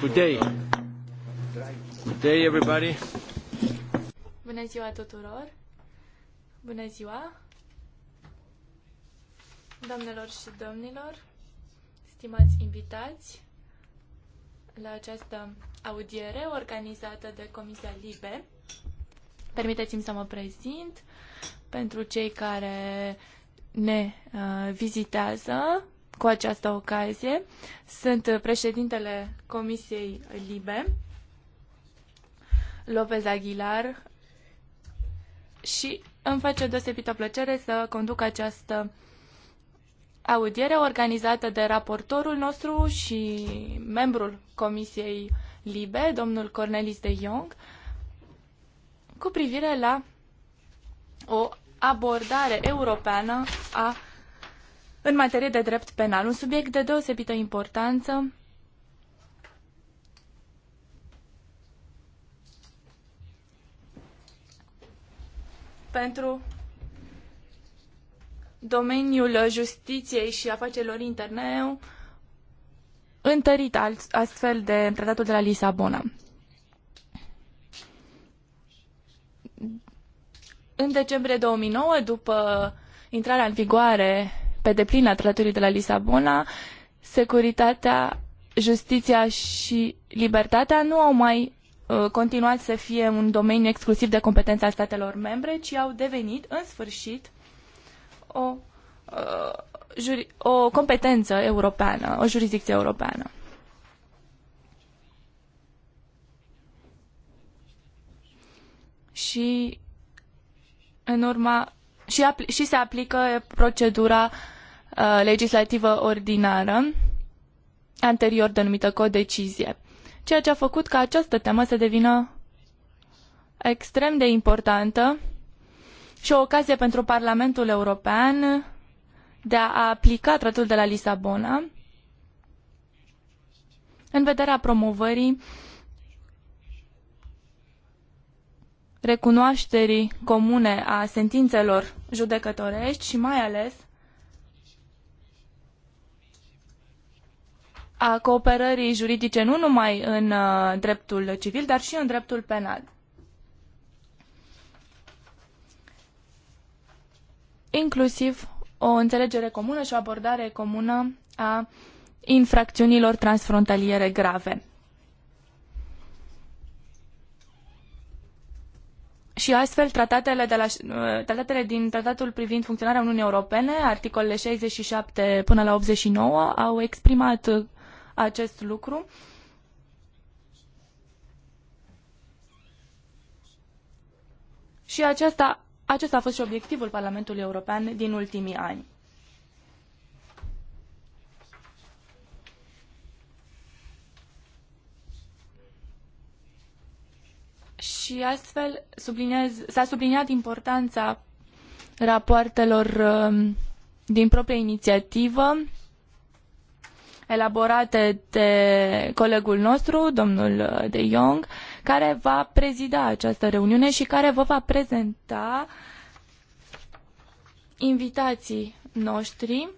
Good day. Good day, everybody. Bună ziua tuturor. Bună ziua. Doamnelor și domnilor, stimați invitați la această audiere organizată de Comisia Libe. Permiteți-mi să mă prezint pentru cei care ne uh, vizitează cu această ocazie. Sunt președintele Comisiei Libe, Lopez Aguilar, și îmi face deosebită plăcere să conduc această audiere organizată de raportorul nostru și membrul Comisiei Libe, domnul Cornelis de Jong, cu privire la o abordare europeană a în materie de drept penal, un subiect de deosebită importanță pentru domeniul justiției și afacerilor interne întărit astfel de tratatul de la Lisabona. În decembrie 2009, după intrarea în vigoare pe deplin a Tratatului de la Lisabona, securitatea, justiția și libertatea nu au mai uh, continuat să fie un domeniu exclusiv de competența statelor membre, ci au devenit, în sfârșit, o, uh, o competență europeană, o jurisdicție europeană. Și în urma și, și se aplică procedura uh, legislativă ordinară anterior denumită codecizie, ceea ce a făcut ca această temă să devină extrem de importantă și o ocazie pentru Parlamentul European de a aplica tratatul de la Lisabona în vederea promovării recunoașterii comune a sentințelor judecătorești și mai ales a cooperării juridice nu numai în uh, dreptul civil, dar și în dreptul penal. Inclusiv o înțelegere comună și o abordare comună a infracțiunilor transfrontaliere grave. și astfel tratatele, de la, uh, tratatele din tratatul privind funcționarea Uniunii Europene, articolele 67 până la 89, au exprimat uh, acest lucru. Și aceasta, acesta a fost și obiectivul Parlamentului European din ultimii ani. și astfel s-a subliniat importanța rapoartelor um, din proprie inițiativă elaborate de colegul nostru, domnul uh, De Jong, care va prezida această reuniune și care vă va prezenta invitații noștri,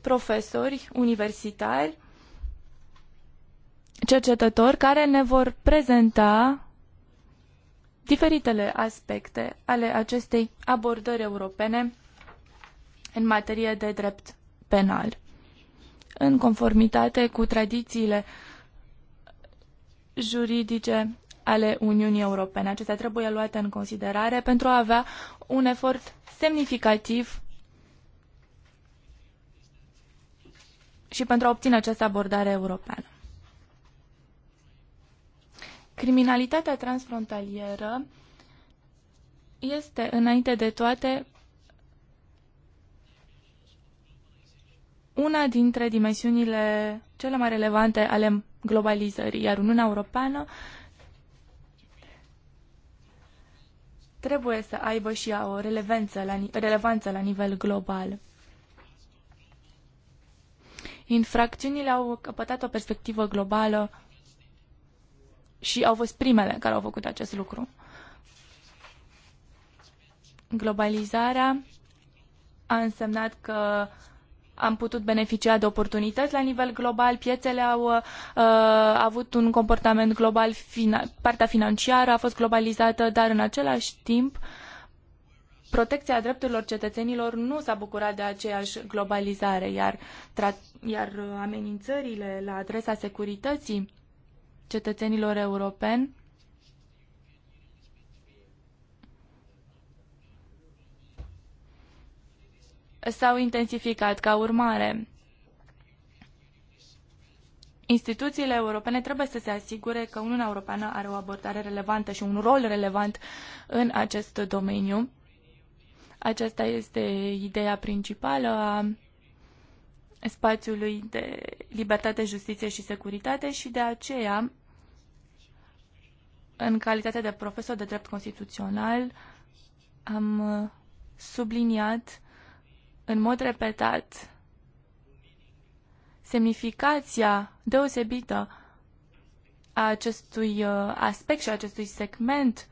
profesori universitari, cercetători care ne vor prezenta diferitele aspecte ale acestei abordări europene în materie de drept penal, în conformitate cu tradițiile juridice ale Uniunii Europene. Acestea trebuie luate în considerare pentru a avea un efort semnificativ și pentru a obține această abordare europeană. Criminalitatea transfrontalieră este, înainte de toate, una dintre dimensiunile cele mai relevante ale globalizării, iar Uniunea Europeană trebuie să aibă și ea o relevanță la, relevanță la nivel global. Infracțiunile au căpătat o perspectivă globală și au fost primele care au făcut acest lucru. Globalizarea a însemnat că am putut beneficia de oportunități la nivel global, piețele au uh, avut un comportament global, fina, partea financiară a fost globalizată, dar în același timp protecția drepturilor cetățenilor nu s-a bucurat de aceeași globalizare, iar, iar uh, amenințările la adresa securității cetățenilor europeni. s-au intensificat ca urmare. Instituțiile europene trebuie să se asigure că Uniunea Europeană are o abordare relevantă și un rol relevant în acest domeniu. Aceasta este ideea principală a spațiului de libertate, justiție și securitate și de aceea în calitate de profesor de drept constituțional, am uh, subliniat în mod repetat semnificația deosebită a acestui uh, aspect și a acestui segment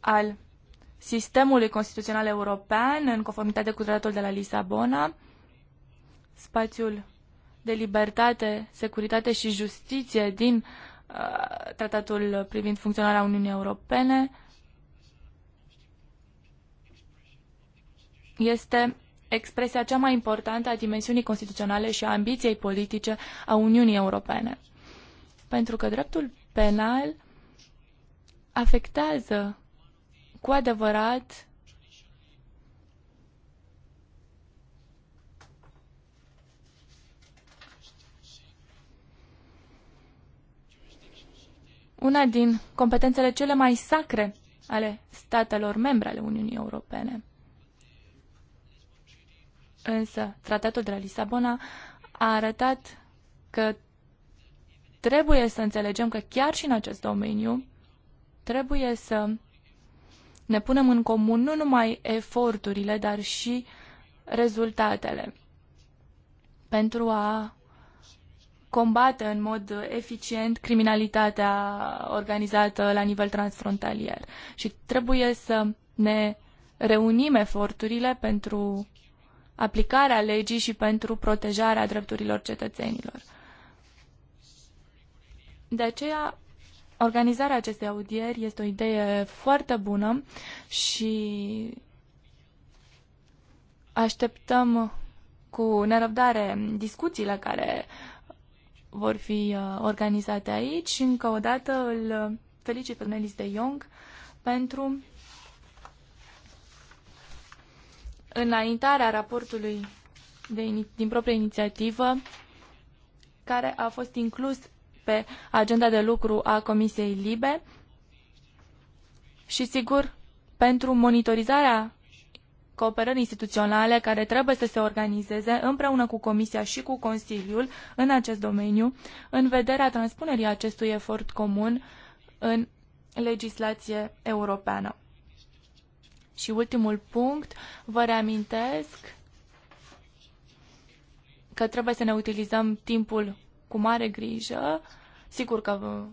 al sistemului constituțional european în conformitate cu tratatul de la Lisabona, spațiul de libertate, securitate și justiție din uh, tratatul privind funcționarea Uniunii Europene este expresia cea mai importantă a dimensiunii constituționale și a ambiției politice a Uniunii Europene. Pentru că dreptul penal afectează cu adevărat una din competențele cele mai sacre ale statelor membre ale Uniunii Europene. Însă, tratatul de la Lisabona a arătat că trebuie să înțelegem că chiar și în acest domeniu trebuie să ne punem în comun nu numai eforturile, dar și rezultatele pentru a combată în mod eficient criminalitatea organizată la nivel transfrontalier. Și trebuie să ne reunim eforturile pentru aplicarea legii și pentru protejarea drepturilor cetățenilor. De aceea, organizarea acestei audieri este o idee foarte bună și așteptăm cu nerăbdare discuțiile care vor fi uh, organizate aici și încă o dată îl uh, felicit pe Melis de Jong pentru înaintarea raportului de, din proprie inițiativă care a fost inclus pe agenda de lucru a Comisiei Libe și, sigur, pentru monitorizarea cooperări instituționale care trebuie să se organizeze împreună cu Comisia și cu Consiliul în acest domeniu, în vederea transpunerii acestui efort comun în legislație europeană. Și ultimul punct, vă reamintesc că trebuie să ne utilizăm timpul cu mare grijă. Sigur că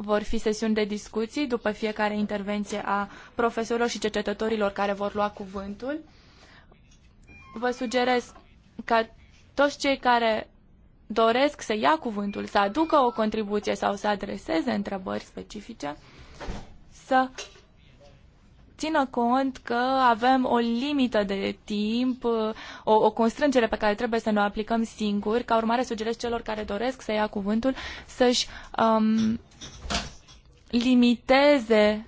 vor fi sesiuni de discuții după fiecare intervenție a profesorilor și cercetătorilor care vor lua cuvântul. Vă sugerez ca toți cei care doresc să ia cuvântul, să aducă o contribuție sau să adreseze întrebări specifice, să țină cont că avem o limită de timp, o, o constrângere pe care trebuie să ne o aplicăm singuri. Ca urmare, sugerez celor care doresc să ia cuvântul să-și um, limiteze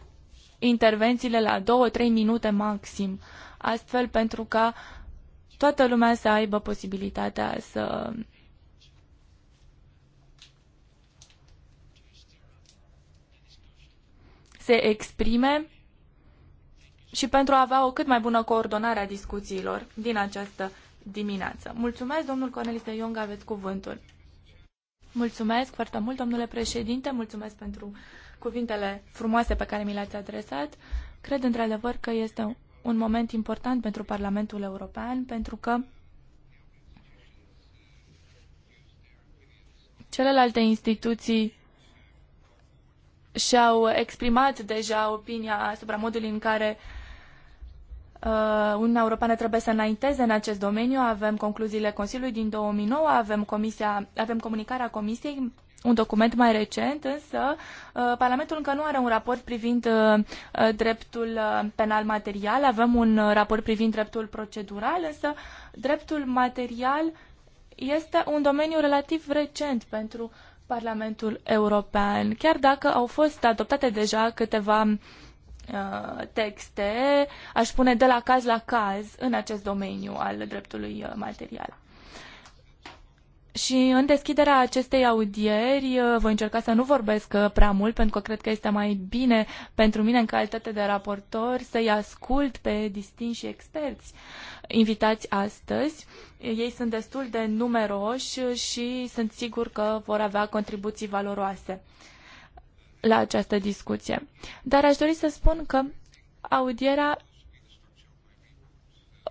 intervențiile la două-trei minute maxim, astfel pentru ca toată lumea să aibă posibilitatea să se exprime și pentru a avea o cât mai bună coordonare a discuțiilor din această dimineață. Mulțumesc, domnul Cornelis de Iong, aveți cuvântul. Mulțumesc foarte mult, domnule președinte, mulțumesc pentru cuvintele frumoase pe care mi le-ați adresat. Cred într-adevăr că este un moment important pentru Parlamentul European, pentru că celelalte instituții și-au exprimat deja opinia asupra modului în care uh, Uh, Uniunea Europeană trebuie să înainteze în acest domeniu. Avem concluziile Consiliului din 2009, avem, comisia, avem comunicarea Comisiei un document mai recent, însă uh, Parlamentul încă nu are un raport privind uh, dreptul penal material, avem un raport privind dreptul procedural, însă dreptul material este un domeniu relativ recent pentru Parlamentul European, chiar dacă au fost adoptate deja câteva Uh, texte, aș spune de la caz la caz, în acest domeniu al dreptului uh, material. Și în deschiderea acestei audieri uh, voi încerca să nu vorbesc prea mult, pentru că cred că este mai bine pentru mine, în calitate de raportor, să-i ascult pe distinși experți invitați astăzi. Ei sunt destul de numeroși și sunt sigur că vor avea contribuții valoroase la această discuție. Dar aș dori să spun că audierea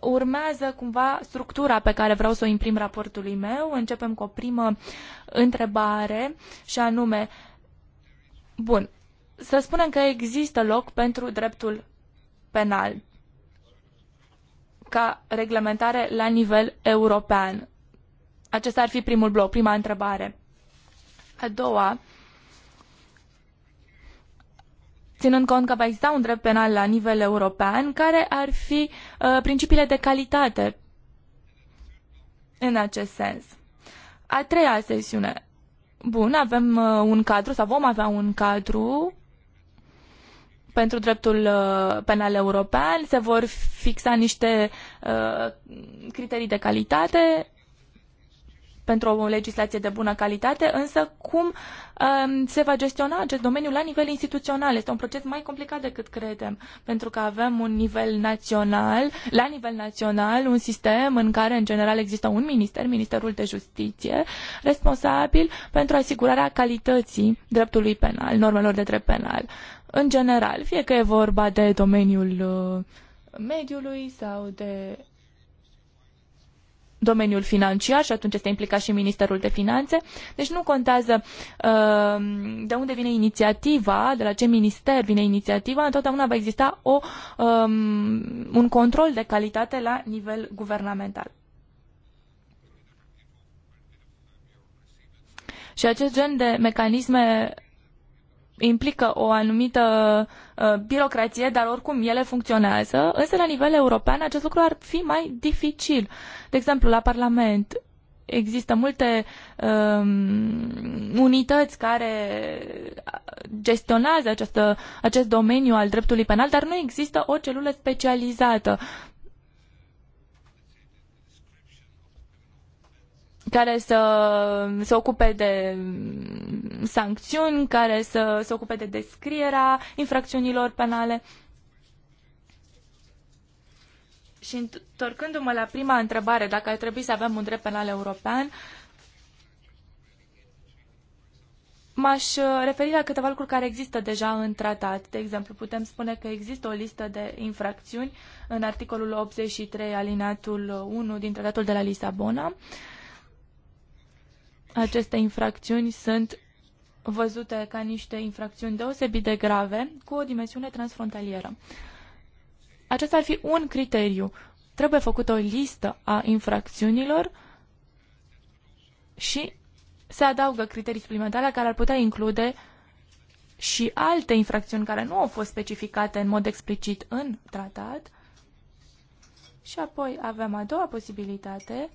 urmează cumva structura pe care vreau să o imprim raportului meu. Începem cu o primă întrebare și anume, bun, să spunem că există loc pentru dreptul penal ca reglementare la nivel european. Acesta ar fi primul bloc, prima întrebare. A doua ținând cont că va exista un drept penal la nivel european, care ar fi uh, principiile de calitate în acest sens. A treia sesiune. Bun, avem uh, un cadru sau vom avea un cadru pentru dreptul uh, penal european, se vor fixa niște uh, criterii de calitate pentru o legislație de bună calitate, însă cum um, se va gestiona acest domeniu la nivel instituțional. Este un proces mai complicat decât credem, pentru că avem un nivel național, la nivel național, un sistem în care, în general, există un minister, Ministerul de Justiție, responsabil pentru asigurarea calității dreptului penal, normelor de drept penal. În general, fie că e vorba de domeniul uh, mediului sau de domeniul financiar și atunci este implicat și Ministerul de Finanțe. Deci nu contează uh, de unde vine inițiativa, de la ce minister vine inițiativa, întotdeauna va exista o, um, un control de calitate la nivel guvernamental. Și acest gen de mecanisme implică o anumită uh, birocrație, dar oricum ele funcționează, însă la nivel european acest lucru ar fi mai dificil. De exemplu, la Parlament există multe um, unități care gestionează această, acest domeniu al dreptului penal, dar nu există o celulă specializată care să se ocupe de sancțiuni, care să se ocupe de descrierea infracțiunilor penale. Și întorcându-mă la prima întrebare, dacă ar trebui să avem un drept penal european, m-aș uh, referi la câteva lucruri care există deja în tratat. De exemplu, putem spune că există o listă de infracțiuni în articolul 83 alineatul 1 din tratatul de la Lisabona. Uh, aceste infracțiuni sunt văzute ca niște infracțiuni deosebit de grave, cu o dimensiune transfrontalieră. Acesta ar fi un criteriu. Trebuie făcută o listă a infracțiunilor și se adaugă criterii suplimentare care ar putea include și alte infracțiuni care nu au fost specificate în mod explicit în tratat. Și apoi avem a doua posibilitate,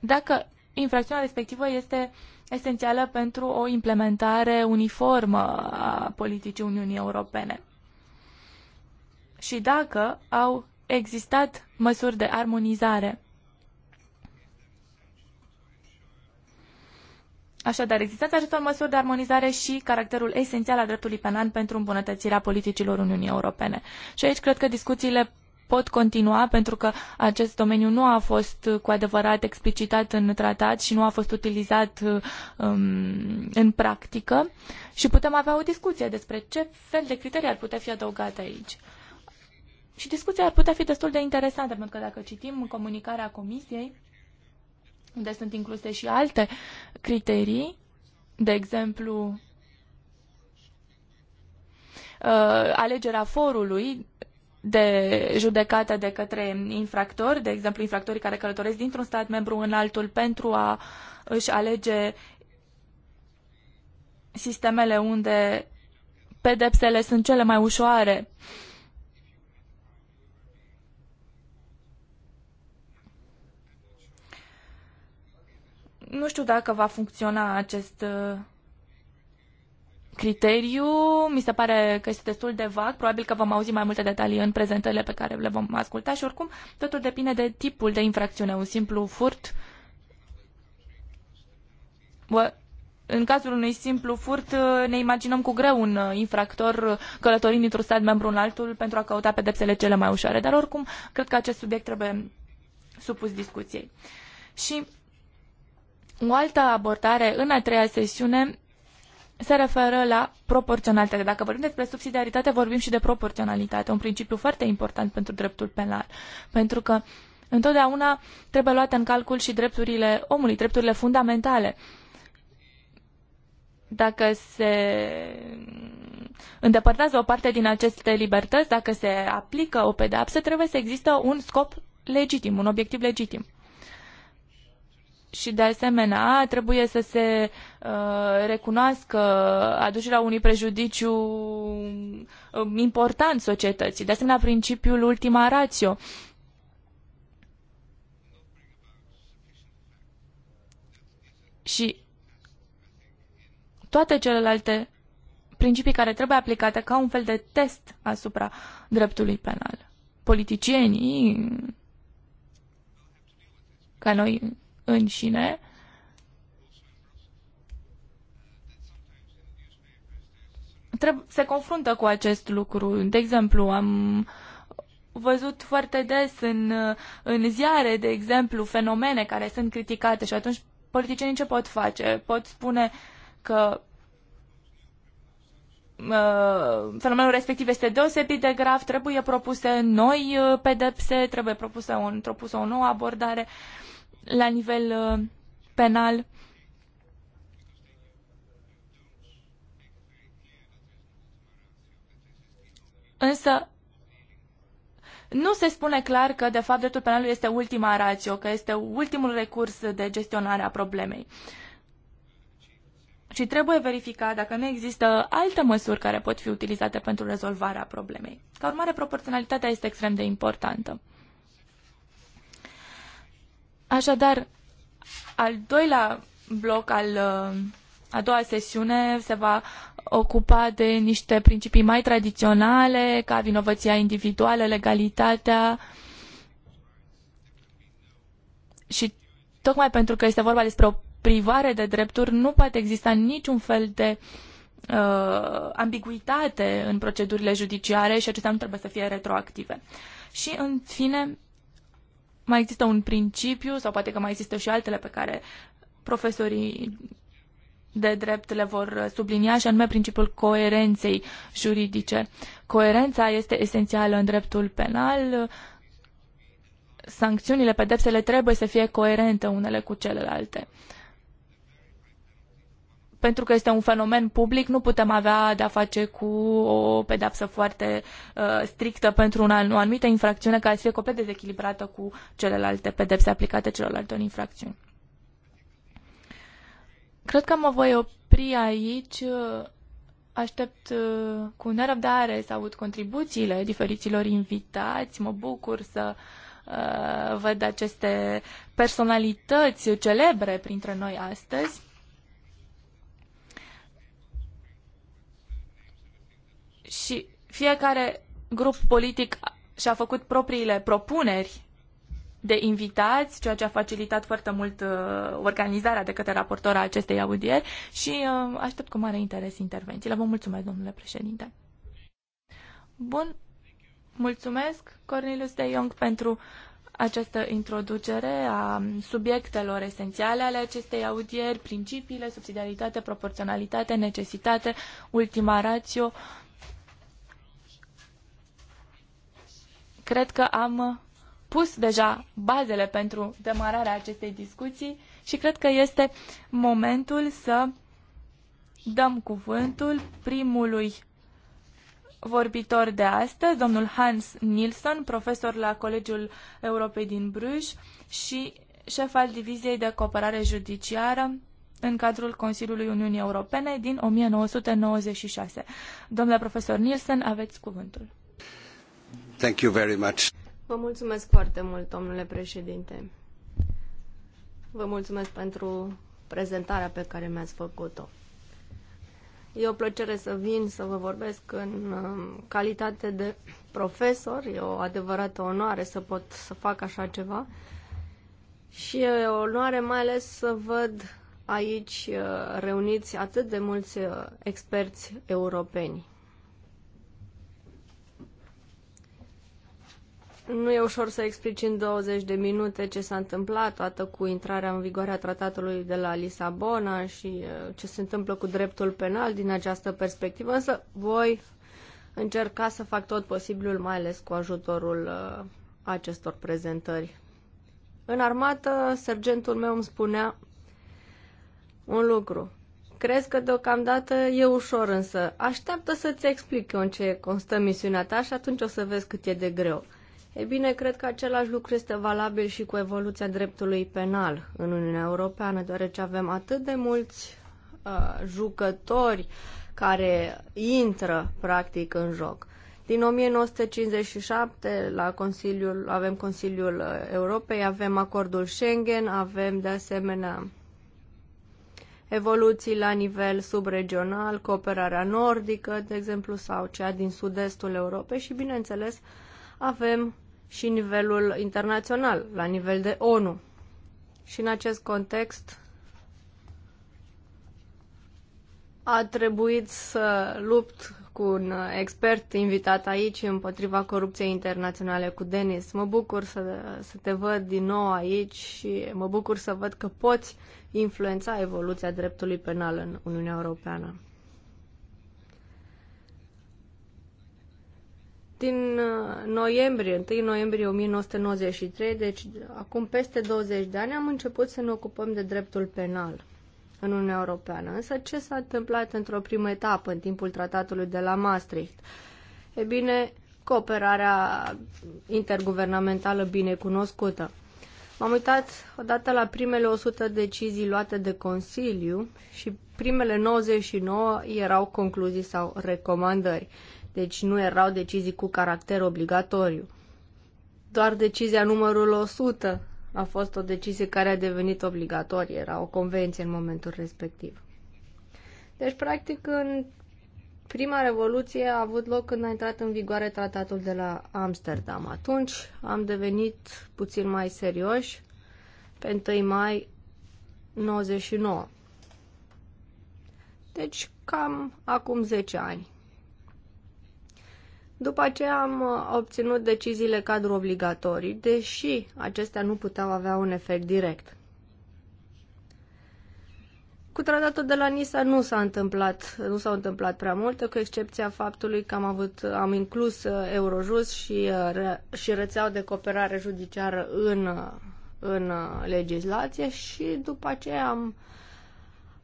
dacă infracțiunea respectivă este esențială pentru o implementare uniformă a politicii Uniunii Europene. Și dacă au existat măsuri de armonizare. Așadar, existența acestor măsuri de armonizare și caracterul esențial al dreptului penal pentru îmbunătățirea politicilor Uniunii Europene. Și aici cred că discuțiile pot continua pentru că acest domeniu nu a fost cu adevărat explicitat în tratat și nu a fost utilizat um, în practică și putem avea o discuție despre ce fel de criterii ar putea fi adăugate aici. Și discuția ar putea fi destul de interesantă, pentru că dacă citim comunicarea comisiei, unde sunt incluse și alte criterii, de exemplu, uh, alegerea forului de judecată de către infractori, de exemplu infractorii care călătoresc dintr-un stat membru în altul pentru a își alege sistemele unde pedepsele sunt cele mai ușoare. Nu știu dacă va funcționa acest criteriu mi se pare că este destul de vag, probabil că vom auzi mai multe detalii în prezentările pe care le vom asculta și oricum totul depinde de tipul de infracțiune, un simplu furt. Bă, în cazul unui simplu furt ne imaginăm cu greu un infractor călătorind dintr-un stat membru în altul pentru a căuta pedepsele cele mai ușoare, dar oricum cred că acest subiect trebuie supus discuției. Și o altă abordare în a treia sesiune se referă la proporționalitate. Dacă vorbim despre subsidiaritate, vorbim și de proporționalitate, un principiu foarte important pentru dreptul penal, pentru că întotdeauna trebuie luate în calcul și drepturile omului, drepturile fundamentale. Dacă se îndepărtează o parte din aceste libertăți, dacă se aplică o pedeapsă, trebuie să existe un scop legitim, un obiectiv legitim și de asemenea trebuie să se uh, recunoască aducerea unui prejudiciu um, important societății. De asemenea, principiul ultima ratio. Și toate celelalte principii care trebuie aplicate ca un fel de test asupra dreptului penal. Politicienii ca noi înșine. se confruntă cu acest lucru. De exemplu, am văzut foarte des în, în ziare, de exemplu, fenomene care sunt criticate și atunci politicienii ce pot face? Pot spune că uh, fenomenul respectiv este deosebit de grav, trebuie propuse noi uh, pedepse, trebuie propusă, un, propusă o nouă abordare la nivel uh, penal. Însă nu se spune clar că, de fapt, dreptul penal este ultima rațio, că este ultimul recurs de gestionare a problemei. Și trebuie verificat dacă nu există alte măsuri care pot fi utilizate pentru rezolvarea problemei. Ca urmare, proporționalitatea este extrem de importantă. Așadar, al doilea bloc al uh, a doua sesiune se va ocupa de niște principii mai tradiționale, ca vinovăția individuală, legalitatea și tocmai pentru că este vorba despre o privare de drepturi, nu poate exista niciun fel de uh, ambiguitate în procedurile judiciare și acestea nu trebuie să fie retroactive. Și, în fine, mai există un principiu sau poate că mai există și altele pe care profesorii de drept le vor sublinia și anume principiul coerenței juridice. Coerența este esențială în dreptul penal. Sancțiunile, pedepsele trebuie să fie coerente unele cu celelalte. Uh, pentru că este un fenomen public, nu putem avea de-a face cu o pedapsă foarte uh, strictă pentru un, o anumită infracțiune care să fie complet dezechilibrată cu celelalte pedepse aplicate celorlalte infracțiuni. Cred că mă voi opri aici. Uh, aștept uh, cu nerăbdare să aud contribuțiile diferiților invitați. Mă bucur să uh, văd aceste personalități celebre printre noi astăzi. și fiecare grup politic și-a făcut propriile propuneri de invitați, ceea ce a facilitat foarte mult uh, organizarea de către raportor a acestei audieri și uh, aștept cu mare interes intervențiile. Vă mulțumesc, domnule președinte. Bun, mulțumesc Cornelius de Jong pentru această introducere a subiectelor esențiale ale acestei audieri, principiile, subsidiaritate, proporționalitate, necesitate, ultima ratio, Cred că am uh, pus deja bazele pentru demararea acestei discuții și cred că este momentul să dăm cuvântul primului vorbitor de astăzi, domnul Hans Nilsson, profesor la Colegiul Europei din Bruj și șef al Diviziei de Cooperare Judiciară în cadrul Consiliului Uniunii Europene din 1996. Domnule profesor Nilsson, aveți cuvântul. Vă mulțumesc foarte mult, domnule președinte. Vă mulțumesc pentru prezentarea pe care mi-ați făcut-o. E o plăcere să vin să vă vorbesc în um, calitate de profesor. E o adevărată onoare să pot să fac așa ceva. Și e o onoare mai ales să văd aici uh, reuniți atât de mulți uh, experți europeni. Nu e ușor să explici în 20 de minute ce s-a întâmplat, toată cu intrarea în vigoare a tratatului de la Lisabona și uh, ce se întâmplă cu dreptul penal din această perspectivă, însă voi încerca să fac tot posibilul, mai ales cu ajutorul uh, acestor prezentări. În armată, sergentul meu îmi spunea un lucru. Crezi că deocamdată e ușor, însă așteaptă să-ți explic eu în ce constă misiunea ta și atunci o să vezi cât e de greu. E bine, cred că același lucru este valabil și cu evoluția dreptului penal în Uniunea Europeană, deoarece avem atât de mulți uh, jucători care intră practic în joc. Din 1957 la Consiliul, avem Consiliul uh, Europei, avem acordul Schengen, avem de asemenea evoluții la nivel subregional, cooperarea nordică, de exemplu, sau cea din sud-estul Europei și, bineînțeles, uh, avem și nivelul internațional, la nivel de ONU. Și în acest context a trebuit să lupt cu un expert invitat aici împotriva corupției internaționale cu Denis. Mă bucur să, să te văd din nou aici și mă bucur să văd că poți influența evoluția dreptului penal în Uniunea Europeană. din uh, noiembrie, 1 noiembrie 1993, deci acum peste 20 de ani, am început să ne ocupăm de dreptul penal în Uniunea Europeană. Însă ce s-a întâmplat într-o primă etapă în timpul tratatului de la Maastricht? E bine, cooperarea interguvernamentală bine cunoscută. M-am uitat odată la primele 100 decizii luate de Consiliu și primele 99 erau concluzii sau recomandări. Deci nu erau decizii cu caracter obligatoriu. Doar decizia numărul 100 a fost o decizie care a devenit obligatorie, era o convenție în momentul respectiv. Deci, practic, în prima revoluție a avut loc când a intrat în vigoare tratatul de la Amsterdam. Atunci am devenit puțin mai serioși pe 1 mai 99. Deci, cam acum 10 ani. După aceea am uh, obținut deciziile cadru obligatorii, deși acestea nu puteau avea un efect direct. Cu tratatul de la Nisa nu s-a întâmplat, nu s-au întâmplat prea multe, cu excepția faptului că am avut, am inclus uh, eurojus și, uh, și rețeaua de cooperare judiciară în, în legislație și după aceea am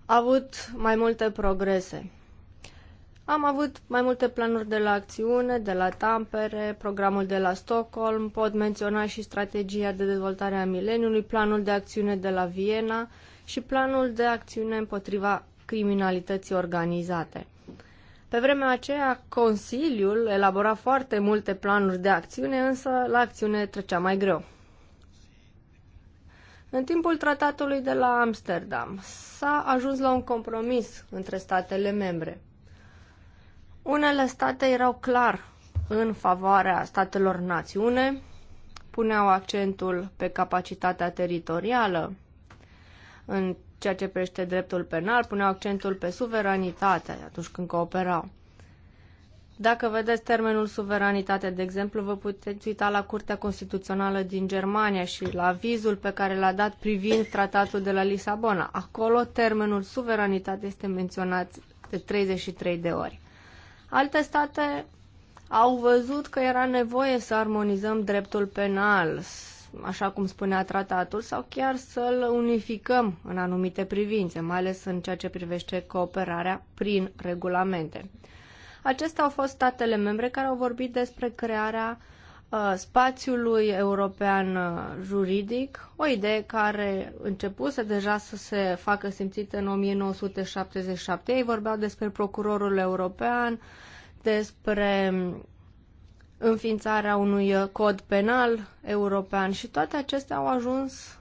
avut mai multe progrese. Am avut mai multe planuri de la acțiune, de la Tampere, programul de la Stockholm, pot menționa și strategia de dezvoltare a mileniului, planul de acțiune de la Viena și planul de acțiune împotriva criminalității organizate. Pe vremea aceea, Consiliul elabora foarte multe planuri de acțiune, însă la acțiune trecea mai greu. În timpul tratatului de la Amsterdam s-a ajuns la un compromis între statele membre – unele state erau clar în favoarea statelor națiune, puneau accentul pe capacitatea teritorială în ceea ce privește dreptul penal, puneau accentul pe suveranitate atunci când cooperau. Dacă vedeți termenul suveranitate, de exemplu, vă puteți uita la Curtea Constituțională din Germania și la avizul pe care l-a dat privind tratatul de la Lisabona. Acolo termenul suveranitate este menționat de 33 de ori. Alte state au văzut că era nevoie să armonizăm dreptul penal, așa cum spunea tratatul, sau chiar să-l unificăm în anumite privințe, mai ales în ceea ce privește cooperarea prin regulamente. Acestea au fost statele membre care au vorbit despre crearea Uh, spațiului european uh, juridic, o idee care începuse deja să se facă simțită în 1977. Ei vorbeau despre procurorul european, despre um, înființarea unui uh, cod penal european și toate acestea au ajuns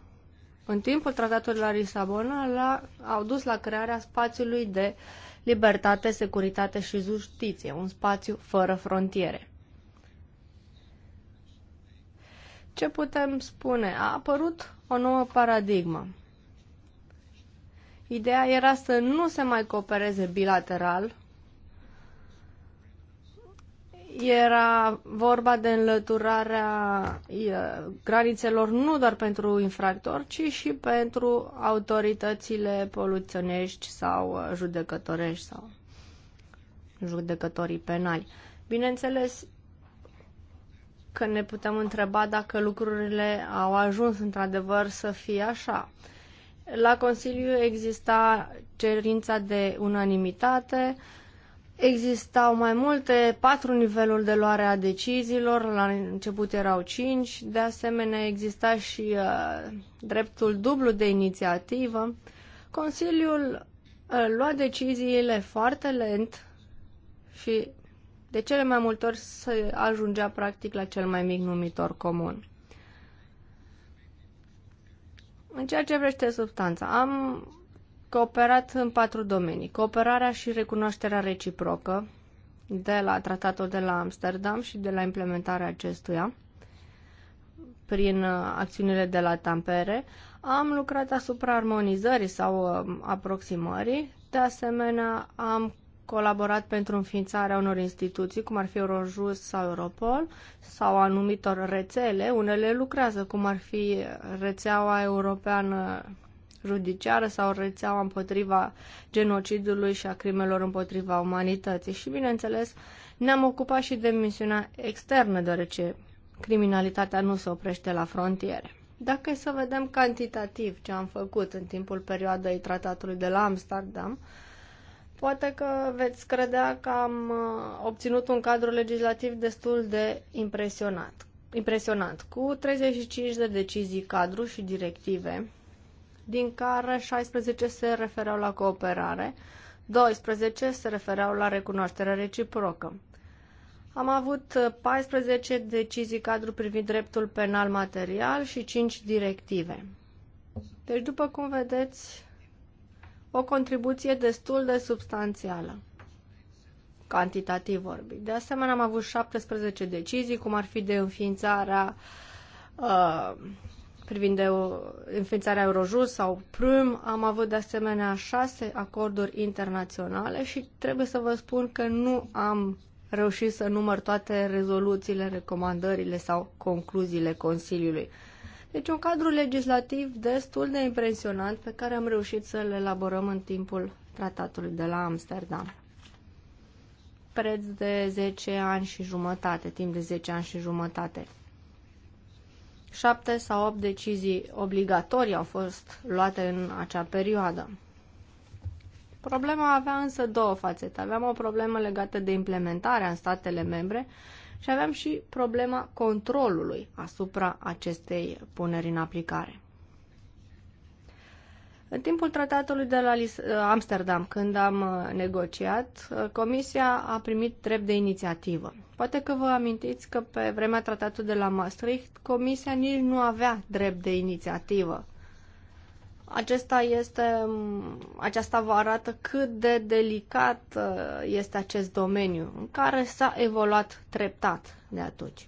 în timpul tratatului la Lisabona, la, au dus la crearea spațiului de libertate, securitate și justiție, un spațiu fără frontiere. ce putem spune? A apărut o nouă paradigmă. Ideea era să nu se mai coopereze bilateral. Era vorba de înlăturarea granițelor nu doar pentru infractori, ci și pentru autoritățile poluționești sau uh, judecătorești sau judecătorii penali. Bineînțeles, că ne putem întreba dacă lucrurile au ajuns într-adevăr să fie așa. La Consiliu exista cerința de unanimitate, existau mai multe, patru niveluri de luare a deciziilor, la început erau cinci, de asemenea exista și uh, dreptul dublu de inițiativă. Consiliul uh, lua deciziile foarte lent și de cele mai multe ori se ajungea practic la cel mai mic numitor comun. În ceea ce vrește substanța, am cooperat în patru domenii. Cooperarea și recunoașterea reciprocă de la tratatul de la Amsterdam și de la implementarea acestuia prin uh, acțiunile de la Tampere. Am lucrat asupra armonizării sau uh, aproximării. De asemenea, am colaborat pentru înființarea unor instituții, cum ar fi Eurojust sau Europol, sau anumitor rețele. Unele lucrează, cum ar fi rețeaua europeană judiciară sau rețeaua împotriva genocidului și a crimelor împotriva umanității. Și, bineînțeles, ne-am ocupat și de misiunea externă, deoarece criminalitatea nu se oprește la frontiere. Dacă e să vedem cantitativ ce am făcut în timpul perioadei tratatului de la Amsterdam, Poate că veți credea că am uh, obținut un cadru legislativ destul de impresionant. impresionant cu 35 de decizii cadru și directive, din care 16 se refereau la cooperare, 12 se refereau la recunoașterea reciprocă. Am avut 14 uh, decizii cadru privind dreptul penal material și 5 directive. Deci, după cum vedeți, o contribuție destul de substanțială, cantitativ vorbit. De asemenea, am avut 17 decizii, cum ar fi de înființarea uh, privind de înființarea Eurojust sau Prüm, am avut de asemenea șase acorduri internaționale și trebuie să vă spun că nu am reușit să număr toate rezoluțiile, recomandările sau concluziile Consiliului. Deci un cadru legislativ destul de impresionant pe care am reușit să-l elaborăm în timpul tratatului de la Amsterdam. Preț de 10 ani și jumătate, timp de 10 ani și jumătate. 7 sau 8 decizii obligatorii au fost luate în acea perioadă. Problema avea însă două fațete. Aveam o problemă legată de implementarea în statele membre, și aveam și problema controlului asupra acestei puneri în aplicare. În timpul tratatului de la uh, Amsterdam, când am uh, negociat, uh, Comisia a primit drept de inițiativă. Poate că vă amintiți că pe vremea tratatului de la Maastricht, Comisia nici nu avea drept de inițiativă acesta este, aceasta vă arată cât de delicat uh, este acest domeniu, în care s-a evoluat treptat de atunci.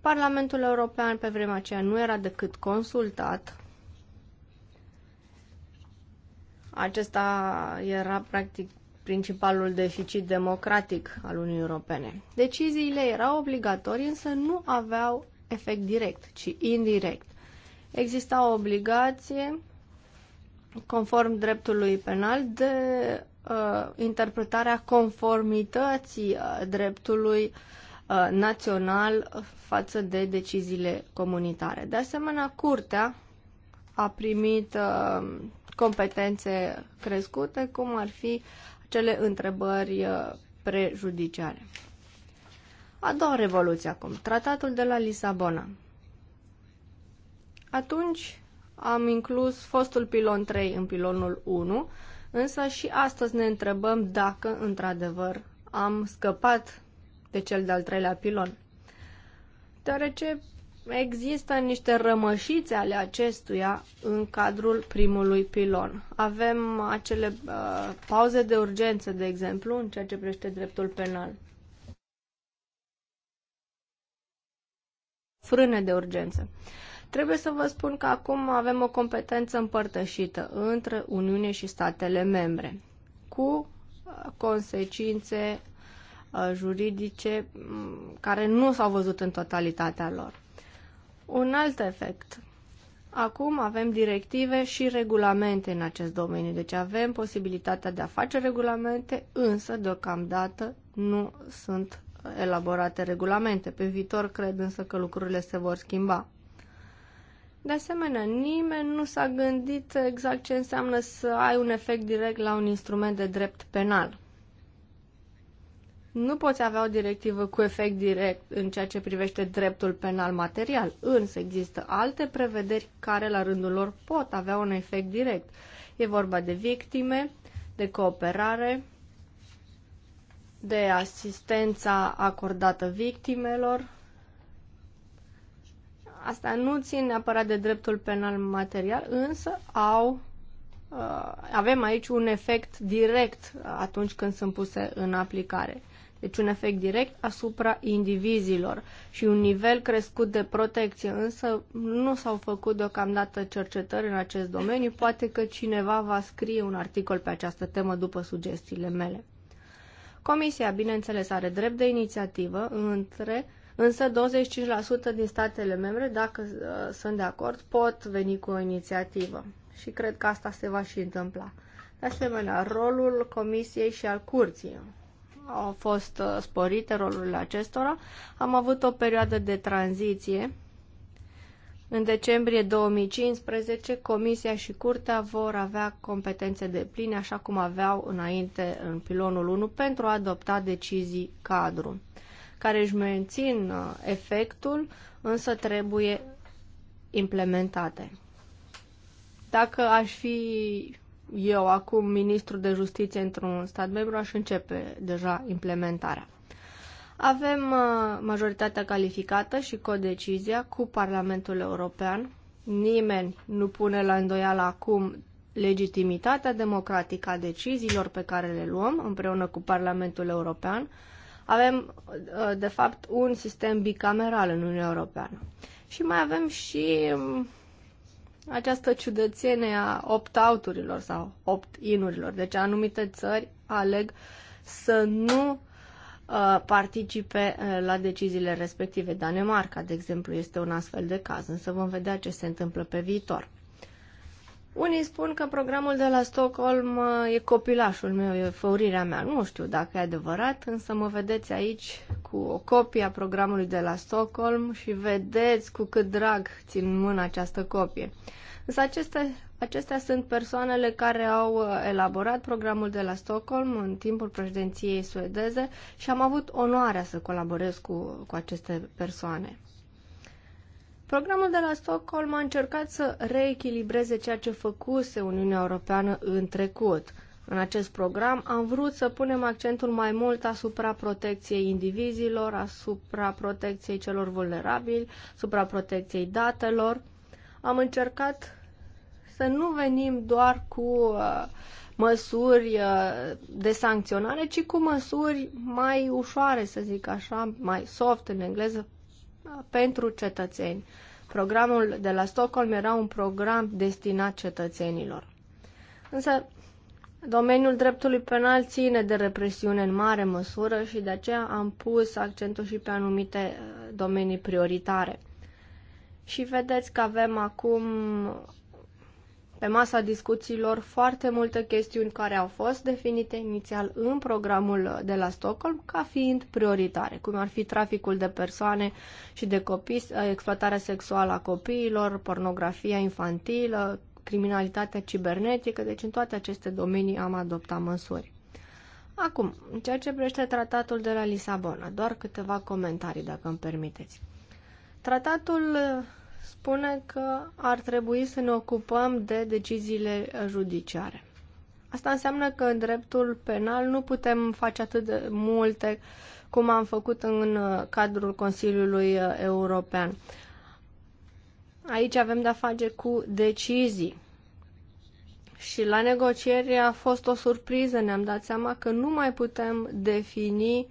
Parlamentul European pe vremea aceea nu era decât consultat. Acesta era practic principalul deficit democratic al Uniunii Europene. Deciziile erau obligatorii, însă nu aveau efect direct, ci indirect. Exista o obligație conform dreptului penal, de uh, interpretarea conformității uh, dreptului uh, național față de deciziile comunitare. De asemenea, Curtea a primit uh, competențe crescute, cum ar fi cele întrebări uh, prejudiciare. A doua revoluție acum, tratatul de la Lisabona. Atunci, am inclus fostul pilon 3 în pilonul 1, însă și astăzi ne întrebăm dacă, într-adevăr, am scăpat de cel de-al treilea pilon. Deoarece există niște rămășițe ale acestuia în cadrul primului pilon. Avem acele uh, pauze de urgență, de exemplu, în ceea ce privește dreptul penal. Frâne de urgență. Uh, Trebuie să vă spun că acum avem o competență împărtășită între Uniune și statele membre, cu uh, consecințe uh, juridice mm, care nu s-au văzut în totalitatea lor. Un alt efect. Acum avem directive și regulamente în acest domeniu, deci avem posibilitatea de a face regulamente, însă deocamdată nu sunt elaborate regulamente. Pe viitor cred însă că lucrurile se vor schimba. De asemenea, nimeni nu s-a gândit exact ce înseamnă să ai un efect direct la un instrument de drept penal. Nu poți avea o directivă cu efect direct în ceea ce privește dreptul penal material, însă există alte prevederi care la rândul lor pot avea un efect direct. E vorba de victime, de cooperare, de asistența acordată victimelor, Asta nu ține neapărat de dreptul penal material, însă au, uh, avem aici un efect direct atunci când sunt puse în aplicare. Deci un efect direct asupra indivizilor și un nivel crescut de protecție, însă nu s-au făcut deocamdată cercetări în acest domeniu. Poate că cineva va scrie un articol pe această temă după sugestiile mele. Comisia, bineînțeles, are drept de inițiativă între Însă 25% din statele membre, dacă uh, sunt de acord, pot veni cu o inițiativă. Și cred că asta se va și întâmpla. De asemenea, rolul Comisiei și al Curții au fost uh, sporite rolurile acestora. Am avut o perioadă de tranziție. În decembrie 2015, Comisia și Curtea vor avea competențe de pline, așa cum aveau înainte în pilonul 1, pentru a adopta decizii cadru care își mențin uh, efectul, însă trebuie implementate. Dacă aș fi eu acum ministru de justiție într-un stat membru, aș începe deja implementarea. Avem uh, majoritatea calificată și codecizia cu Parlamentul European. Nimeni nu pune la îndoială acum legitimitatea democratică a deciziilor pe care le luăm împreună cu Parlamentul European avem, uh, de fapt, un sistem bicameral în Uniunea Europeană. Și mai avem și um, această ciudățenie a opt-out-urilor sau opt-in-urilor. Deci anumite țări aleg să nu uh, participe uh, la deciziile respective. Danemarca, de exemplu, este un astfel de caz, însă vom vedea ce se întâmplă pe viitor. Unii spun că programul de la Stockholm uh, e copilașul meu, e făurirea mea. Nu știu dacă e adevărat, însă mă vedeți aici cu o copie a programului de la Stockholm și vedeți cu cât drag țin în mână această copie. Însă aceste, acestea sunt persoanele care au uh, elaborat programul de la Stockholm în timpul președinției suedeze și am avut onoarea să colaborez cu, cu aceste persoane. Programul de la Stockholm a încercat să reechilibreze ceea ce făcuse Uniunea Europeană în trecut. În acest program am vrut să punem accentul mai mult asupra protecției indivizilor, asupra protecției celor vulnerabili, asupra protecției datelor. Am încercat să nu venim doar cu uh, măsuri uh, de sancționare, ci cu măsuri mai ușoare, să zic așa, mai soft în engleză, pentru cetățeni. Programul de la Stockholm era un program destinat cetățenilor. Însă, domeniul dreptului penal ține de represiune în mare măsură și de aceea am pus accentul și pe anumite uh, domenii prioritare. Și vedeți că avem acum pe masa discuțiilor foarte multe chestiuni care au fost definite inițial în programul de la Stockholm ca fiind prioritare, cum ar fi traficul de persoane și de copii, exploatarea sexuală a copiilor, pornografia infantilă, criminalitatea cibernetică, deci în toate aceste domenii am adoptat măsuri. Acum, în ceea ce privește tratatul de la Lisabona, doar câteva comentarii, dacă îmi permiteți. Tratatul spune că ar trebui să ne ocupăm de deciziile judiciare. Asta înseamnă că în dreptul penal nu putem face atât de multe cum am făcut în uh, cadrul Consiliului uh, European. Aici avem de-a face cu decizii. Și la negocieri a fost o surpriză, ne-am dat seama că nu mai putem defini uh,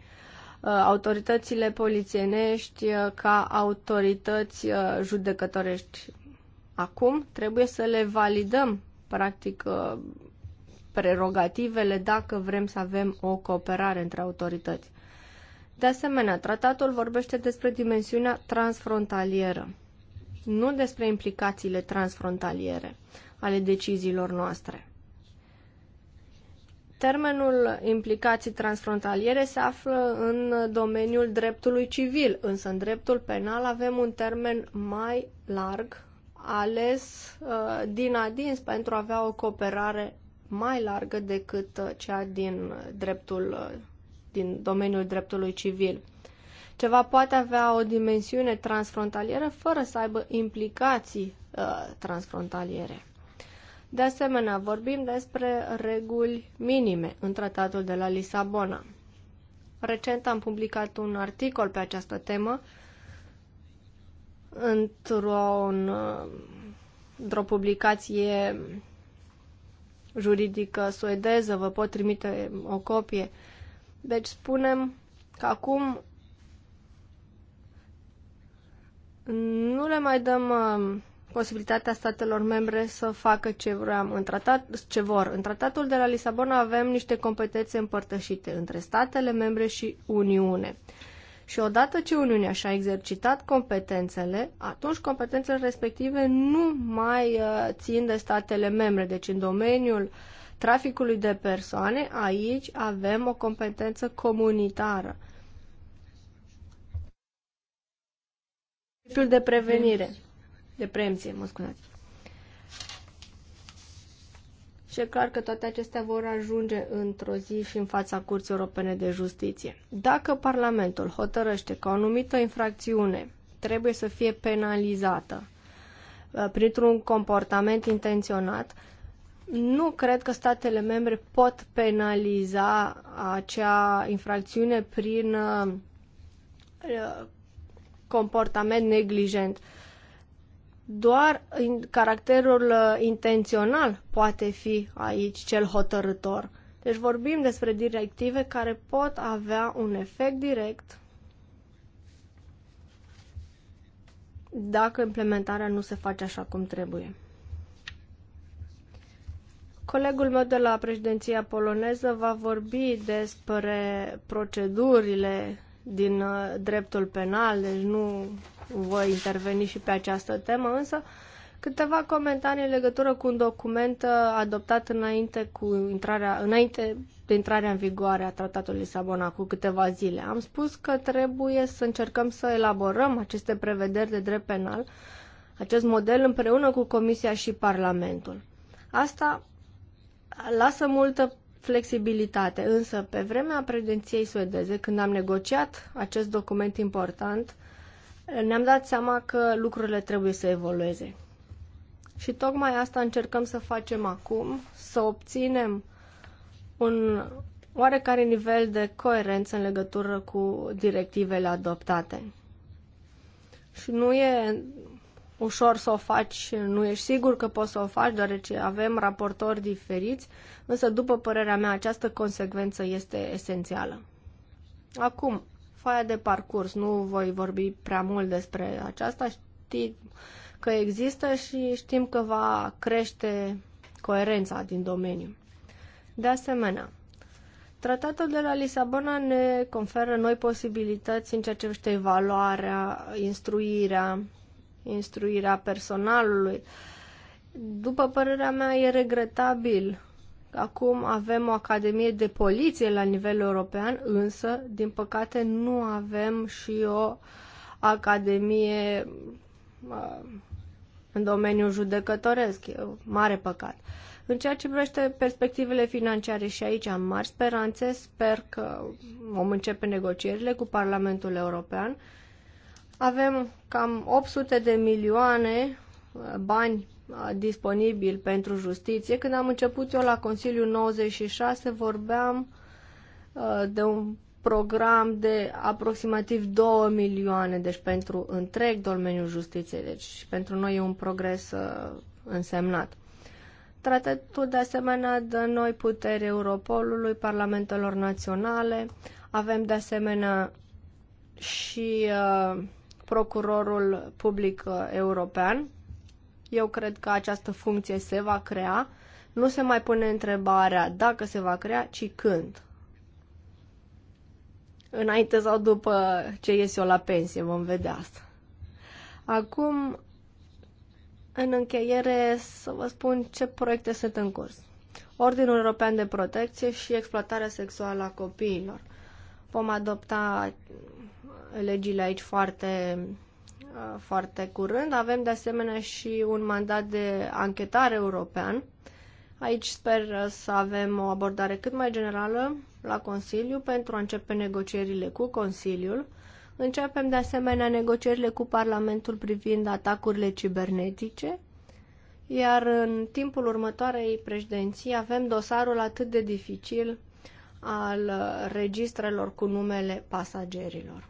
Uh, autoritățile polițienești uh, ca autorități uh, judecătorești. Acum trebuie să le validăm, practic, prerogativele dacă vrem să avem o cooperare între autorități. De asemenea, tratatul vorbește despre dimensiunea transfrontalieră, nu despre implicațiile transfrontaliere ale deciziilor noastre. Termenul implicații transfrontaliere se află în domeniul dreptului civil, însă în dreptul penal avem un termen mai larg, ales uh, din adins pentru a avea o cooperare mai largă decât uh, cea din dreptul uh, din domeniul dreptului civil. Ceva poate avea o dimensiune transfrontalieră fără să aibă implicații uh, transfrontaliere. De asemenea, vorbim despre reguli minime în tratatul de la Lisabona. Recent am publicat un articol pe această temă într-un, într-o publicație juridică suedeză, vă pot trimite o copie. Deci spunem că acum nu le mai dăm posibilitatea statelor membre să facă ce, vreau în tratat, ce vor. În tratatul de la Lisabona avem niște competențe împărtășite între statele membre și Uniune. Și odată ce Uniunea și-a exercitat competențele, atunci competențele respective nu mai uh, țin de statele membre. Deci în domeniul traficului de persoane, aici avem o competență comunitară. Principiul de prevenire de preemție, mă scuzați. Și e clar că toate acestea vor ajunge într-o zi și în fața Curții Europene de Justiție. Dacă Parlamentul hotărăște că o anumită infracțiune trebuie să fie penalizată uh, printr-un comportament intenționat, nu cred că statele membre pot penaliza acea infracțiune prin uh, comportament neglijent. Uh, doar caracterul uh, intențional poate fi aici cel hotărător. Deci vorbim despre directive care pot avea un efect direct dacă implementarea nu se face așa cum trebuie. Colegul meu de la președinția poloneză va vorbi despre procedurile din uh, dreptul penal, deci nu voi interveni și pe această temă, însă câteva comentarii în legătură cu un document uh, adoptat înainte, cu intrarea, înainte de intrarea în vigoare a Tratatului Lisabona cu câteva zile. Am spus că trebuie să încercăm să elaborăm aceste prevederi de drept penal, acest model împreună cu Comisia și Parlamentul. Asta lasă multă flexibilitate, însă pe vremea prezenției suedeze, când am negociat acest document important, ne-am dat seama că lucrurile trebuie să evolueze. Și tocmai asta încercăm să facem acum, să obținem un oarecare nivel de coerență în legătură cu directivele adoptate. Și nu e ușor să o faci, nu ești sigur că poți să o faci, deoarece avem raportori diferiți, însă, după părerea mea, această consecvență este esențială. Acum, foaia de parcurs. Nu voi vorbi prea mult despre aceasta. Știi că există și știm că va crește coerența din domeniu. De asemenea, Tratatul de la Lisabona ne conferă noi posibilități în ceea ce privește evaluarea, instruirea, instruirea personalului. După părerea mea, e regretabil Acum avem o academie de poliție la nivel european, însă, din păcate, nu avem și o academie în domeniul judecătoresc. E mare păcat. În ceea ce privește perspectivele financiare și aici am mari speranțe, sper că vom începe negocierile cu Parlamentul European. Avem cam 800 de milioane bani disponibil pentru justiție. Când am început eu la Consiliul 96, vorbeam de un program de aproximativ 2 milioane, deci pentru întreg domeniul justiției. Deci pentru noi e un progres însemnat. Tratatul de asemenea dă noi putere Europolului, Parlamentelor Naționale. Avem de asemenea și uh, procurorul public uh, european. Eu cred că această funcție se va crea. Nu se mai pune întrebarea dacă se va crea, ci când. Înainte sau după ce ies eu la pensie, vom vedea asta. Acum, în încheiere, să vă spun ce proiecte sunt în curs. Ordinul European de Protecție și exploatarea sexuală a copiilor. Vom adopta legile aici foarte Uh, foarte curând. Avem de asemenea și un mandat de anchetare european. Aici sper uh, să avem o abordare cât mai generală la Consiliu pentru a începe negocierile cu Consiliul. Începem de asemenea negocierile cu Parlamentul privind atacurile cibernetice, iar în timpul următoarei președinții avem dosarul atât de dificil al uh, registrelor cu numele pasagerilor.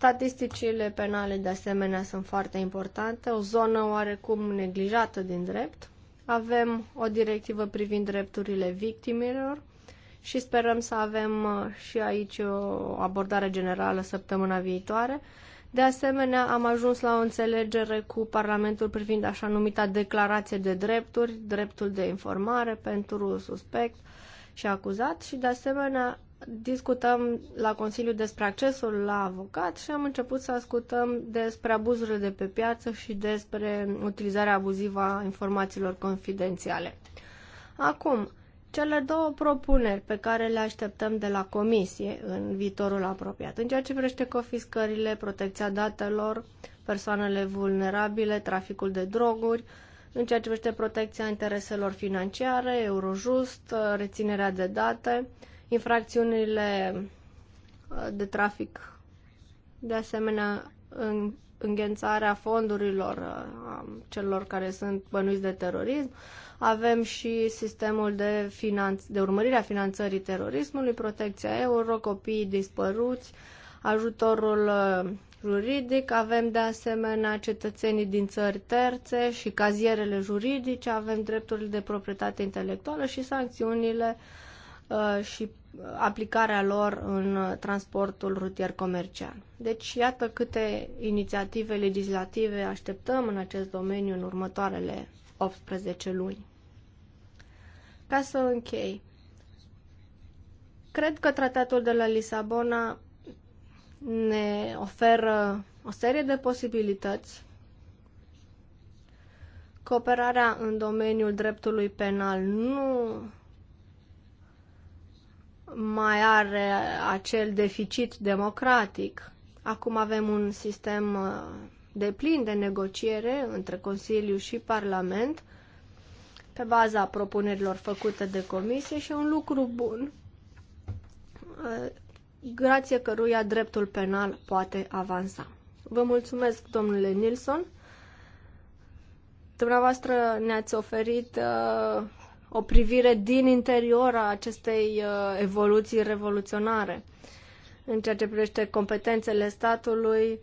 Statisticile penale, de asemenea, sunt foarte importante, o zonă oarecum neglijată din drept. Avem o directivă privind drepturile victimilor și sperăm să avem uh, și aici o abordare generală săptămâna viitoare. De asemenea, am ajuns la o înțelegere cu Parlamentul privind așa numita declarație de drepturi, dreptul de informare pentru suspect și acuzat și, de asemenea, discutăm la Consiliu despre accesul la avocat și am început să ascultăm despre abuzurile de pe piață și despre utilizarea abuzivă a informațiilor confidențiale. Acum, cele două propuneri pe care le așteptăm de la Comisie în viitorul apropiat, în ceea ce privește confiscările, protecția datelor, persoanele vulnerabile, traficul de droguri, în ceea ce privește protecția intereselor financiare, Eurojust, reținerea de date, infracțiunile uh, de trafic. De asemenea, în înghețarea fondurilor uh, celor care sunt bănuiți de terorism. Avem și sistemul de, finanț- de urmărire a finanțării terorismului, protecția euro, copiii dispăruți, ajutorul uh, juridic, avem de asemenea cetățenii din țări terțe și cazierele juridice, avem drepturile de proprietate intelectuală și sancțiunile uh, Uh, și aplicarea lor în transportul rutier comercial. Deci, iată câte inițiative legislative așteptăm în acest domeniu în următoarele 18 luni. Ca să închei, cred că tratatul de la Lisabona ne oferă o serie de posibilități. Cooperarea în domeniul dreptului penal nu mai are acel deficit democratic. Acum avem un sistem uh, de plin de negociere între Consiliu și Parlament pe baza propunerilor făcute de comisie și un lucru bun uh, grație căruia dreptul penal poate avansa. Vă mulțumesc, domnule Nilsson. Dumneavoastră ne-ați oferit uh, o privire din interior a acestei uh, evoluții revoluționare. În ceea ce privește competențele statului,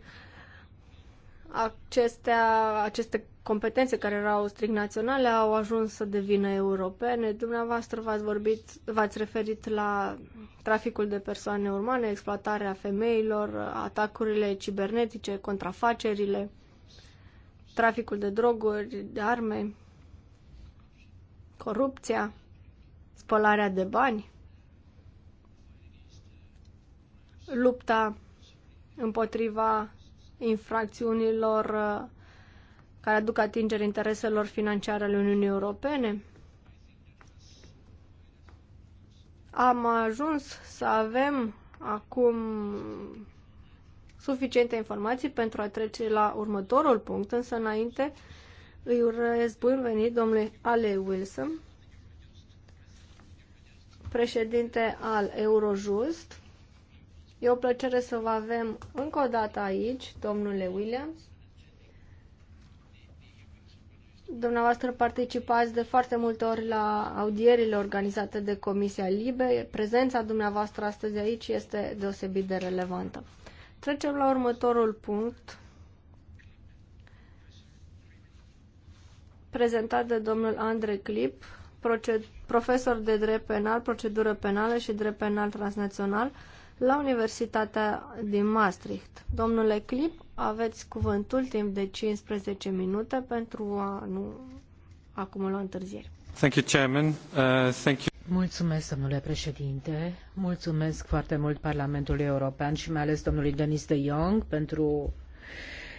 acestea, aceste competențe care erau strict naționale au ajuns să devină europene. Dumneavoastră v-ați vorbit, v-ați referit la traficul de persoane urmane, exploatarea femeilor, atacurile cibernetice, contrafacerile, traficul de droguri, de arme corupția, spălarea de bani, lupta împotriva infracțiunilor uh, care aduc atingere intereselor financiare ale Uniunii Europene. Am ajuns să avem acum suficiente informații pentru a trece la următorul punct, însă înainte îi urez bun venit domnului Ale Wilson, președinte al Eurojust. E o plăcere să vă avem încă o dată aici, domnule Williams. Dumneavoastră participați de foarte multe ori la audierile organizate de Comisia Libe. Prezența dumneavoastră astăzi aici este deosebit de relevantă. Trecem la următorul punct prezentat de domnul Andre Clip, profesor de drept penal, procedură penală și drept penal transnațional la Universitatea din Maastricht. Domnule Clip, aveți cuvântul timp de 15 minute pentru a nu acumula întârzieri. Thank you, Chairman. Uh, thank you. Mulțumesc, domnule președinte. Mulțumesc foarte mult Parlamentului European și mai ales domnului Denis de Jong pentru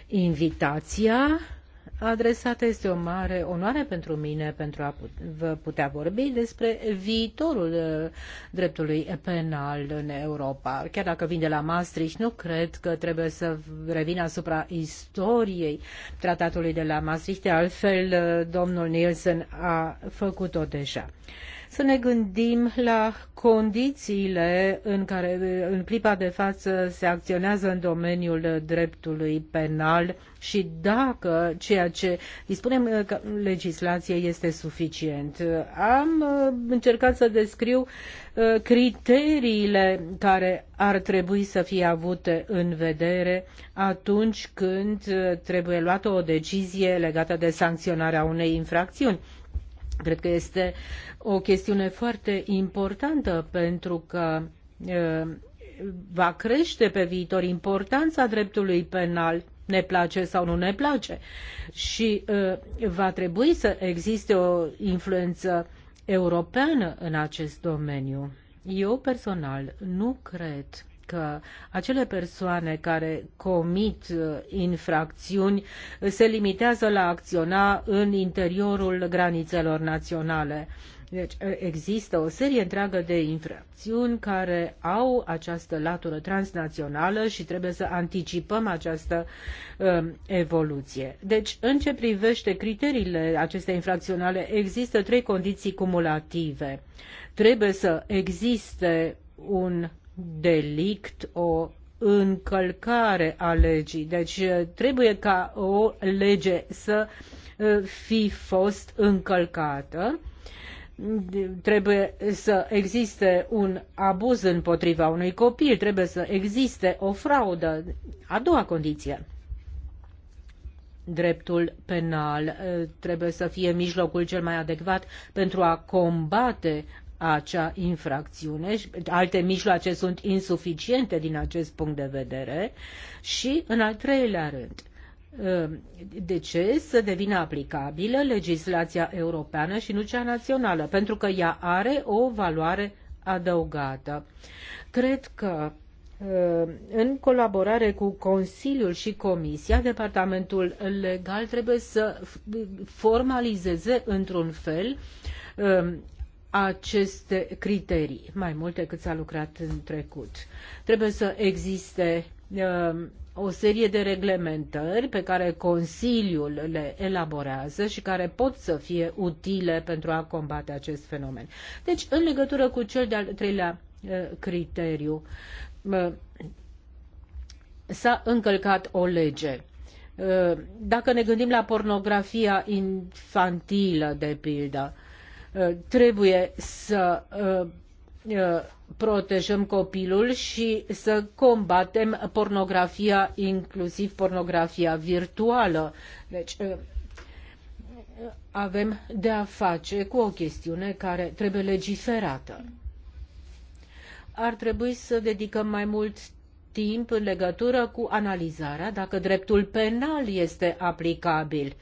invitația adresată. Este o mare onoare pentru mine pentru a vă putea vorbi despre viitorul uh, dreptului penal în Europa. Chiar dacă vin de la Maastricht, nu cred că trebuie să revin asupra istoriei tratatului de la Maastricht. De altfel, uh, domnul Nielsen a făcut-o deja. Uh, să ne gândim la condițiile în care în clipa de față se acționează în domeniul dreptului penal și dacă ceea ce dispunem uh, că legislație este suficient. Am uh, încercat să descriu uh, criteriile care ar trebui să fie avute în vedere atunci când trebuie luată o decizie legată de sancționarea unei infracțiuni. Cred că este o chestiune foarte importantă pentru că va crește pe viitor importanța dreptului penal, ne place sau nu ne place, și va trebui să existe o influență europeană în acest domeniu. Eu personal nu cred că acele persoane care comit uh, infracțiuni se limitează la acționa în interiorul granițelor naționale. Deci uh, există o serie întreagă de infracțiuni care au această latură transnațională și trebuie să anticipăm această um, evoluție. Deci, în ce privește criteriile acestei infracționale, există trei condiții cumulative. Trebuie să existe un delict, o încălcare a legii. Deci uh, trebuie ca o lege să uh, fi fost încălcată. Trebuie să existe un abuz împotriva unui copil, trebuie să existe o fraudă. A doua condiție. Dreptul penal uh, trebuie să fie mijlocul cel mai adecvat pentru a combate acea infracțiune. Alte mijloace sunt insuficiente din acest punct de vedere. Și, în al treilea rând, uh, de ce să devină aplicabilă legislația europeană și nu cea națională? Pentru că ea are o valoare adăugată. Cred că uh, în colaborare cu Consiliul și Comisia, Departamentul Legal trebuie să formalizeze într-un fel uh, aceste criterii, mai mult decât s-a lucrat în trecut. Trebuie să existe um, o serie de reglementări pe care Consiliul le elaborează și care pot să fie utile pentru a combate acest fenomen. Deci, în legătură cu cel de-al treilea uh, criteriu, uh, s-a încălcat o lege uh, dacă ne gândim la pornografia infantilă, de pildă, Eh, trebuie să eh, eh, protejăm copilul și să combatem pornografia, inclusiv pornografia virtuală. Deci avem de a face cu o chestiune care trebuie legiferată. Ar trebui să dedicăm mai mult timp în legătură cu analizarea dacă dreptul penal este aplicabil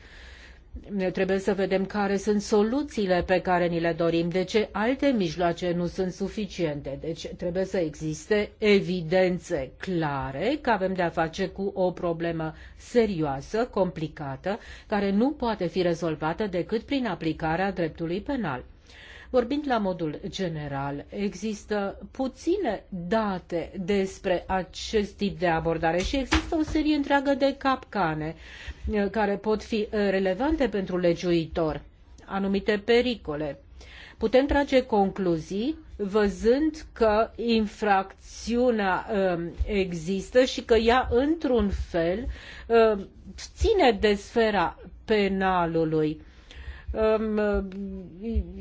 Trebuie să vedem care sunt soluțiile pe care ni le dorim, de ce alte mijloace nu sunt suficiente. Deci trebuie să existe evidențe clare că avem de-a face cu o problemă serioasă, complicată, care nu poate fi rezolvată decât prin aplicarea dreptului penal. Vorbind la modul general, există puține date despre acest tip de abordare și există o serie întreagă de capcane eh, care pot fi eh, relevante pentru legiuitor, anumite pericole. Putem trage concluzii văzând că infracțiunea ehm, există și că ea, într-un fel, ehm, ține de sfera penalului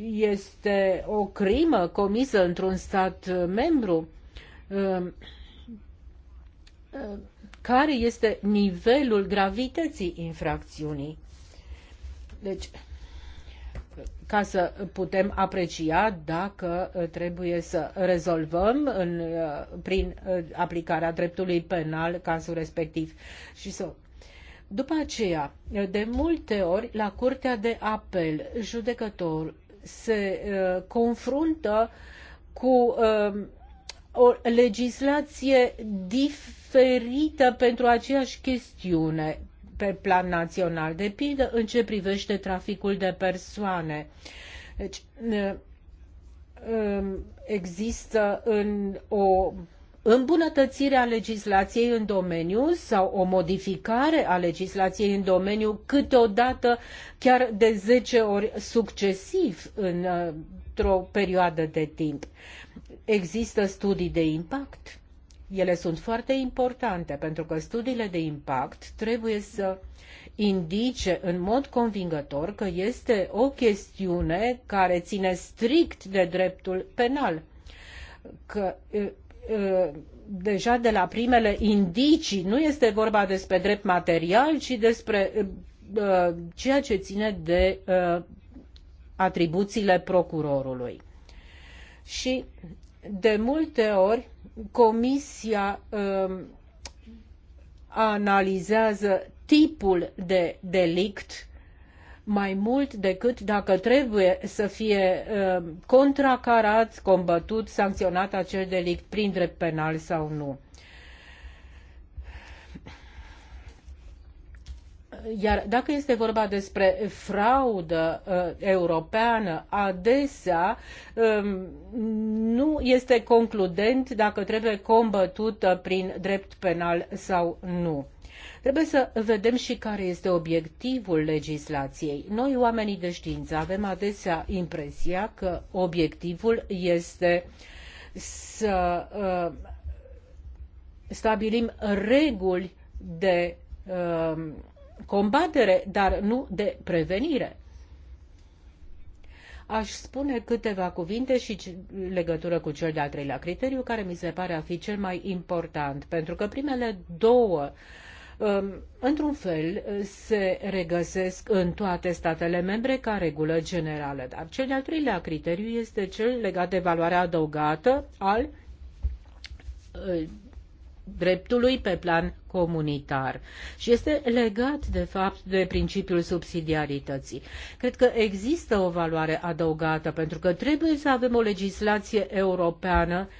este o crimă comisă într-un stat membru, care este nivelul gravității infracțiunii. Deci, ca să putem aprecia dacă trebuie să rezolvăm în, prin aplicarea dreptului penal cazul respectiv și să după aceea, de multe ori, la Curtea de Apel, judecător se uh, confruntă cu uh, o legislație diferită pentru aceeași chestiune pe plan național, de pildă în ce privește traficul de persoane. Deci, uh, um, există în o îmbunătățirea legislației în domeniu sau o modificare a legislației în domeniu câteodată chiar de 10 ori succesiv într-o perioadă de timp. Există studii de impact. Ele sunt foarte importante pentru că studiile de impact trebuie să indice în mod convingător că este o chestiune care ține strict de dreptul penal, că Uh, deja de la primele indicii nu este vorba despre drept material, ci despre uh, uh, ceea ce ține de atribuțiile procurorului. Și de multe ori comisia analizează tipul de delict mai mult decât dacă trebuie să fie uh, contracarat, combătut, sancționat acel delict prin drept penal sau nu. Iar dacă este vorba despre fraudă uh, europeană, adesea um, nu este concludent dacă trebuie combătută prin drept penal sau nu Trebuie să vedem și care este obiectivul legislației. Noi, oamenii de știință, avem adesea impresia că obiectivul este să uh, stabilim reguli de uh, combatere, dar nu de prevenire aș spune câteva cuvinte și legătură cu cel de-al treilea criteriu, care mi se pare a fi cel mai important, pentru că primele două uh, Um, într-un fel, uh, se regăsesc în toate statele membre ca regulă generală. Dar cel de-al treilea criteriu este cel legat de valoarea adăugată al uh, dreptului pe plan comunitar și este legat de fapt de principiul subsidiarității. Cred că există o valoare adăugată pentru că trebuie să avem o legislație europeană uh,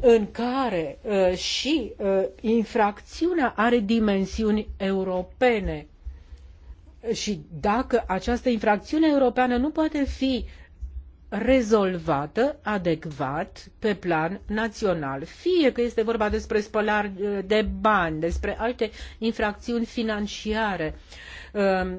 în care uh, și uh, infracțiunea are dimensiuni europene și dacă această infracțiune europeană nu poate fi rezolvată adecvat pe plan național, fie că este vorba despre spălare uh, de bani, despre alte infracțiuni financiare, um,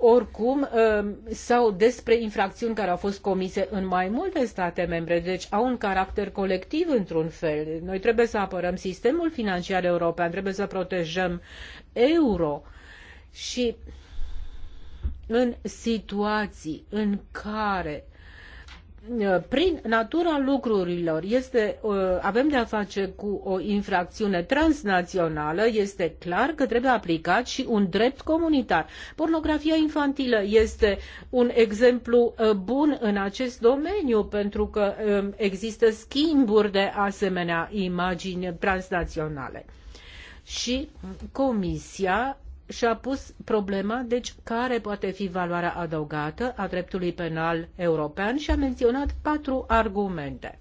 oricum um, sau despre infracțiuni care au fost comise în mai multe state membre, deci au un caracter colectiv într-un fel. Noi trebuie să apărăm sistemul financiar european, trebuie să protejăm euro și în situații în care Uh, prin natura lucrurilor este, uh, avem de a face cu o infracțiune transnațională, este clar că trebuie aplicat și un drept comunitar. Pornografia infantilă este un exemplu uh, bun în acest domeniu pentru că um, există schimburi de asemenea imagini transnaționale. Și Comisia și-a pus problema, deci, care poate fi valoarea adăugată a dreptului penal european și a menționat patru argumente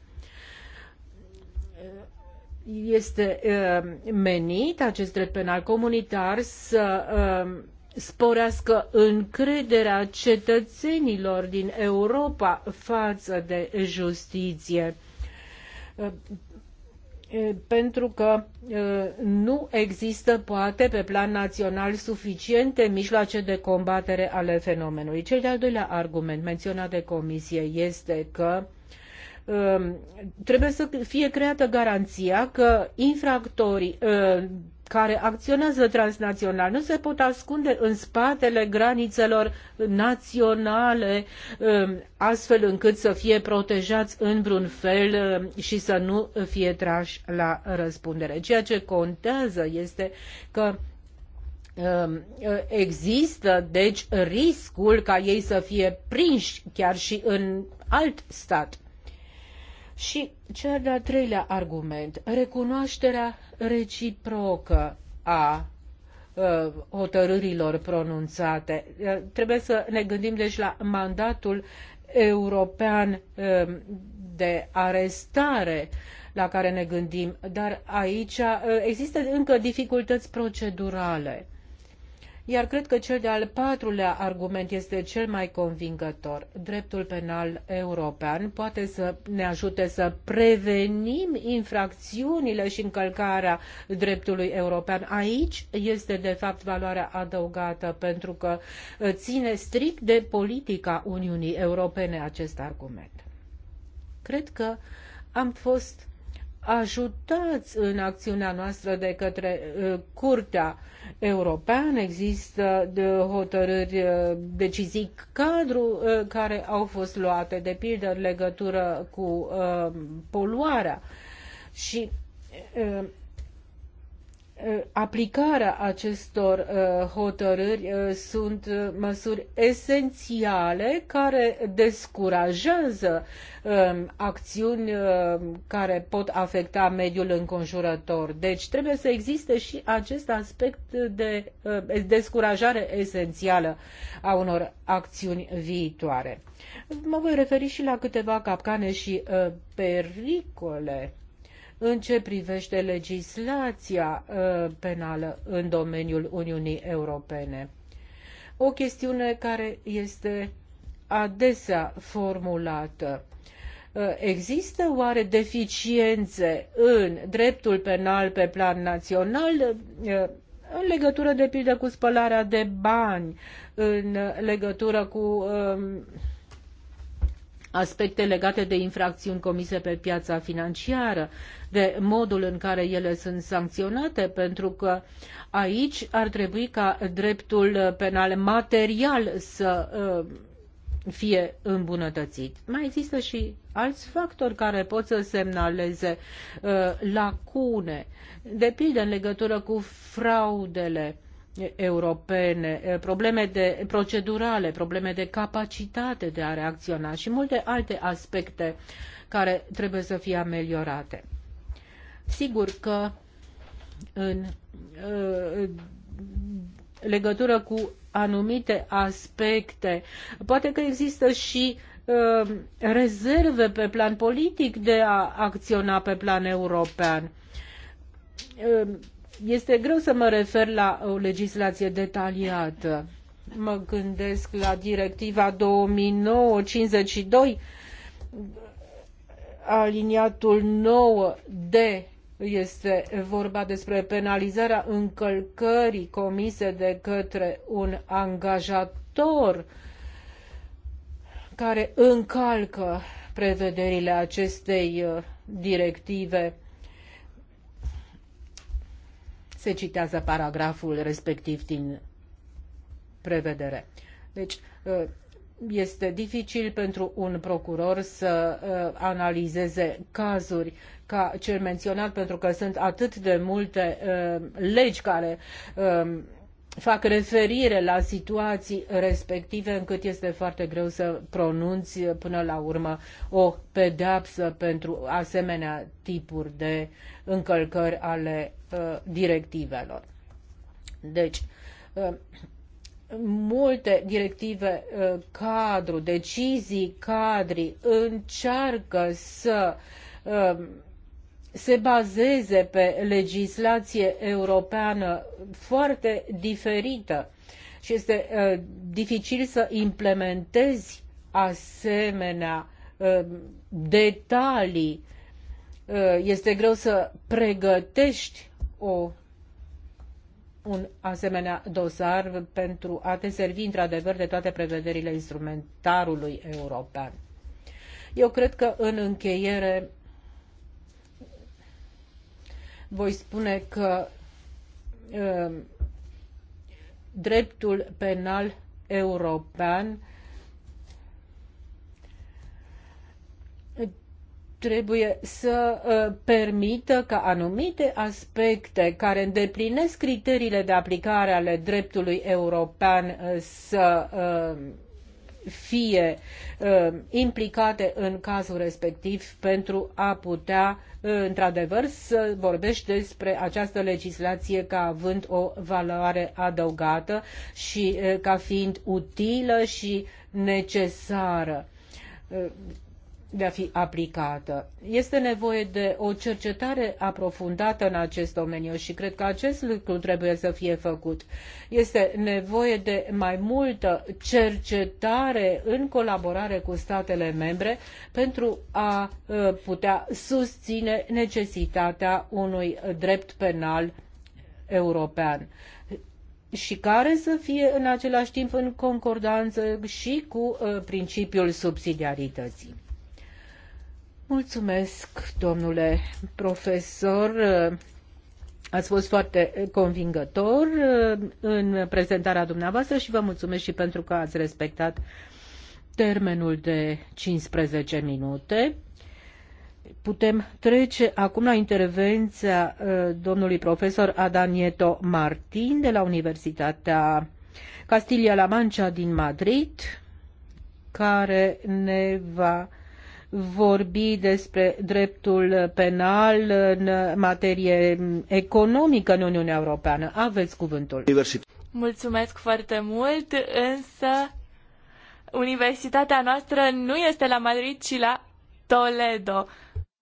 este menit acest drept penal comunitar să sporească încrederea cetățenilor din Europa față de justiție pentru că nu există poate pe plan național suficiente mijloace de combatere ale fenomenului. Cel de-al doilea argument menționat de comisie este că trebuie să fie creată garanția că infractorii care acționează transnațional nu se pot ascunde în spatele granițelor naționale um, astfel încât să fie protejați în vreun fel um, și să nu fie trași la răspundere. Ceea ce contează este că um, există deci riscul ca ei să fie prinși chiar și în alt stat și cel de-al treilea argument, recunoașterea reciprocă a hotărârilor pronunțate. Trebuie să ne gândim deci la mandatul european de arestare la care ne gândim, dar aici există încă dificultăți procedurale. Iar cred că cel de-al patrulea argument este cel mai convingător. Dreptul penal european poate să ne ajute să prevenim infracțiunile și încălcarea dreptului european. Aici este, de fapt, valoarea adăugată, pentru că uh, ține strict de politica Uniunii Europene acest argument. Cred că am fost ajutați în acțiunea noastră de către uh, Curtea Europeană. Există hotărâri, uh, decizii cadru uh, care au fost luate, de pildă în legătură cu poluarea. Și Uh, aplicarea acestor uh, hotărâri uh, sunt măsuri esențiale care descurajează um, acțiuni care pot afecta mediul înconjurător. Deci trebuie să existe și acest aspect de descurajare esențială a unor acțiuni viitoare. Mă voi referi și la câteva capcane și pericole în ce privește legislația uh, penală în domeniul Uniunii Europene. O chestiune care este adesea formulată. Uh, există oare deficiențe în dreptul penal pe plan național uh, în legătură de pildă cu spălarea de bani, în legătură cu um, aspecte legate de infracțiuni comise pe piața financiară, de modul în care ele sunt sancționate, pentru că aici ar trebui ca dreptul penal material să uh, fie îmbunătățit. Mai există și alți factori care pot să semnaleze uh, lacune, de pildă în legătură cu fraudele europene, eh, probleme de procedurale, probleme de capacitate de a reacționa și multe alte aspecte care trebuie să fie ameliorate. Sigur că în eh, legătură cu anumite aspecte, poate că există și eh, rezerve pe plan politic de a acționa pe plan european este greu să mă refer la o legislație detaliată. Mă gândesc la directiva 2009-52, aliniatul 9D este vorba despre penalizarea încălcării comise de către un angajator care încalcă prevederile acestei uh, directive se citează paragraful respectiv din prevedere. Deci, ă, este dificil pentru un procuror să ă, analizeze cazuri ca cel menționat, pentru că sunt atât de multe ă, legi care fac referire la situații respective încât este foarte greu să pronunți până la urmă o pedeapsă pentru asemenea tipuri de încălcări ale Uh, directivelor. Deci, uh, multe directive uh, cadru, decizii cadri încearcă să se bazeze pe legislație europeană foarte diferită și este dificil să implementezi asemenea detalii. Este greu să pregătești o, un asemenea dosar pentru a te servi într-adevăr de toate prevederile instrumentarului european. Eu cred că în încheiere voi spune că um, dreptul penal european trebuie să ă, permită ca anumite aspecte care îndeplinesc criteriile de aplicare ale dreptului european ă, să ă, fie implicate în cazul respectiv pentru a putea, într-adevăr, să vorbești despre această legislație ca având o valoare adăugată și ca fiind utilă și necesară de a fi aplicată. Este nevoie de o cercetare aprofundată în acest domeniu și cred că acest lucru trebuie să fie făcut. Este nevoie de mai multă cercetare în colaborare cu statele membre pentru a uh, putea susține necesitatea unui drept penal european și care să fie în același timp în concordanță și cu uh, principiul subsidiarității. Mulțumesc, domnule profesor. Ați fost foarte convingător uh, în prezentarea dumneavoastră și vă mulțumesc și pentru că ați respectat termenul de 15 minute. Putem trece acum la intervenția uh, domnului profesor Adanieto Martin de la Universitatea Castilia-La Mancha din Madrid, care ne va vorbi despre dreptul penal în materie economică în Uniunea Europeană. Aveți cuvântul. Mulțumesc foarte mult, însă universitatea noastră nu este la Madrid, ci la Toledo.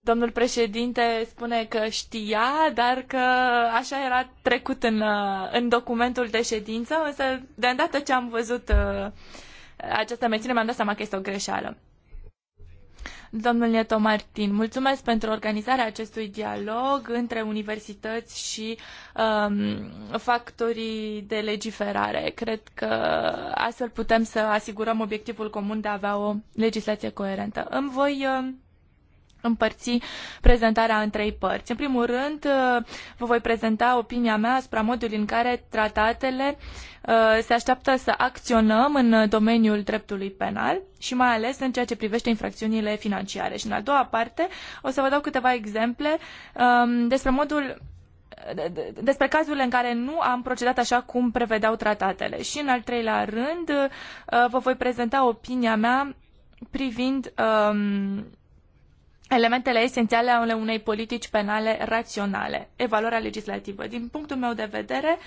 Domnul președinte spune că știa, dar că așa era trecut în, în documentul de ședință, însă de îndată ce am văzut uh, această mențiune mi-am dat seama că este o greșeală domnule Tomartin. Mulțumesc pentru organizarea acestui dialog între universități și um, factorii de legiferare. Cred că astfel putem să asigurăm obiectivul comun de a avea o legislație coerentă. Îmi voi uh, împărți prezentarea în trei părți. În primul rând, uh, vă voi prezenta opinia mea asupra modului în care tratatele uh, se așteaptă să acționăm în domeniul dreptului penal și mai ales în ceea ce privește infracțiunile financiare. Și în a doua parte o să vă dau câteva exemple um, despre modul despre cazurile în care nu am procedat așa cum prevedeau tratatele. Și în al treilea rând uh, vă voi prezenta opinia mea privind um, elementele esențiale ale unei politici penale raționale, evaluarea legislativă. Din punctul meu de vedere,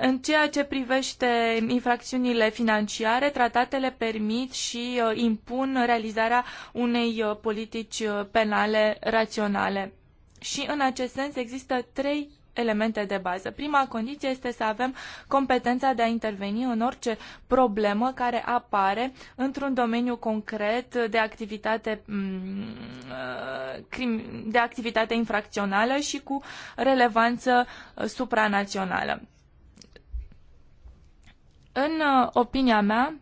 în ceea ce privește infracțiunile financiare, tratatele permit și uh, impun realizarea unei uh, politici uh, penale raționale. Și în acest sens există trei elemente de bază. Prima condiție este să avem competența de a interveni în orice problemă care apare într-un domeniu concret de activitate, mm, uh, de activitate infracțională și cu relevanță uh, supranațională. În uh, opinia mea,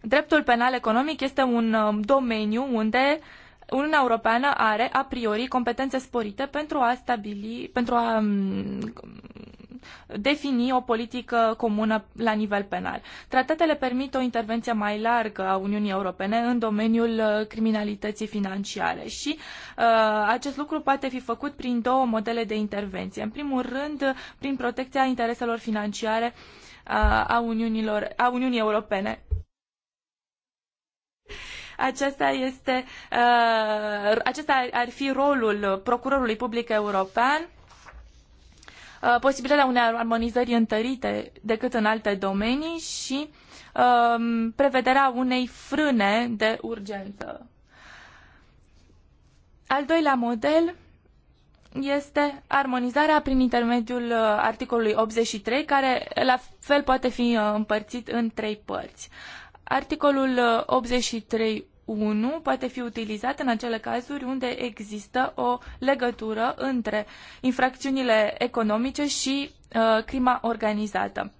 dreptul penal economic este un domeniu unde uh, Uniunea Europeană are, a priori, competențe sporite pentru a stabili, pentru a mm, defini o politică comună la nivel penal. Tratatele permit o intervenție mai largă a Uniunii Europene în domeniul uh, criminalității financiare și uh, acest lucru poate fi făcut prin două modele de intervenție. În primul rând, prin protecția intereselor financiare uh, a, Uniunilor, a Uniunii Europene. Acesta este, uh, acesta ar fi rolul procurorului public european uh, posibilitatea unei armonizări întărite decât în alte domenii și um, prevederea unei frâne de urgență. Al doilea model este armonizarea prin intermediul uh, articolului 83, care la fel poate fi împărțit în trei părți. Articolul 83.1 uh, poate fi utilizat în acele cazuri unde există o legătură între infracțiunile economice și uh, crima organizată.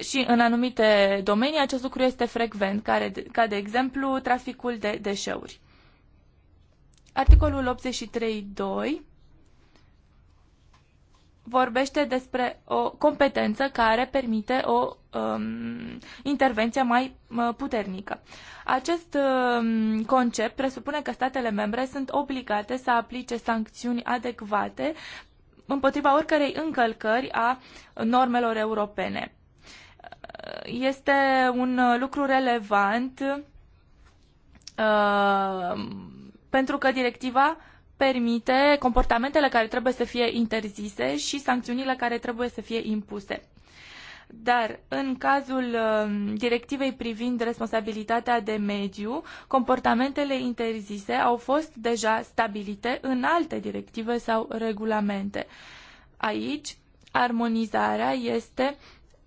Și în anumite domenii acest lucru este frecvent, care, ca de exemplu traficul de deșeuri. Articolul 83.2 vorbește despre o competență care permite o um, intervenție mai uh, puternică. Acest um, concept presupune că statele membre sunt obligate să aplice sancțiuni adecvate împotriva oricărei încălcări a normelor europene. Uh, este un uh, lucru relevant uh, pentru că directiva uh, permite comportamentele care trebuie să fie interzise și sancțiunile care trebuie să fie impuse. Dar în cazul um, directivei privind responsabilitatea de mediu, comportamentele interzise au fost deja stabilite în alte directive sau regulamente. Aici, armonizarea este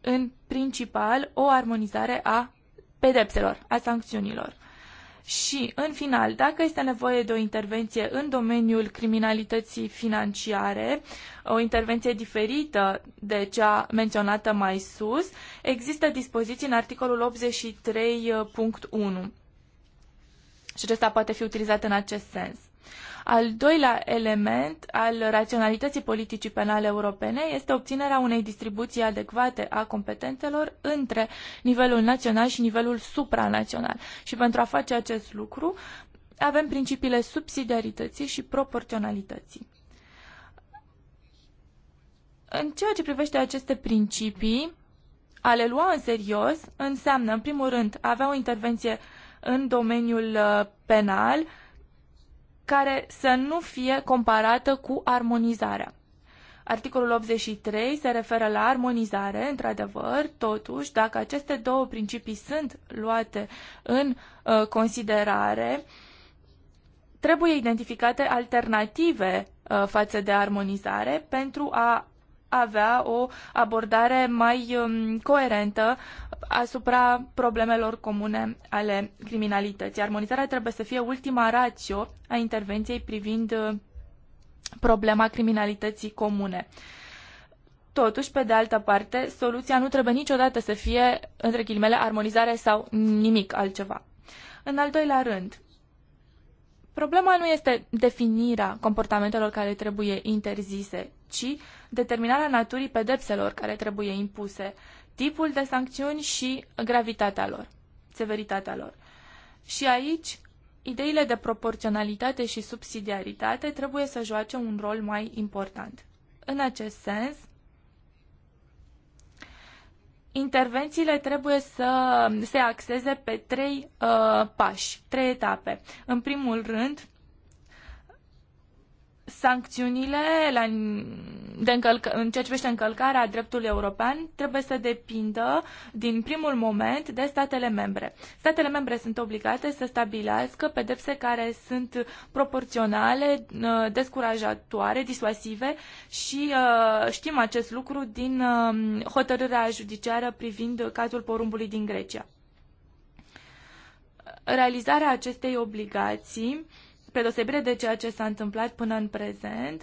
în principal o armonizare a pedepselor, a sancțiunilor. Și, în final, dacă este nevoie de o intervenție în domeniul criminalității financiare, o intervenție diferită de cea menționată mai sus, există dispoziții în articolul 83.1. Și acesta poate fi utilizat în acest sens. Al doilea element al raționalității politicii penale europene este obținerea unei distribuții adecvate a competențelor între nivelul național și nivelul supranațional. Și pentru a face acest lucru avem principiile subsidiarității și proporționalității. În ceea ce privește aceste principii, a le lua în serios înseamnă, în primul rând, a avea o intervenție în domeniul uh, penal, care să nu fie comparată cu armonizarea. Articolul 83 se referă la armonizare, într-adevăr, totuși, dacă aceste două principii sunt luate în uh, considerare, trebuie identificate alternative uh, față de armonizare pentru a avea o abordare mai um, coerentă asupra problemelor comune ale criminalității. Armonizarea trebuie să fie ultima ratio a intervenției privind uh, problema criminalității comune. Totuși, pe de altă parte, soluția nu trebuie niciodată să fie, între ghilimele, armonizare sau nimic altceva. În al doilea rând, problema nu este definirea comportamentelor care trebuie interzise, ci determinarea naturii pedepselor care trebuie impuse tipul de sancțiuni și gravitatea lor, severitatea lor. Și aici, ideile de proporționalitate și subsidiaritate trebuie să joace un rol mai important. În acest sens, intervențiile trebuie să se axeze pe trei uh, pași, trei etape. În primul rând, sancțiunile la, de încălcă, în ceea ce privește încălcarea dreptului european trebuie să depindă din primul moment de statele membre. Statele membre sunt obligate să stabilească pedepse care sunt proporționale, uh, descurajatoare, disuasive și uh, știm acest lucru din um, hotărârea judiciară privind cazul porumbului din Grecia. Realizarea acestei obligații spre deosebire de ceea ce s-a întâmplat până în prezent,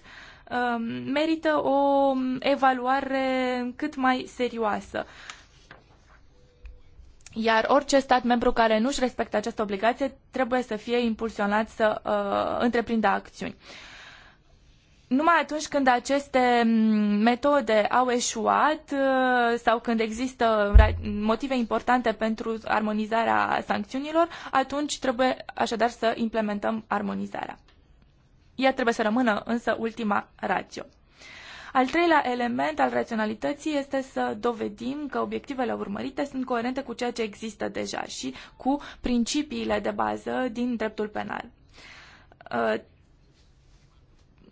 um, merită o evaluare cât mai serioasă. Iar orice stat membru care nu își respectă această obligație trebuie să fie impulsionat să uh, întreprindă acțiuni. Uh, numai atunci când aceste mm, metode au eșuat uh, sau când există motive importante pentru armonizarea sancțiunilor, atunci trebuie așadar să implementăm armonizarea. Ea trebuie să rămână însă ultima rațio. Al treilea element al raționalității este să dovedim că obiectivele urmărite sunt coerente cu ceea ce există deja și cu principiile de bază din dreptul penal uh,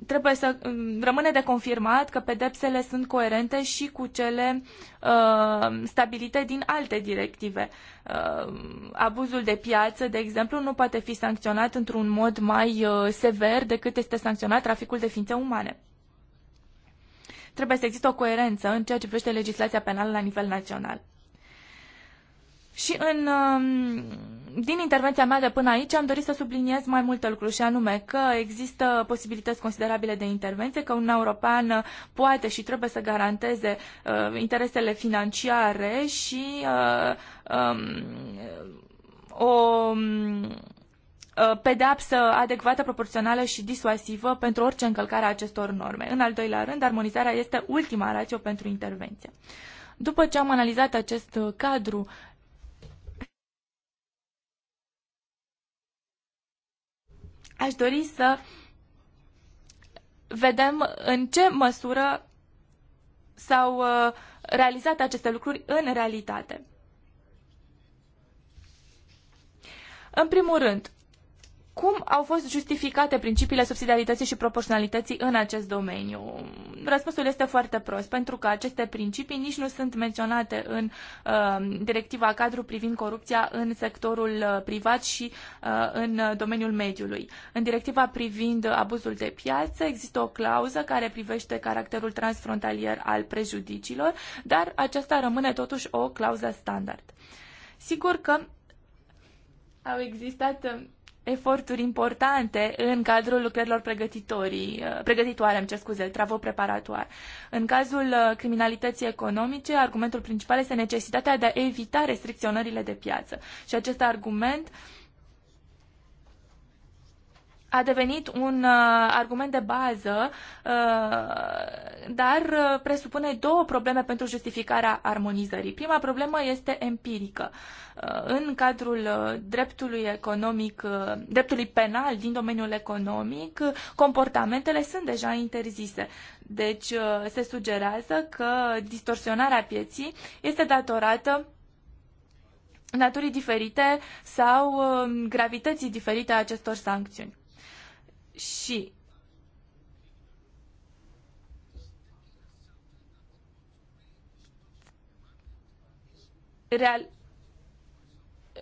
trebuie să mm, rămâne de confirmat că pedepsele sunt coerente și cu cele uh, stabilite din alte directive. Uh, abuzul de piață, de exemplu, nu poate fi sancționat într-un mod mai uh, sever decât este sancționat traficul de ființe umane. Trebuie să existe o coerență în ceea ce privește legislația penală la nivel național. Și în, um, din intervenția mea de până aici am dorit să subliniez mai multe lucruri și anume că există posibilități considerabile de intervenție, că Uniunea Europeană poate și trebuie să garanteze uh, interesele financiare și uh, um, o um, uh, pedeapsă adecvată, proporțională și disuasivă pentru orice încălcare a acestor norme. În al doilea rând, armonizarea este ultima rațiu pentru intervenție. După ce am analizat acest uh, cadru Aș dori să vedem în ce măsură s-au uh, realizat aceste lucruri în realitate. În primul rând, cum au fost justificate principiile subsidiarității și proporționalității în acest domeniu? Răspunsul este foarte prost, pentru că aceste principii nici nu sunt menționate în uh, directiva cadru privind corupția în sectorul uh, privat și uh, în domeniul mediului. În directiva privind abuzul de piață există o clauză care privește caracterul transfrontalier al prejudiciilor, dar aceasta rămâne totuși o clauză standard. Sigur că au existat uh, eforturi importante în cadrul lucrărilor pregătitorii, uh, pregătitoare, îmi cer scuze, travo preparatoare. În cazul uh, criminalității economice, argumentul principal este necesitatea de a evita restricționările de piață. Și acest argument uh, a devenit un uh, argument de bază, uh, dar uh, presupune două probleme pentru justificarea armonizării. Prima problemă este empirică. Uh, în cadrul uh, dreptului economic, uh, dreptului penal din domeniul economic, uh, comportamentele sunt deja interzise. Deci uh, se sugerează că distorsionarea pieții este datorată naturii diferite sau uh, gravității diferite a acestor sancțiuni și real,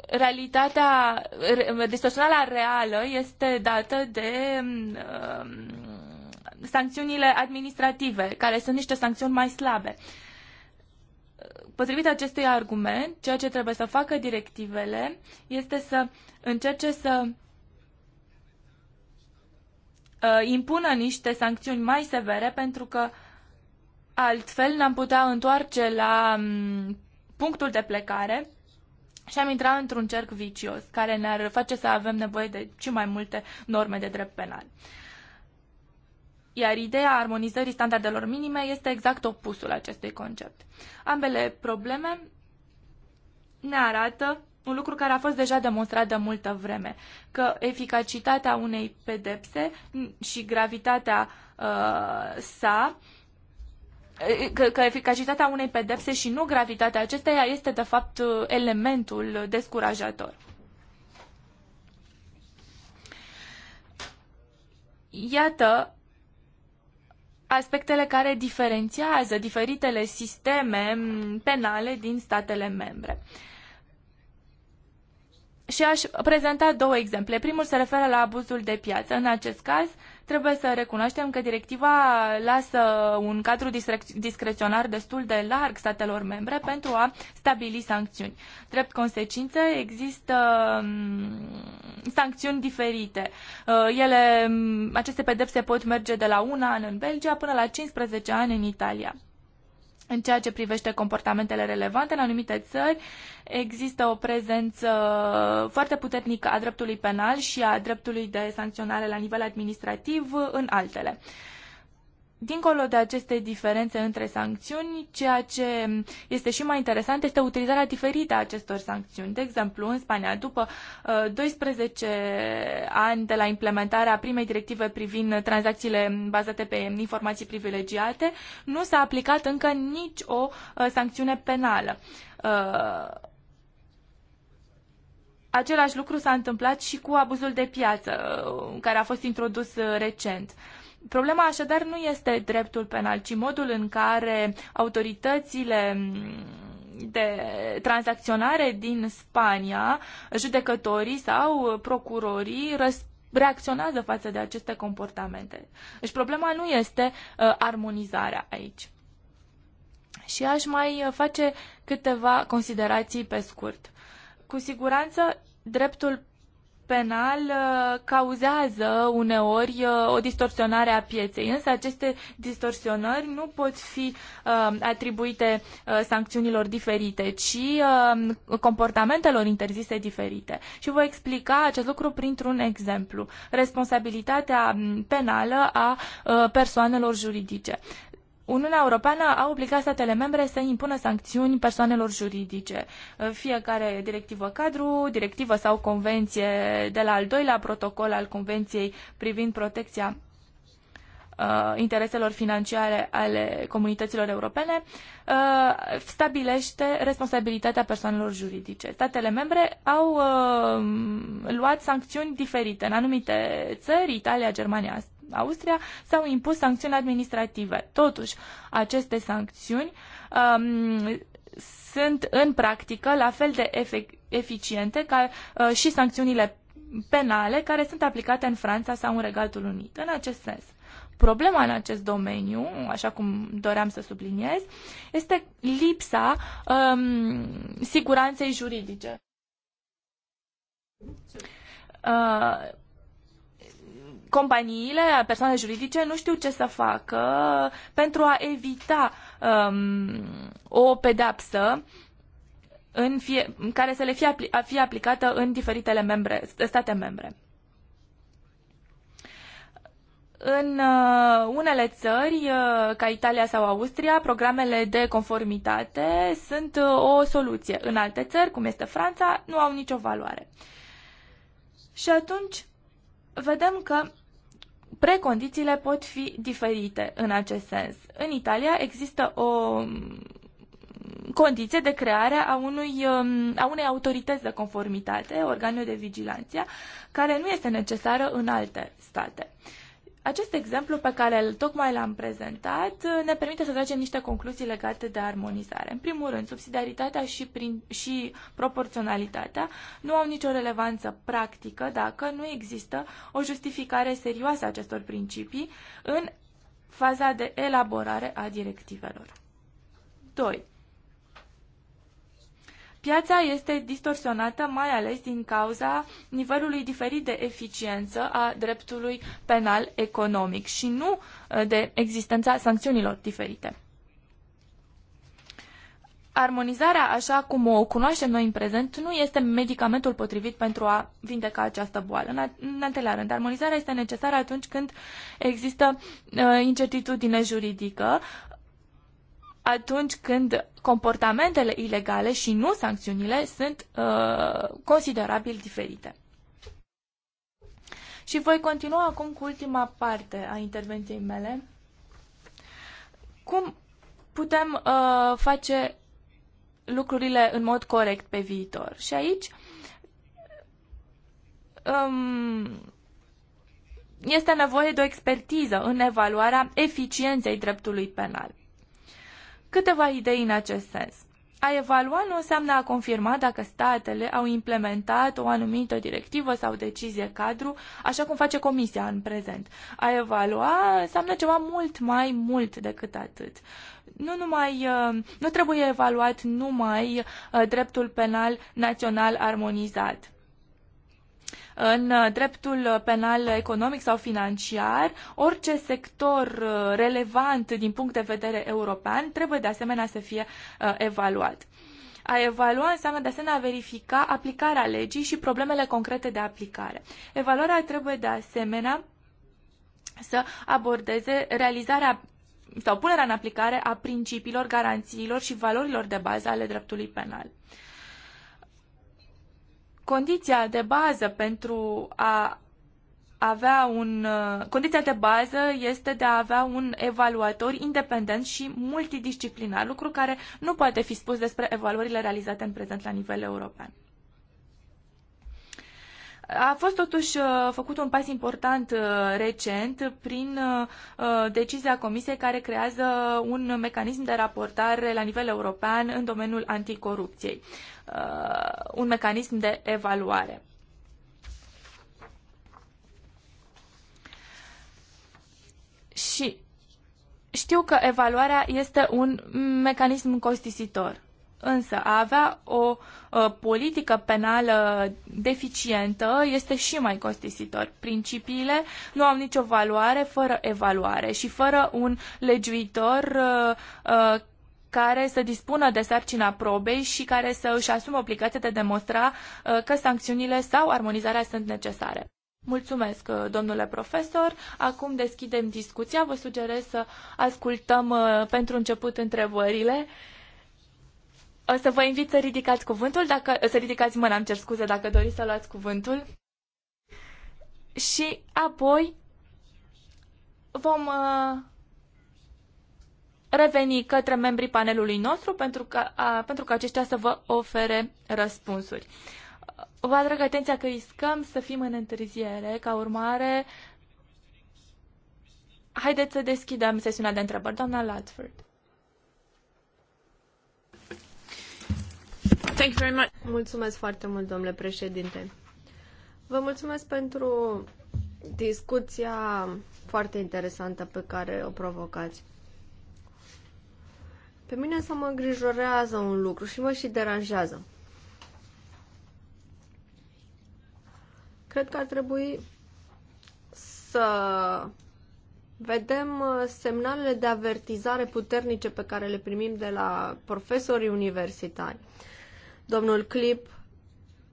realitatea, distorsionarea reală este dată de uh, sancțiunile administrative, care sunt niște sancțiuni mai slabe. Potrivit acestui argument, ceea ce trebuie să facă directivele este să încerce să Uh, impună niște sancțiuni mai severe pentru că altfel ne-am putea întoarce la um, punctul de plecare și am intrat într-un cerc vicios care ne-ar face să avem nevoie de și mai multe norme de drept penal. Iar ideea armonizării standardelor minime este exact opusul acestui concept. Ambele probleme ne arată un lucru care a fost deja demonstrat de multă vreme, că eficacitatea unei pedepse și gravitatea uh, sa Că, că eficacitatea unei pedepse și nu gravitatea acesteia este de fapt elementul descurajator. Iată aspectele care diferențiază diferitele sisteme penale din statele membre. Uh, și aș prezenta două exemple. Primul se referă la abuzul de piață. În acest caz, trebuie să recunoaștem că directiva lasă un cadru discreționar destul de larg statelor membre pentru a stabili sancțiuni. Drept consecință, există mm, sancțiuni diferite. Uh, ele, mm, aceste pedepse pot merge de la un an în Belgia până la 15 ani în Italia. În ceea ce privește comportamentele relevante, în anumite țări există o prezență foarte puternică a dreptului penal și a dreptului de sancționare la nivel administrativ în altele dincolo de aceste diferențe între sancțiuni, ceea ce este și mai interesant este utilizarea diferită a acestor sancțiuni. De exemplu, în Spania, după 12 uh, ani de la implementarea primei directive privind tranzacțiile bazate pe informații privilegiate, nu s-a aplicat încă nici o uh, sancțiune penală. Uh, același lucru s-a întâmplat și cu abuzul de piață, care a fost introdus recent. Uh, Problema așadar nu este dreptul penal, ci modul în care autoritățile de tranzacționare din Spania, judecătorii sau procurorii răspund reacționează față de aceste comportamente. Deci problema nu este uh, armonizarea aici. Și aș mai uh, face câteva considerații pe scurt. Cu siguranță, dreptul penal uh, cauzează uneori uh, o distorsionare a pieței, însă aceste distorsionări nu pot fi uh, atribuite sancțiunilor diferite, ci comportamentelor interzise diferite. Și voi explica acest lucru printr-un exemplu. Responsabilitatea mm, penală a persoanelor juridice. Uniunea Europeană a obligat statele membre să impună sancțiuni persoanelor juridice. Fiecare directivă cadru, directivă sau convenție de la al doilea protocol al Convenției privind protecția uh, intereselor financiare ale comunităților europene uh, stabilește responsabilitatea persoanelor juridice. Statele membre au uh, luat sancțiuni diferite. În anumite țări, Italia, Germania, Austria s-au impus sancțiuni administrative. Totuși, aceste sancțiuni um, sunt în practică la fel de eficiente ca uh, și sancțiunile penale care sunt aplicate în Franța sau în Regatul Unit. În acest sens, problema în acest domeniu, așa cum doream să subliniez, este lipsa um, siguranței juridice. Uh, companiile, persoanele juridice nu știu ce să facă pentru a evita um, o pedapsă în fie, care să le fie, apli, fie aplicată în diferitele membre, state membre. În uh, unele țări, uh, ca Italia sau Austria, programele de conformitate sunt uh, o soluție. În alte țări, cum este Franța, nu au nicio valoare. Și atunci vedem că precondițiile pot fi diferite în acest sens. În Italia există o mm, condiție de creare a, unui, mm, a unei autorități de conformitate, organul de vigilanță, care nu este necesară în alte state. Acest exemplu pe care tocmai l-am prezentat uh, ne permite să tragem niște concluzii legate de armonizare. În primul rând, subsidiaritatea și, prin, și proporționalitatea nu au nicio relevanță practică dacă nu există o justificare serioasă a acestor principii în faza de elaborare a directivelor. 2. Piața este distorsionată mai ales din cauza nivelului diferit de eficiență a dreptului penal economic și nu uh, de existența sancțiunilor diferite. Armonizarea, așa cum o cunoaștem noi în prezent, nu este medicamentul potrivit pentru a vindeca această boală. În, a, al rând, armonizarea este necesară atunci când există uh, incertitudine juridică, atunci când comportamentele ilegale și nu sancțiunile sunt uh, considerabil diferite. Și voi continua acum cu ultima parte a intervenției mele. Cum putem uh, face lucrurile în mod corect pe viitor? Și aici um, este nevoie de o expertiză în evaluarea eficienței dreptului penal. Câteva idei în acest sens. A evalua nu înseamnă a confirma dacă statele au implementat o anumită directivă sau decizie cadru, așa cum face Comisia în prezent. A evalua înseamnă ceva mult mai mult decât atât. Nu, numai, uh, nu trebuie evaluat numai uh, dreptul penal național armonizat în uh, dreptul penal economic sau financiar, orice sector uh, relevant din punct de vedere european trebuie de asemenea să fie uh, evaluat. A evalua înseamnă de asemenea a verifica aplicarea legii și problemele concrete de aplicare. Evaluarea trebuie de asemenea să abordeze realizarea sau punerea în aplicare a principiilor, garanțiilor și valorilor de bază ale dreptului penal. Condiția de bază pentru a avea un. Uh, condiția de bază este de a avea un evaluator independent și multidisciplinar, lucru care nu poate fi spus despre evaluările realizate în prezent la nivel european. A fost totuși uh, făcut un pas important uh, recent prin decizia Comisiei care creează un mecanism de raportare la nivel european în domeniul anticorupției. Uh, un mecanism de evaluare. Și știu că evaluarea este un mecanism costisitor, însă a avea o uh, politică penală deficientă este și mai costisitor. Principiile nu au nicio valoare fără evaluare și fără un legiuitor uh, care să dispună de sarcina probei și care să își asume obligația de a demonstra uh, că sancțiunile sau armonizarea sunt necesare. Mulțumesc, uh, domnule profesor. Acum deschidem discuția. Vă sugerez să ascultăm uh, pentru început întrebările. O să vă invit să ridicați cuvântul, dacă, să ridicați mâna, am cer scuze, dacă doriți să luați cuvântul. Și apoi vom reveni către membrii panelului nostru pentru ca, a, pentru ca aceștia să vă ofere răspunsuri. Vă atrag atenția că riscăm să fim în întârziere, ca urmare haideți să deschidem sesiunea de întrebări. Doamna Latford. Thank you very much. Mulțumesc foarte mult, domnule președinte. Vă mulțumesc pentru discuția foarte interesantă pe care o provocați. Pe mine să mă îngrijorează un lucru și mă și deranjează. Cred că ar trebui să vedem uh, semnalele de avertizare puternice pe care le primim de la profesorii universitari. Domnul Clip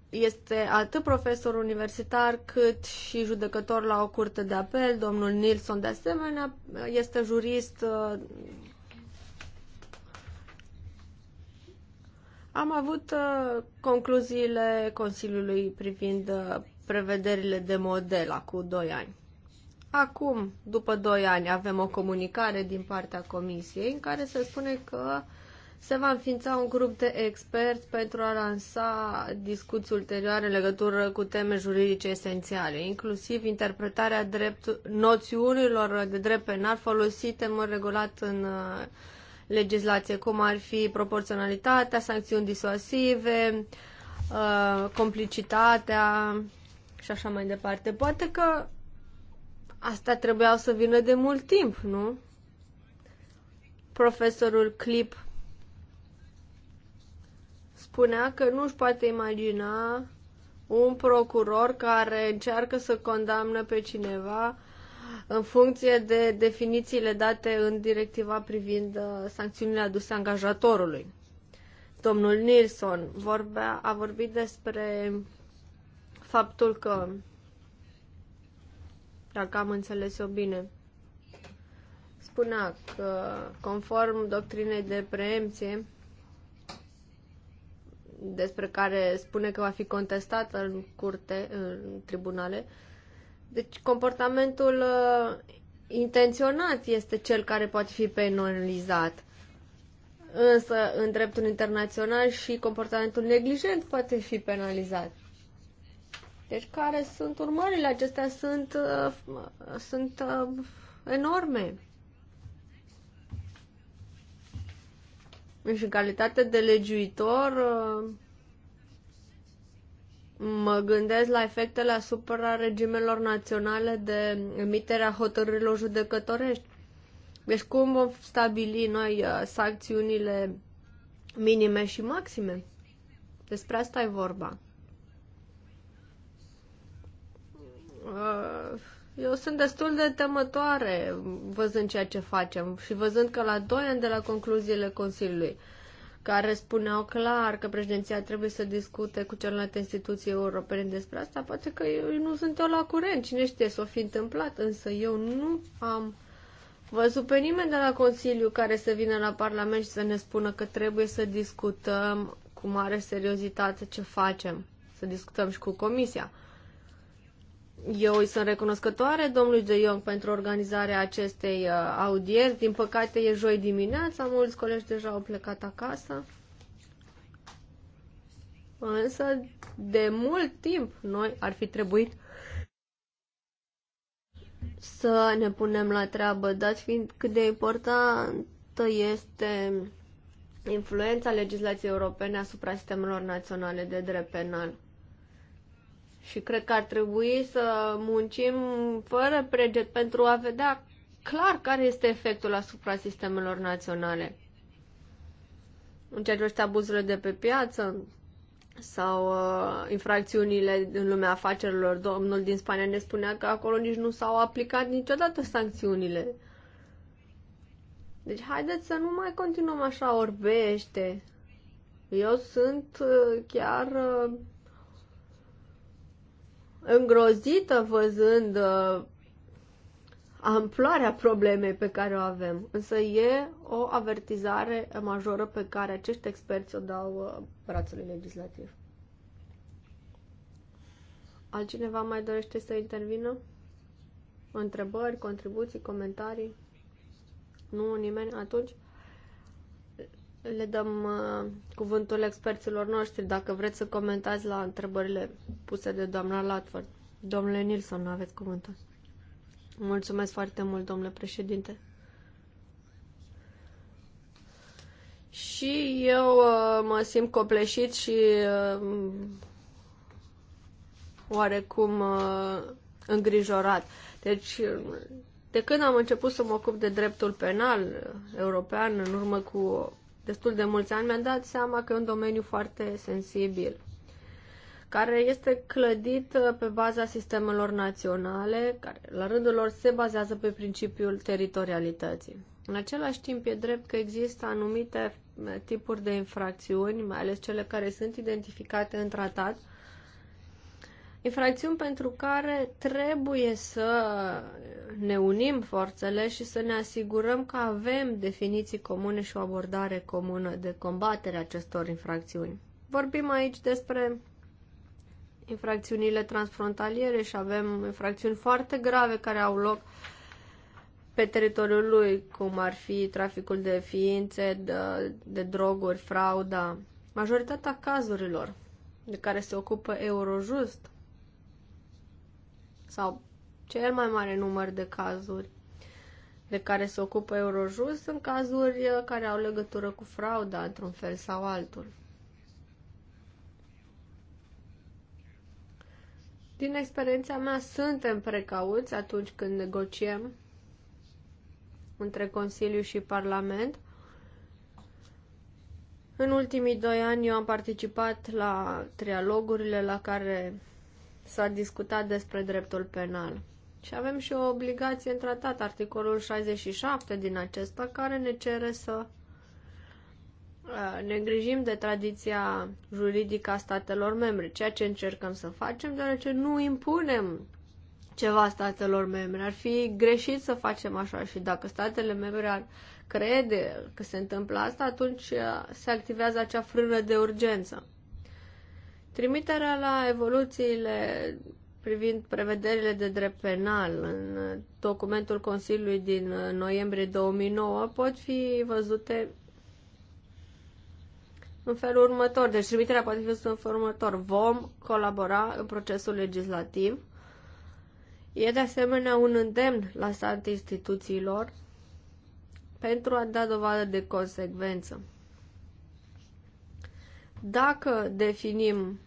este atât profesor universitar cât și judecător la o curte de apel. Domnul Nilsson, de asemenea, este jurist uh, Am avut uh, concluziile Consiliului privind uh, prevederile de model cu 2 ani. Acum, după 2 ani, avem o comunicare din partea Comisiei în care se spune că se va înființa un grup de experți pentru a lansa discuții ulterioare în legătură cu teme juridice esențiale, inclusiv interpretarea drept, noțiunilor de drept penal folosite în mod regulat în uh, legislație, cum ar fi proporționalitatea, sancțiuni disuasive, uh, complicitatea și așa mai departe. Poate că asta trebuia să vină de mult timp, nu? Profesorul Clip spunea că nu își poate imagina un procuror care încearcă să condamnă pe cineva în funcție de definițiile date în directiva privind uh, sancțiunile aduse angajatorului. Domnul Nilsson vorbea, a vorbit despre faptul că, dacă am înțeles eu bine, spunea că, conform doctrinei de preemție, despre care spune că va fi contestată în curte, în tribunale, deci comportamentul uh, intenționat este cel care poate fi penalizat. Însă, în dreptul internațional și comportamentul neglijent poate fi penalizat. Deci, care sunt urmările? Acestea sunt, uh, sunt uh, enorme. Și în calitate de legiuitor, uh, Mă gândesc la efectele asupra regimelor naționale de emiterea hotărârilor judecătorești. Deci cum vom stabili noi uh, sancțiunile minime și maxime? Despre asta e vorba. Uh, eu sunt destul de temătoare văzând ceea ce facem și văzând că la doi ani de la concluziile Consiliului care spuneau clar că președinția trebuie să discute cu celelalte instituții europene despre asta, poate că eu nu sunt eu la curent, cine știe s-o fi întâmplat, însă eu nu am văzut pe nimeni de la Consiliu care să vină la Parlament și să ne spună că trebuie să discutăm cu mare seriozitate ce facem, să discutăm și cu Comisia. Eu îi sunt recunoscătoare domnului De Jong pentru organizarea acestei uh, audieri. Din păcate e joi dimineața, mulți colegi deja au plecat acasă. Însă, de mult timp, noi ar fi trebuit să ne punem la treabă, dat fiind cât de importantă este influența legislației europene asupra sistemelor naționale de drept penal. Și cred că ar trebui să muncim fără preget pentru a vedea clar care este efectul asupra sistemelor naționale. În ceea ce privește abuzurile de pe piață sau uh, infracțiunile în lumea afacerilor, domnul din Spania ne spunea că acolo nici nu s-au aplicat niciodată sancțiunile. Deci haideți să nu mai continuăm așa orbește. Eu sunt uh, chiar uh, îngrozită văzând uh, amploarea problemei pe care o avem. Însă e o avertizare majoră pe care acești experți o dau uh, brațului legislativ. Altcineva mai dorește să intervină? Întrebări, contribuții, comentarii? Nu, nimeni? Atunci le dăm uh, cuvântul experților noștri dacă vreți să comentați la întrebările puse de doamna Latford. Domnule Nilsson, nu aveți cuvântul. Mulțumesc foarte mult, domnule președinte. Și eu uh, mă simt copleșit și uh, oarecum uh, îngrijorat. Deci, de când am început să mă ocup de dreptul penal european, în urmă cu destul de mulți ani, mi-am dat seama că e un domeniu foarte sensibil care este clădit uh, pe baza sistemelor naționale, care la rândul lor se bazează pe principiul teritorialității. În același timp, e drept că există anumite uh, tipuri de infracțiuni, mai ales cele care sunt identificate în tratat, infracțiuni pentru care trebuie să ne unim forțele și să ne asigurăm că avem definiții comune și o abordare comună de combatere acestor infracțiuni. Vorbim aici despre infracțiunile transfrontaliere și avem infracțiuni foarte grave care au loc pe teritoriul lui, cum ar fi traficul de ființe, de, de droguri, frauda. Majoritatea cazurilor de care se ocupă Eurojust sau cel mai mare număr de cazuri de care se ocupă Eurojust sunt cazuri uh, care au legătură cu frauda într-un fel sau altul. Din experiența mea, suntem precauți atunci când negociem între Consiliu și Parlament. În ultimii doi ani eu am participat la trialogurile la care s-a discutat despre dreptul penal. Și avem și o obligație în tratat, articolul 67 din acesta, care ne cere să ne îngrijim de tradiția juridică a statelor membre, ceea ce încercăm să facem, deoarece nu impunem ceva statelor membre. Ar fi greșit să facem așa și dacă statele membre ar crede că se întâmplă asta, atunci se activează acea frână de urgență. Trimiterea la evoluțiile privind prevederile de drept penal în documentul Consiliului din noiembrie 2009 pot fi văzute în felul următor. Deci trimiterea poate fi văzută în felul următor. Vom colabora în procesul legislativ. E de asemenea un îndemn la state instituțiilor pentru a da dovadă de consecvență. Dacă definim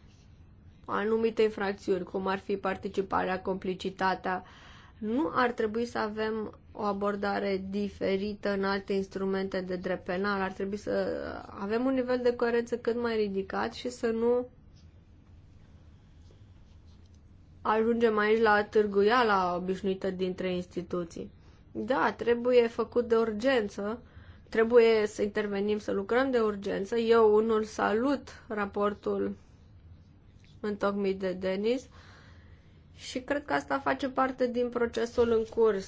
anumite infracțiuni, cum ar fi participarea, complicitatea, nu ar trebui să avem o abordare diferită în alte instrumente de drept penal. Ar trebui să avem un nivel de coerență cât mai ridicat și să nu ajungem aici la la obișnuită dintre instituții. Da, trebuie făcut de urgență, trebuie să intervenim, să lucrăm de urgență. Eu unul salut raportul întocmit de Denis și cred că asta face parte din procesul în curs,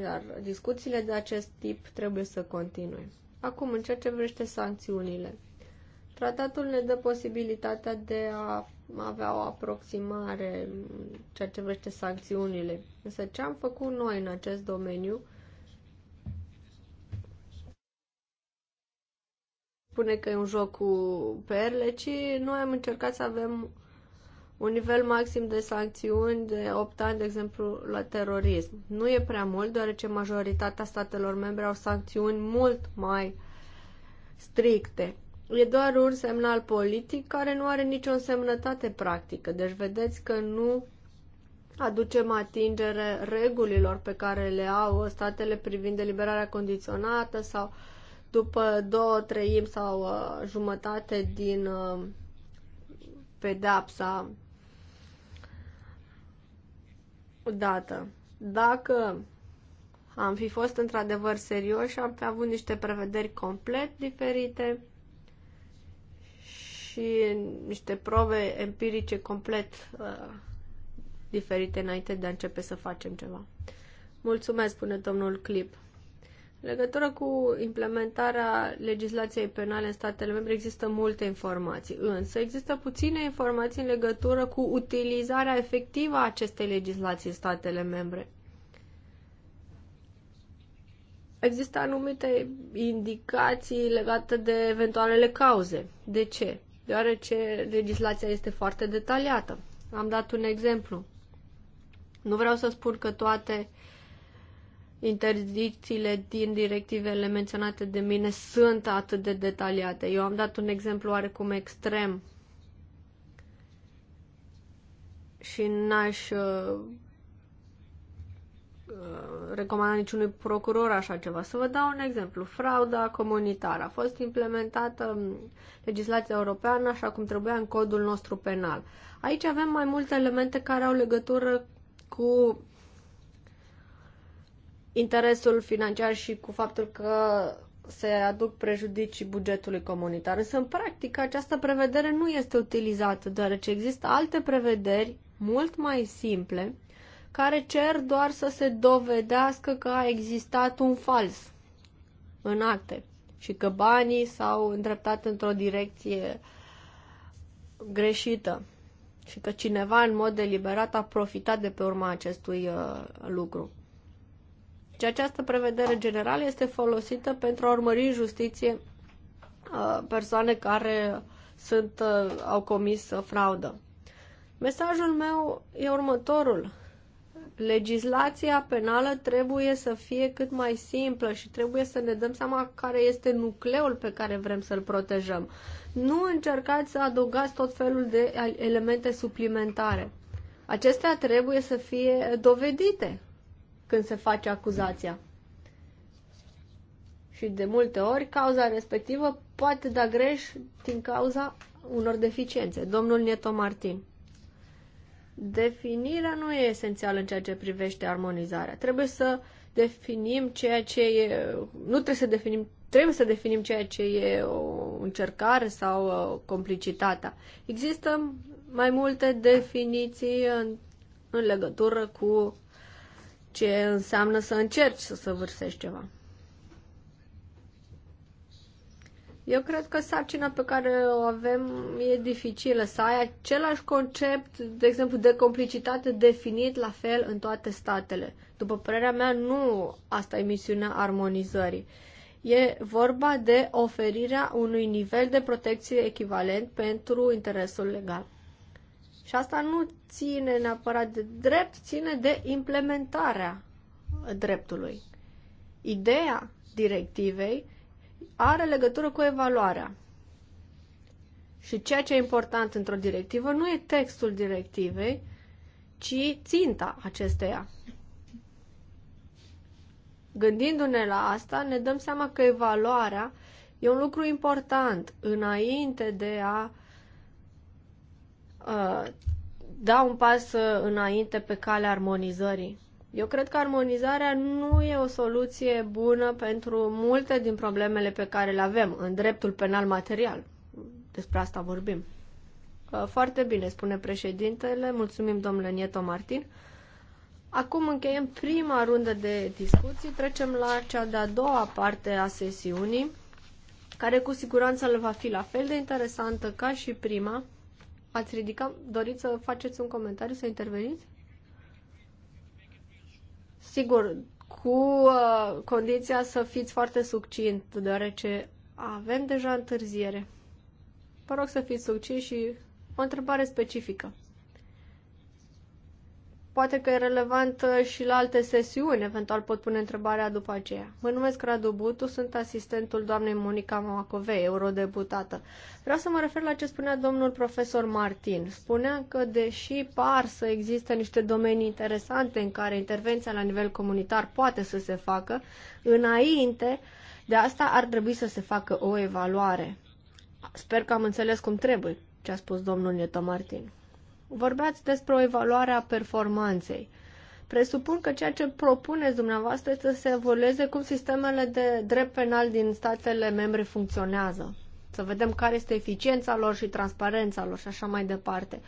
iar discuțiile de acest tip trebuie să continue. Acum, în ceea ce vrește sancțiunile. Tratatul ne dă posibilitatea de a avea o aproximare în ceea ce vrește sancțiunile. Însă ce am făcut noi în acest domeniu spune că e un joc cu perle, ci noi am încercat să avem un nivel maxim de sancțiuni de 8 ani, de exemplu, la terorism. Nu e prea mult, deoarece majoritatea statelor membre au sancțiuni mult mai stricte. E doar un semnal politic care nu are nicio însemnătate practică. Deci vedeți că nu aducem atingere regulilor pe care le au statele privind eliberarea condiționată sau după două treimi sau uh, jumătate din uh, pedapsa dată. Dacă am fi fost într-adevăr serioși, am fi avut niște prevederi complet diferite și niște probe empirice complet uh, diferite înainte de a începe să facem ceva. Mulțumesc, spune domnul Clip legătură cu implementarea legislației penale în statele membre există multe informații, însă există puține informații în legătură cu utilizarea efectivă a acestei legislații în statele membre. Există anumite indicații legate de eventualele cauze. De ce? Deoarece legislația este foarte detaliată. Am dat un exemplu. Nu vreau să spun că toate uh, interdicțiile din directivele menționate de mine sunt atât de detaliate. Eu am dat un exemplu oarecum extrem și n-aș uh, uh recomanda niciunui procuror așa ceva. Să vă dau un exemplu. Frauda comunitară a fost implementată um, legislația europeană așa cum trebuia în codul nostru penal. Aici avem mai multe elemente care au legătură cu interesul financiar și cu faptul că se aduc prejudicii bugetului comunitar. Însă, în practică, această prevedere nu este utilizată, deoarece există alte prevederi mult mai simple care cer doar să se dovedească că a existat un fals în acte și că banii s-au îndreptat într-o direcție greșită și că cineva în mod deliberat a profitat de pe urma acestui uh, lucru. Deci această prevedere generală este folosită pentru a urmări în justiție uh, persoane care sunt, uh, au comis uh, fraudă. Mesajul meu e următorul. Legislația penală trebuie să fie cât mai simplă și trebuie să ne dăm seama care este nucleul pe care vrem să-l protejăm. Nu încercați să adăugați tot felul de elemente suplimentare. Acestea trebuie să fie dovedite când se face acuzația. Și de multe ori, cauza respectivă poate da greș din cauza unor deficiențe. Domnul Nieto Martin. Definirea nu e esențială în ceea ce privește armonizarea. Trebuie să definim ceea ce e... Nu trebuie să definim trebuie să definim ceea ce e o încercare sau o uh, complicitatea. Există mai multe definiții în, în legătură cu ce înseamnă să încerci să săvârșești ceva. Eu cred că sarcina pe care o avem e dificilă, să ai același concept, de exemplu, de complicitate definit la fel în toate statele. După părerea mea, nu asta e misiunea armonizării. E vorba de oferirea unui nivel de protecție echivalent pentru interesul legal. Și asta nu ține neapărat de drept, ține de implementarea dreptului. Ideea directivei are legătură cu evaluarea. Și ceea ce e important într-o directivă nu e textul directivei, ci ținta acesteia. Gândindu-ne la asta, ne dăm seama că evaluarea e un lucru important înainte de a uh, Uh, da un pas uh, înainte pe calea armonizării. Eu cred că armonizarea nu e o soluție bună pentru multe din problemele pe care le avem în dreptul penal material. Despre asta vorbim. Uh, foarte bine, spune președintele. Mulțumim, domnule Nieto Martin. Acum încheiem prima rundă de discuții. Trecem la cea de-a doua parte a sesiunii, care cu siguranță le va fi la fel de interesantă ca și prima. Ați ridicat? Doriți să faceți un comentariu, să interveniți? Sigur, cu uh, condiția să fiți foarte succint, deoarece avem deja întârziere. Vă rog să fiți succint și o întrebare specifică poate că e relevant uh, și la alte sesiuni, eventual pot pune întrebarea după aceea. Mă numesc Radu Butu, sunt asistentul doamnei Monica Mamacovei, eurodeputată. Vreau să mă refer la ce spunea domnul profesor Martin. Spunea că deși par să existe niște domenii interesante în care intervenția la nivel comunitar poate să se facă, înainte de asta ar trebui să se facă o evaluare. Sper că am înțeles cum trebuie ce a spus domnul Neto Martin. Vorbeați despre o evaluare a performanței. Presupun că ceea ce propuneți dumneavoastră este să se evolueze cum sistemele de drept penal din statele membre funcționează. Să vedem care este eficiența lor și transparența lor și așa mai departe.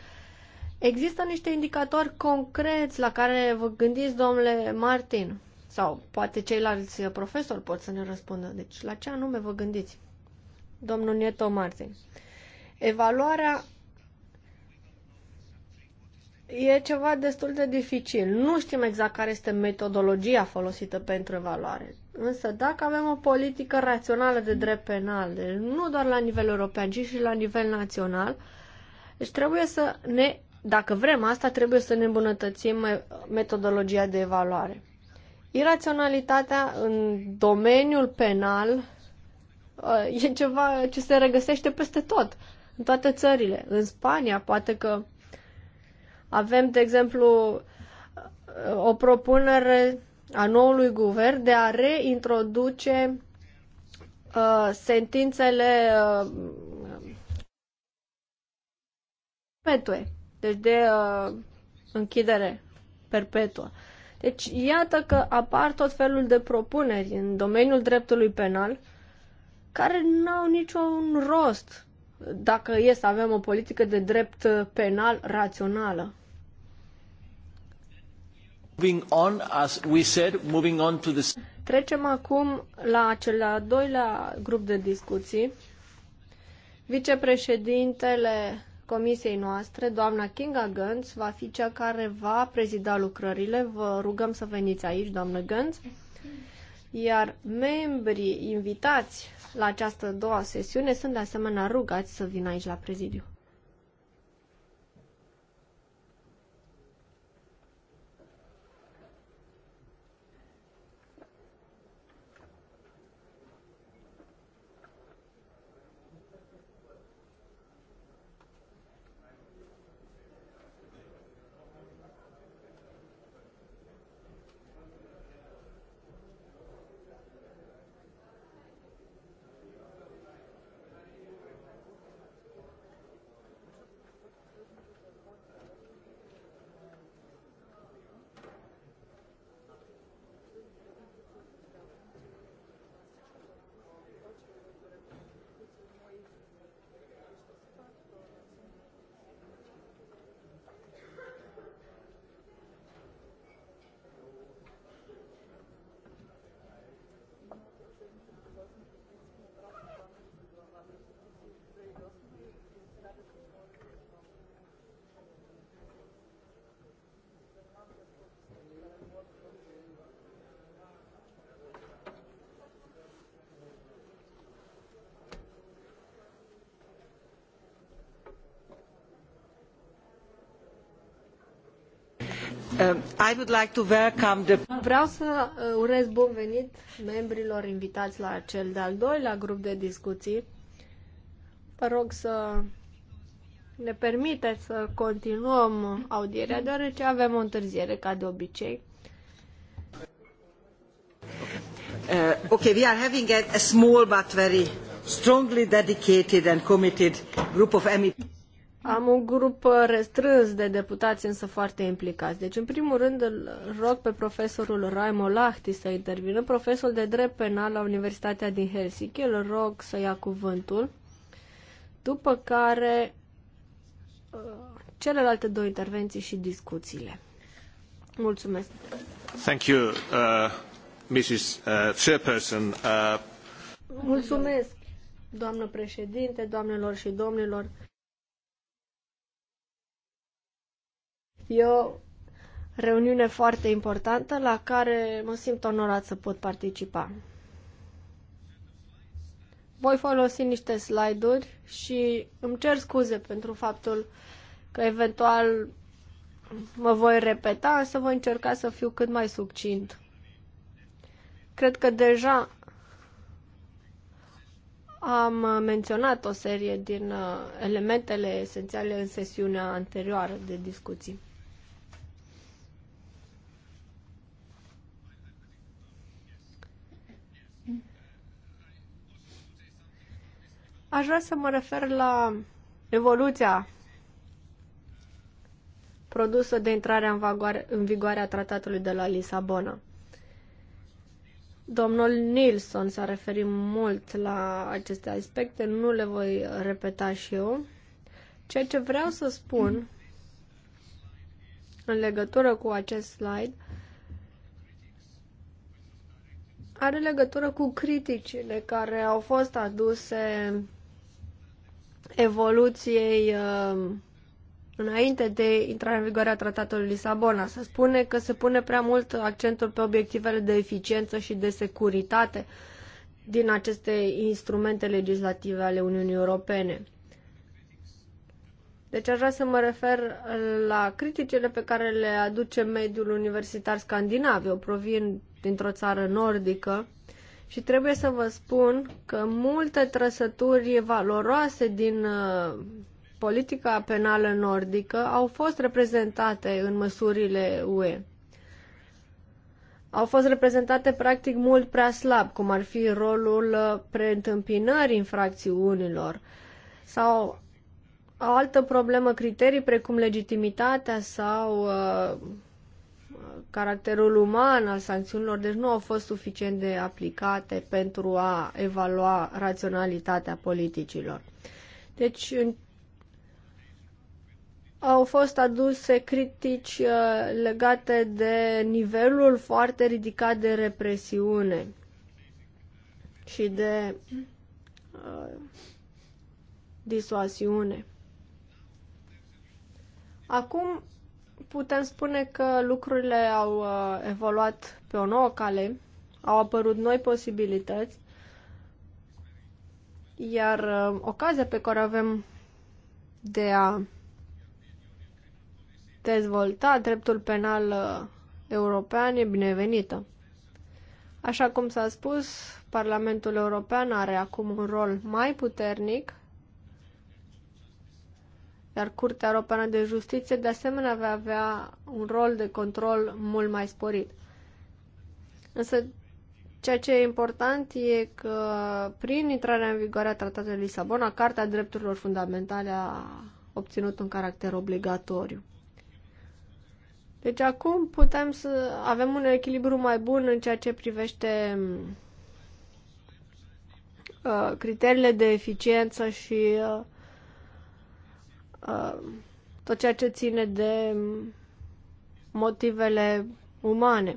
Există niște indicatori concreți la care vă gândiți, domnule Martin? Sau poate ceilalți profesori pot să ne răspundă. Deci, la ce anume vă gândiți? Domnul Nieto Martin. Evaluarea e ceva destul de dificil. Nu știm exact care este metodologia folosită pentru evaluare. Însă dacă avem o politică rațională de drept penal, deci nu doar la nivel european, ci și la nivel național, deci trebuie să ne, dacă vrem asta, trebuie să ne îmbunătățim metodologia de evaluare. Iraționalitatea în domeniul penal uh, e ceva ce se regăsește peste tot, în toate țările. În Spania, poate că avem, de exemplu, o propunere a noului guvern de a reintroduce uh, sentințele perpetue, uh, deci de uh, închidere perpetuă. Deci, iată că apar tot felul de propuneri în domeniul dreptului penal care nu au niciun rost dacă e să avem o politică de drept penal rațională. Trecem acum la cel al doilea grup de discuții. Vicepreședintele comisiei noastre, doamna Kinga Gânț, va fi cea care va prezida lucrările. Vă rugăm să veniți aici, doamnă Gânț. Iar membrii invitați la această a doua sesiune sunt de asemenea rugați să vină aici la prezidiu. Um, I would like to welcome the... Vreau să uh, urez bun venit membrilor invitați la cel de-al doilea grup de discuții. Vă rog să ne permiteți să continuăm audierea, deoarece avem o întârziere, ca de obicei. Uh, okay, we are having a, a small but very strongly dedicated and committed group of MEPs. Am un grup restrâns de deputați, însă foarte implicați. Deci, în primul rând, îl rog pe profesorul Raimo Lahti să intervină, profesor de drept penal la Universitatea din Helsinki. Îl rog să ia cuvântul, după care uh, celelalte două intervenții și discuțiile. Mulțumesc. Thank you, uh, Mrs. Uh, Chairperson. Uh... Mulțumesc, doamnă președinte, doamnelor și domnilor. E o reuniune foarte importantă la care mă simt onorat să pot participa. Voi folosi niște slide-uri și îmi cer scuze pentru faptul că eventual mă voi repeta, să voi încerca să fiu cât mai succint. Cred că deja am menționat o serie din uh, elementele esențiale în sesiunea anterioară de discuții. Aș vrea să mă refer la evoluția produsă de intrarea în, vagoare, în vigoare a tratatului de la Lisabona. Domnul Nilsson s-a referit mult la aceste aspecte, nu le voi repeta și eu. Ceea ce vreau să spun în legătură cu acest slide are legătură cu criticile care au fost aduse evoluției uh, înainte de intrarea în vigoare a Tratatului Lisabona. Se spune că se pune prea mult accentul pe obiectivele de eficiență și de securitate din aceste instrumente legislative ale Uniunii Europene. Deci aș vrea să mă refer la criticile pe care le aduce mediul universitar scandinav. Eu provin dintr-o țară nordică și trebuie să vă spun că multe trăsături valoroase din uh, politica penală nordică au fost reprezentate în măsurile UE. Au fost reprezentate practic mult prea slab, cum ar fi rolul uh, preîntâmpinării infracțiunilor sau o altă problemă, criterii precum legitimitatea sau uh, caracterul uman al sancțiunilor, deci nu au fost suficient de aplicate pentru a evalua raționalitatea politicilor. Deci au fost aduse critici uh, legate de nivelul foarte ridicat de represiune și de uh, disuasiune. Acum putem spune că lucrurile au uh, evoluat pe o nouă cale, au apărut noi posibilități, iar uh, ocazia pe care o avem de a dezvolta dreptul penal uh, european e binevenită. Așa cum s-a spus, Parlamentul European are acum un rol mai puternic iar Curtea Europeană de Justiție, de asemenea, va avea un rol de control mult mai sporit. Însă, ceea ce e important e că, prin intrarea în vigoare a Tratatului de Lisabona, Cartea Drepturilor Fundamentale a obținut un caracter obligatoriu. Deci acum putem să avem un echilibru mai bun în ceea ce privește uh, criteriile de eficiență și uh, Uh, tot ceea ce ține de motivele umane.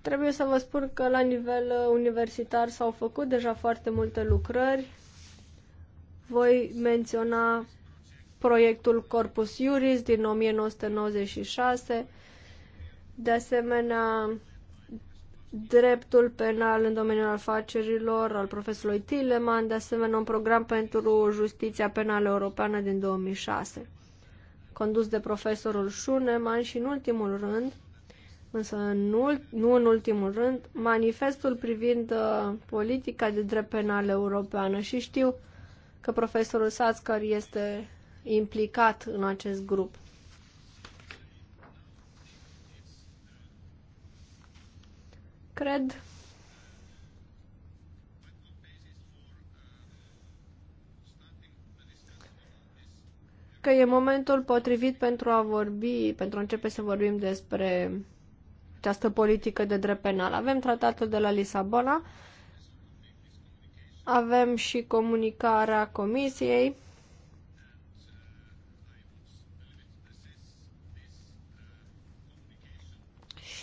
Trebuie să vă spun că la nivel universitar s-au făcut deja foarte multe lucrări. Voi menționa proiectul Corpus Juris din 1996, de asemenea dreptul penal în domeniul afacerilor al profesorului Tilleman, de asemenea un program pentru justiția penală europeană din 2006, condus de profesorul Schunemann și în ultimul rând, însă nu, nu în ultimul rând, manifestul privind uh, politica de drept penal europeană și știu că profesorul Sațcar este implicat în acest grup. Cred că e momentul potrivit pentru a vorbi, pentru a începe să vorbim despre această politică de drept penal. Avem tratatul de la Lisabona, avem și comunicarea Comisiei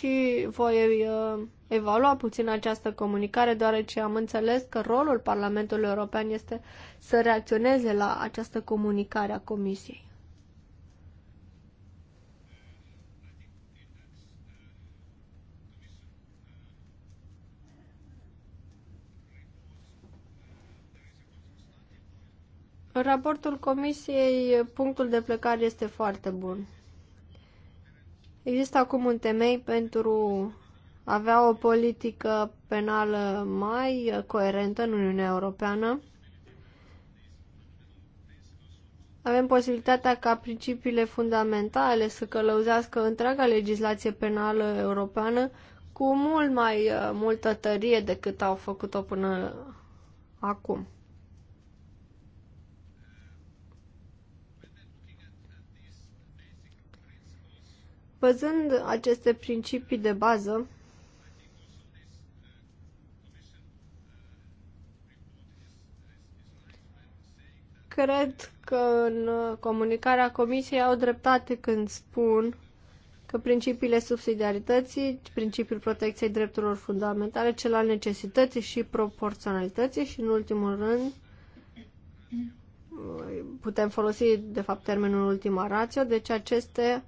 și voi uh, evalua puțin această comunicare, deoarece am înțeles că rolul Parlamentului European este să reacționeze la această comunicare a Comisiei. În raportul Comisiei, punctul de plecare este foarte bun. Există acum un temei pentru a avea o politică penală mai coerentă în Uniunea Europeană. Avem posibilitatea ca principiile fundamentale să călăuzească întreaga legislație penală europeană cu mult mai uh, multă tărie decât au făcut-o până acum. Păzând aceste principii de bază, cred că în comunicarea Comisiei au dreptate când spun că principiile subsidiarității, principiul protecției drepturilor fundamentale, cel al necesității și proporționalității și, în ultimul rând, putem folosi, de fapt, termenul ultima ratio, deci aceste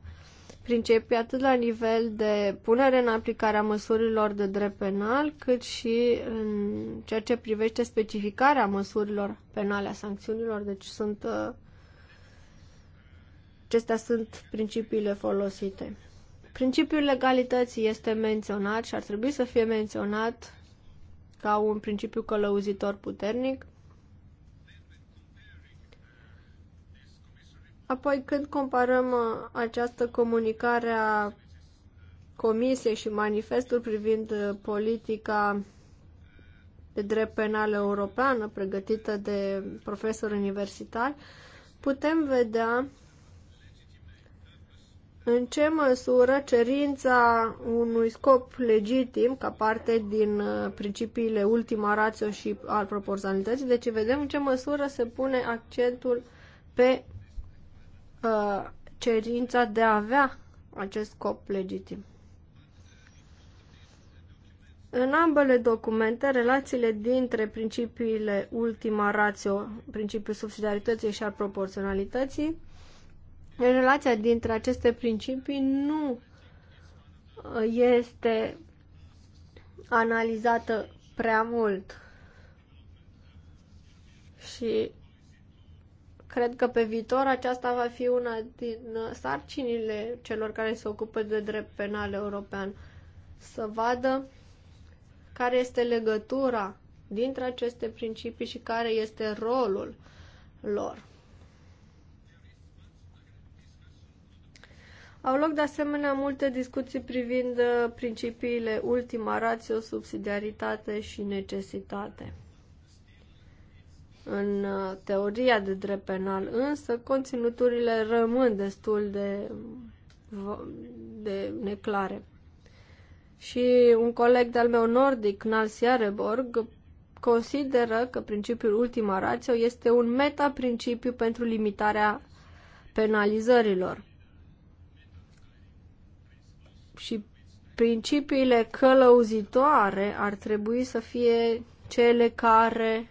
principii atât la nivel de punere în aplicare a măsurilor de drept penal, cât și în ceea ce privește specificarea măsurilor penale, a sancțiunilor. Deci sunt uh, acestea sunt principiile folosite. Principiul legalității este menționat și ar trebui să fie menționat ca un principiu călăuzitor puternic. Apoi, când comparăm uh, această comunicare a Comisiei și manifestul privind uh, politica de drept penal europeană pregătită de profesori universitari, putem vedea în ce măsură cerința unui scop legitim ca parte din uh, principiile ultima ratio și al proporționalității, deci vedem în ce măsură se pune accentul pe uh, cerința de a avea acest scop legitim. În ambele documente, relațiile dintre principiile ultima ratio, principiul subsidiarității și al proporționalității, în relația dintre aceste principii nu uh, este analizată prea mult. Și Cred că pe viitor aceasta va fi una din uh, sarcinile celor care se ocupă de drept penal european. Să vadă care este legătura dintre aceste principii și care este rolul lor. Au loc de asemenea multe discuții privind uh, principiile ultima ratio, subsidiaritate și necesitate în uh, teoria de drept penal, însă conținuturile rămân destul de, de neclare. Și un coleg de-al meu nordic, Nals Jareborg, consideră că principiul ultima ratio este un metaprincipiu pentru limitarea penalizărilor. Și principiile călăuzitoare ar trebui să fie cele care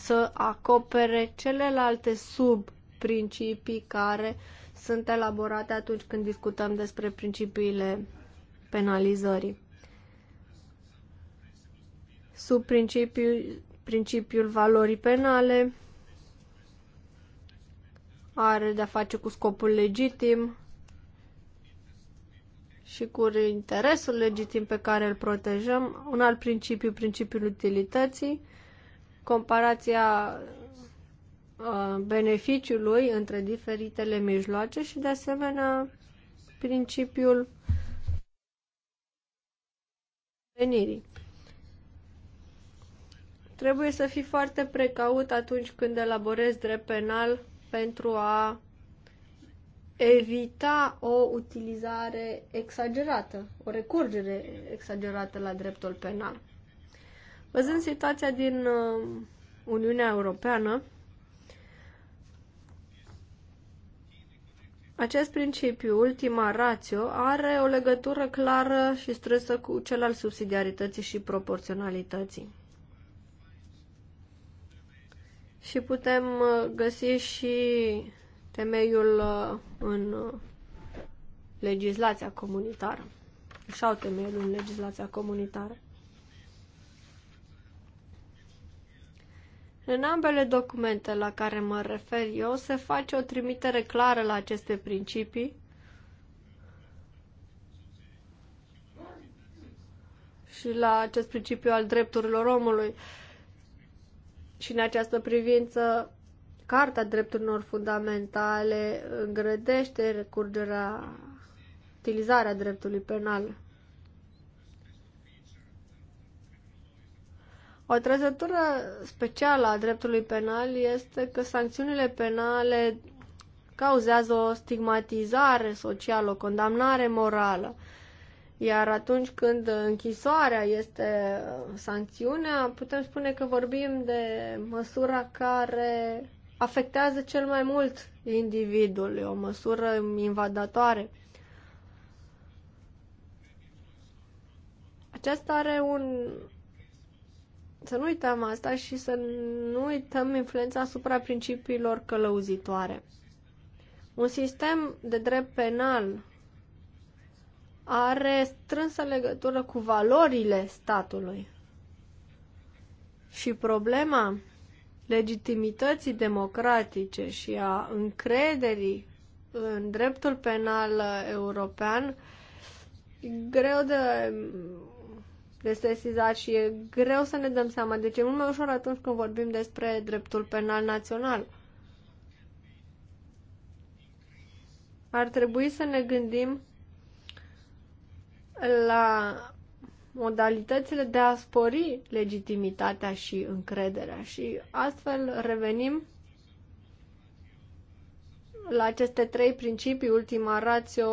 să acopere celelalte subprincipii care sunt elaborate atunci când discutăm despre principiile penalizării. Sub principiul, principiul valorii penale are de-a face cu scopul legitim și cu interesul legitim pe care îl protejăm. Un alt principiu, principiul utilității, comparația uh, beneficiului între diferitele mijloace și, de asemenea, principiul venirii. Trebuie să fii foarte precaut atunci când elaborezi drept penal pentru a evita o utilizare exagerată, o recurgere exagerată la dreptul penal. Văzând situația din uh, Uniunea Europeană, Acest principiu, ultima ratio, are o legătură clară și strânsă cu cel al subsidiarității și proporționalității. Și putem uh, găsi și temeiul uh, în legislația comunitară. Și au temeiul în legislația comunitară. În ambele documente la care mă refer eu se face o trimitere clară la aceste principii și la acest principiu al drepturilor omului. Și în această privință, Carta Drepturilor Fundamentale îngrădește recurgerea, utilizarea dreptului penal. O trăsătură specială a dreptului penal este că sancțiunile penale cauzează o stigmatizare socială, o condamnare morală. Iar atunci când închisoarea este sancțiunea, putem spune că vorbim de măsura care afectează cel mai mult individul, o măsură invadatoare. Aceasta are un să nu uităm asta și să nu uităm influența asupra principiilor călăuzitoare. Un sistem de drept penal are strânsă legătură cu valorile statului. Și problema legitimității democratice și a încrederii în dreptul penal european greu de de sesizat și e greu să ne dăm seama. Deci e mult mai ușor atunci când vorbim despre dreptul penal național. Ar trebui să ne gândim la modalitățile de a spori legitimitatea și încrederea și astfel revenim la aceste trei principii, ultima ratio,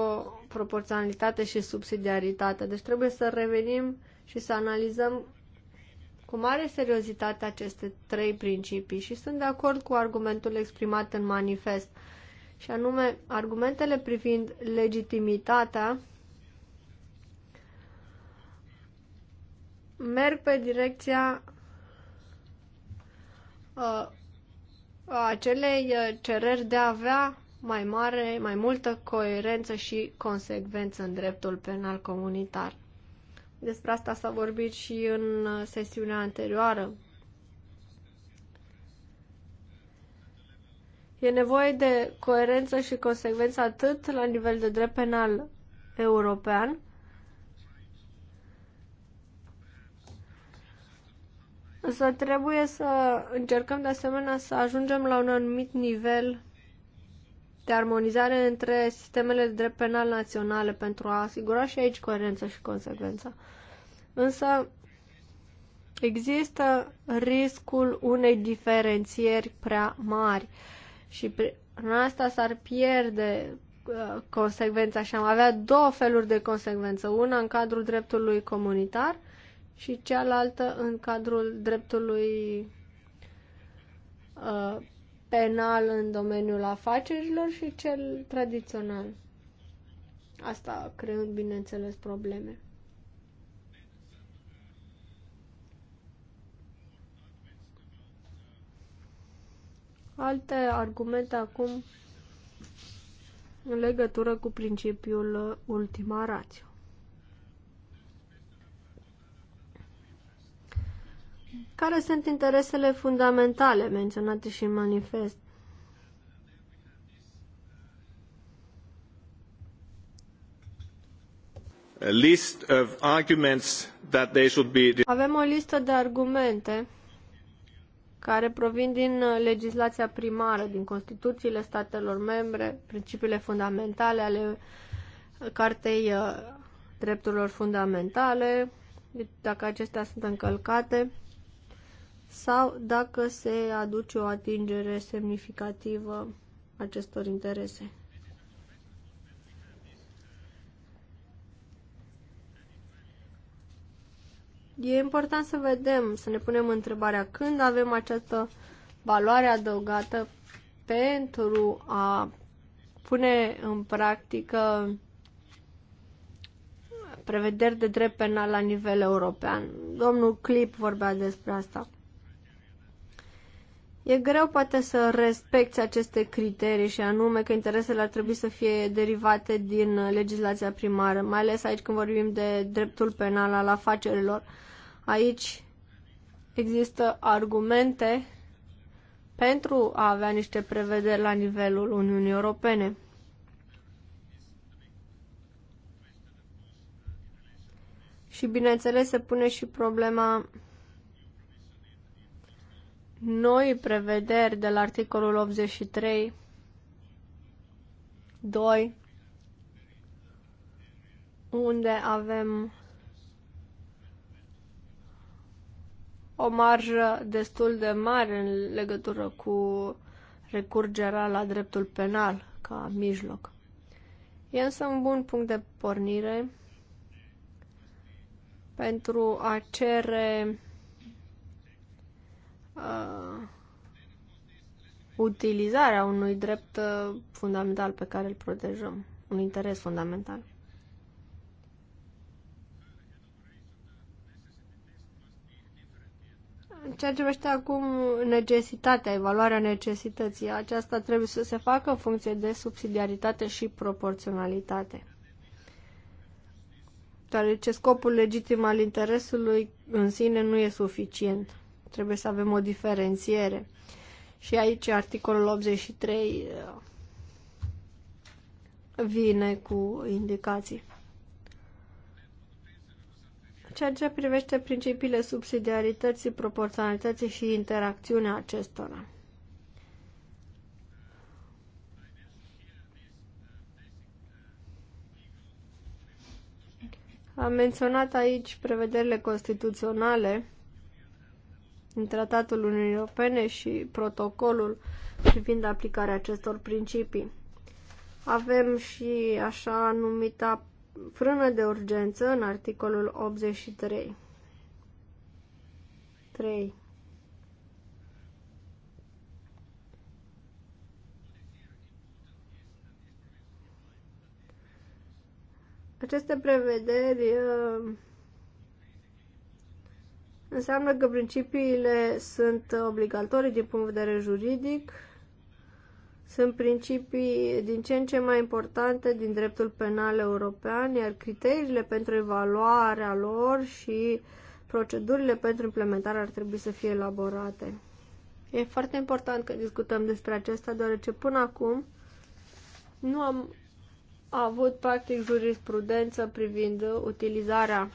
proporționalitate și subsidiaritate. Deci trebuie să revenim și să analizăm cu mare seriozitate aceste trei principii și sunt de acord cu argumentul exprimat în manifest, și anume argumentele privind legitimitatea merg pe direcția uh, acelei uh, cereri de a avea mai mare, mai multă coerență și consecvență în dreptul penal comunitar. Despre asta s-a vorbit și în sesiunea anterioară. E nevoie de coerență și consecvență atât la nivel de drept penal european, însă trebuie să încercăm de asemenea să ajungem la un anumit nivel de armonizare între sistemele de drept penal naționale pentru a asigura și aici coerența și consecvența. Însă există riscul unei diferențieri prea mari și în asta s-ar pierde uh, consecvența și am avea două feluri de consecvență, una în cadrul dreptului comunitar și cealaltă în cadrul dreptului uh, penal în domeniul afacerilor și cel tradițional. Asta creând, bineînțeles, probleme. Alte argumente acum în legătură cu principiul ultima rațiu. care sunt interesele fundamentale menționate și în manifest. A list of arguments that they should be... Avem o listă de argumente care provin din uh, legislația primară, din Constituțiile statelor membre, principiile fundamentale ale uh, Cartei uh, Drepturilor Fundamentale, deci dacă acestea sunt încălcate, sau dacă se aduce o atingere semnificativă acestor interese. E important să vedem, să ne punem întrebarea când avem această valoare adăugată pentru a pune în practică prevederi de drept penal la nivel european. Domnul Clip vorbea despre asta. E greu poate să respecti aceste criterii și anume că interesele ar trebui să fie derivate din legislația primară, mai ales aici când vorbim de dreptul penal al afacerilor. Aici există argumente pentru a avea niște prevederi la nivelul Uniunii Europene. Și bineînțeles se pune și problema noi prevederi de la articolul 83 2 unde avem o marjă destul de mare în legătură cu recurgerea la dreptul penal ca mijloc. E însă un bun punct de pornire pentru a cere uh, utilizarea unui drept uh, fundamental pe care îl protejăm, un interes fundamental. ceea ce vește acum necesitatea, evaluarea necesității, aceasta trebuie să se facă în funcție de subsidiaritate și proporționalitate. Deoarece scopul legitim al interesului în sine nu e suficient. Trebuie să avem o diferențiere. Și aici articolul 83 uh, vine cu indicații. Ceea ce privește principiile subsidiarității, proporționalității și interacțiunea acestora. Am menționat aici prevederile constituționale în Tratatul Uniunii Europene și protocolul privind aplicarea acestor principii. Avem și așa numita frână de urgență în articolul 83. 3. Aceste prevederi uh, Înseamnă că principiile sunt obligatorii din punct de vedere juridic, sunt principii din ce în ce mai importante din dreptul penal european, iar criteriile pentru evaluarea lor și procedurile pentru implementare ar trebui să fie elaborate. E foarte important că discutăm despre acesta, deoarece până acum nu am avut practic jurisprudență privind utilizarea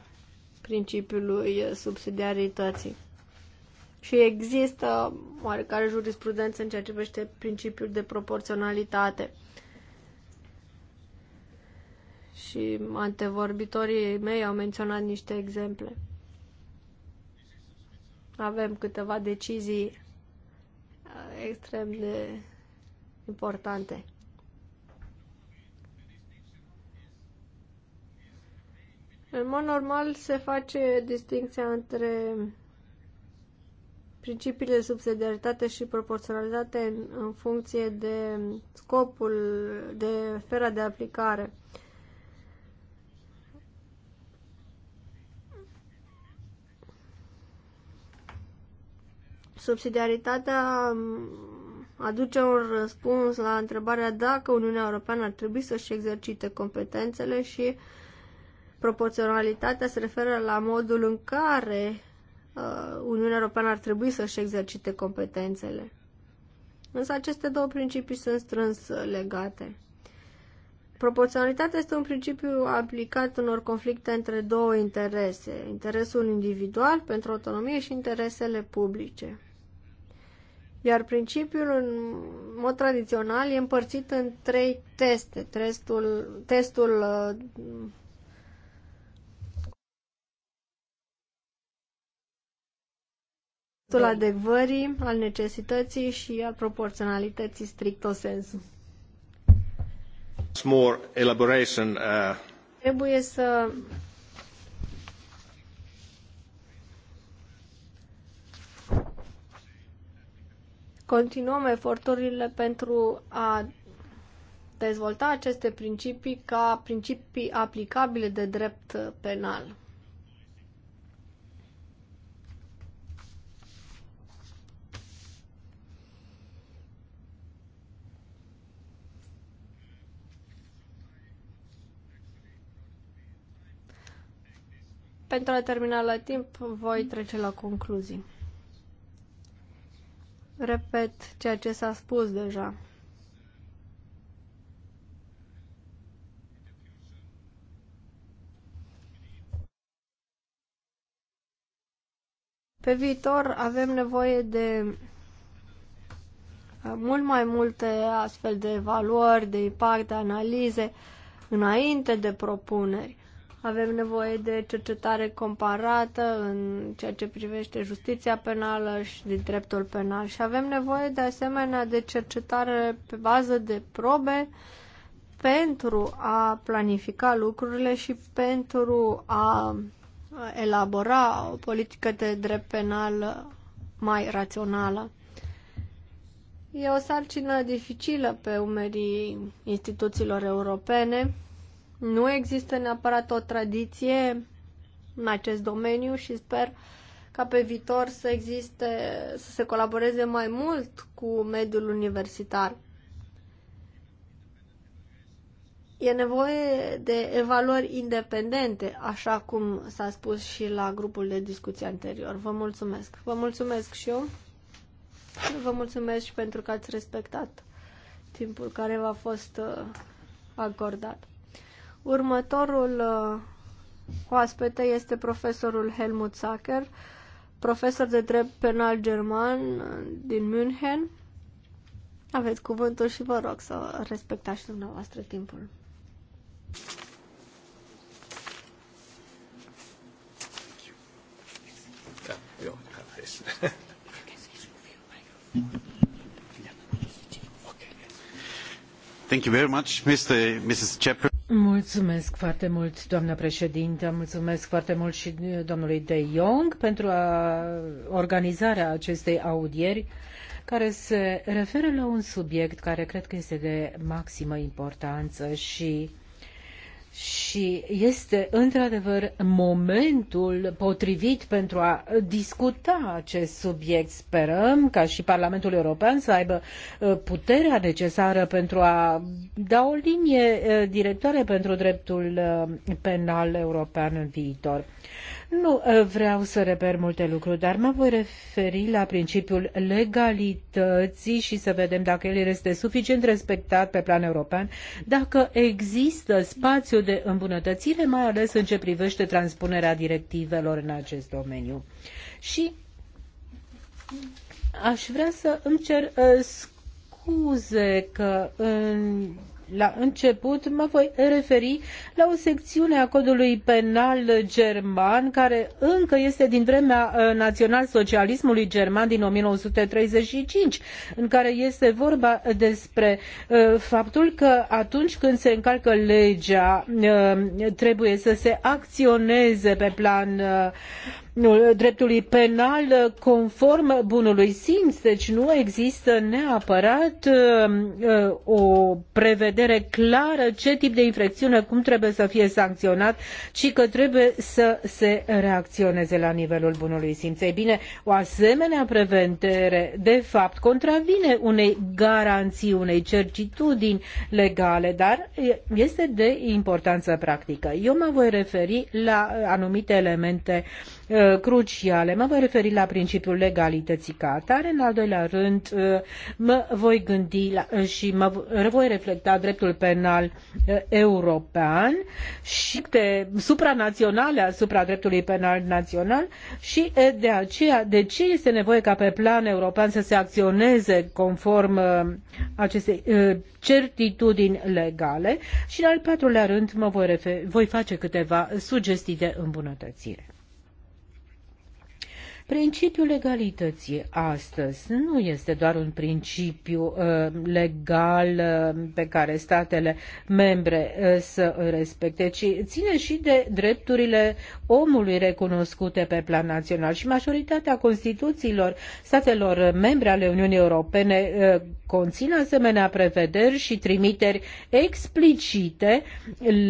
principiului subsidiarității. Și există oarecare jurisprudență în ceea ce privește principiul de proporționalitate. Și antevorbitorii mei au menționat niște exemple. Avem câteva decizii uh, extrem de importante. În mod normal se face distinția între principiile de subsidiaritate și proporționalitate în, în funcție de scopul, de sfera de aplicare. Subsidiaritatea aduce un răspuns la întrebarea dacă Uniunea Europeană ar trebui să-și exercite competențele și uh, Proporționalitatea se referă la modul în care uh, Uniunea Europeană ar trebui să-și exercite competențele. Însă aceste două principii sunt strâns uh, legate. Proporționalitatea este un principiu aplicat unor conflicte între două interese, interesul individual pentru autonomie și interesele publice. Iar principiul, în mod tradițional, e împărțit în trei teste. Testul, testul uh, testul păi. adevării, al necesității și al proporționalității stricto sensu. More elaboration, uh... Trebuie să continuăm eforturile pentru a dezvolta aceste principii ca principii aplicabile de drept penal. Pentru a termina la timp, voi trece la concluzii. Repet ceea ce s-a spus deja. Pe viitor avem nevoie de mult mai multe astfel de evaluări, de impact, de analize, înainte de propuneri. Avem nevoie de cercetare comparată în ceea ce privește justiția penală și din dreptul penal și avem nevoie de asemenea de cercetare pe bază de probe pentru a planifica lucrurile și pentru a elabora o politică de drept penal mai rațională. E o sarcină dificilă pe umerii instituțiilor europene nu există neapărat o tradiție în acest domeniu și sper ca pe viitor să existe, să se colaboreze mai mult cu mediul universitar. E nevoie de evaluări independente, așa cum s-a spus și la grupul de discuții anterior. Vă mulțumesc. Vă mulțumesc și eu. Vă mulțumesc și pentru că ați respectat timpul care v-a fost uh, acordat. Următorul uh, oaspete este profesorul Helmut Sacker, profesor de drept penal german uh, din München. Aveți cuvântul și vă rog să respectați dumneavoastră timpul. Thank you very much, Mr. Mrs. Chapter. Mulțumesc foarte mult, doamnă președintă, mulțumesc foarte mult și eh, domnului De Jong pentru a, organizarea acestei audieri care se referă la un subiect care cred că este de maximă importanță și și este într-adevăr momentul potrivit pentru a discuta acest subiect. Sperăm ca și Parlamentul European să aibă uh, puterea necesară pentru a da o linie uh, directoare pentru dreptul uh, penal european în viitor. Nu uh, vreau să reper multe lucruri, dar mă voi referi la principiul legalității și să vedem dacă el este suficient respectat pe plan european, dacă există spațiu de îmbunătățire, mai ales în ce privește transpunerea directivelor în acest domeniu. Și aș vrea să îmi cer uh, scuze că în la început mă voi referi la o secțiune a codului penal german care încă este din vremea uh, național-socialismului german din 1935, în care este vorba despre uh, faptul că atunci când se încalcă legea uh, trebuie să se acționeze pe plan dreptului penal conform bunului simț, deci nu există neapărat uh, uh, o prevedere clară ce tip de infracțiune, cum trebuie să fie sancționat, ci că trebuie să se reacționeze la nivelul bunului simț. Ei bine, o asemenea prevedere, de fapt, contravine unei garanții, unei certitudini legale, dar este de importanță practică. Eu mă voi referi la anumite elemente Uh, cruciale. Mă voi referi la principiul legalității ca atare, în al doilea rând uh, mă voi gândi la, uh, și mă voi reflecta dreptul penal european și de supranaționale asupra dreptului penal național și de aceea de ce este nevoie ca pe plan european să se acționeze conform acestei certitudini legale și în al patrulea rând mă voi, refer, voi face câteva sugestii de îmbunătățire. Principiul legalității astăzi nu este doar un principiu uh, legal uh, pe care statele membre uh, să îl respecte, ci ține și de drepturile omului recunoscute pe plan național și majoritatea constituțiilor statelor membre ale Uniunii Europene uh, conțin asemenea prevederi și trimiteri explicite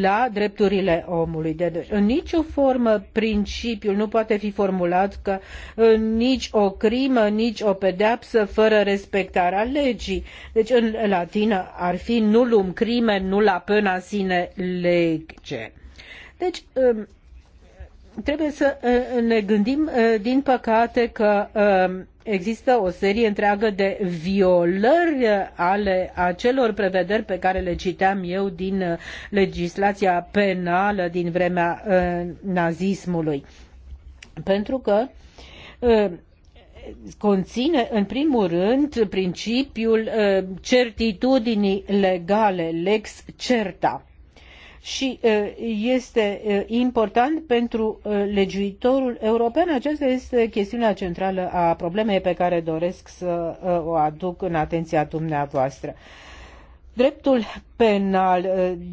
la drepturile omului. Deci, în nicio formă, principiul nu poate fi formulat că uh, nici o crimă, nici o pedeapsă fără respectarea legii. Deci, în latină ar fi nulum crime, nulla pena sine lege. Deci, um, trebuie să uh, ne gândim, uh, din păcate, că um, există o serie întreagă de violări ale acelor prevederi pe care le citeam eu din uh, legislația penală din vremea uh, nazismului. Pentru că uh, conține, în primul rând, principiul certitudinii legale, lex certa și este important pentru legiuitorul european. Aceasta este chestiunea centrală a problemei pe care doresc să o aduc în atenția dumneavoastră. Dreptul penal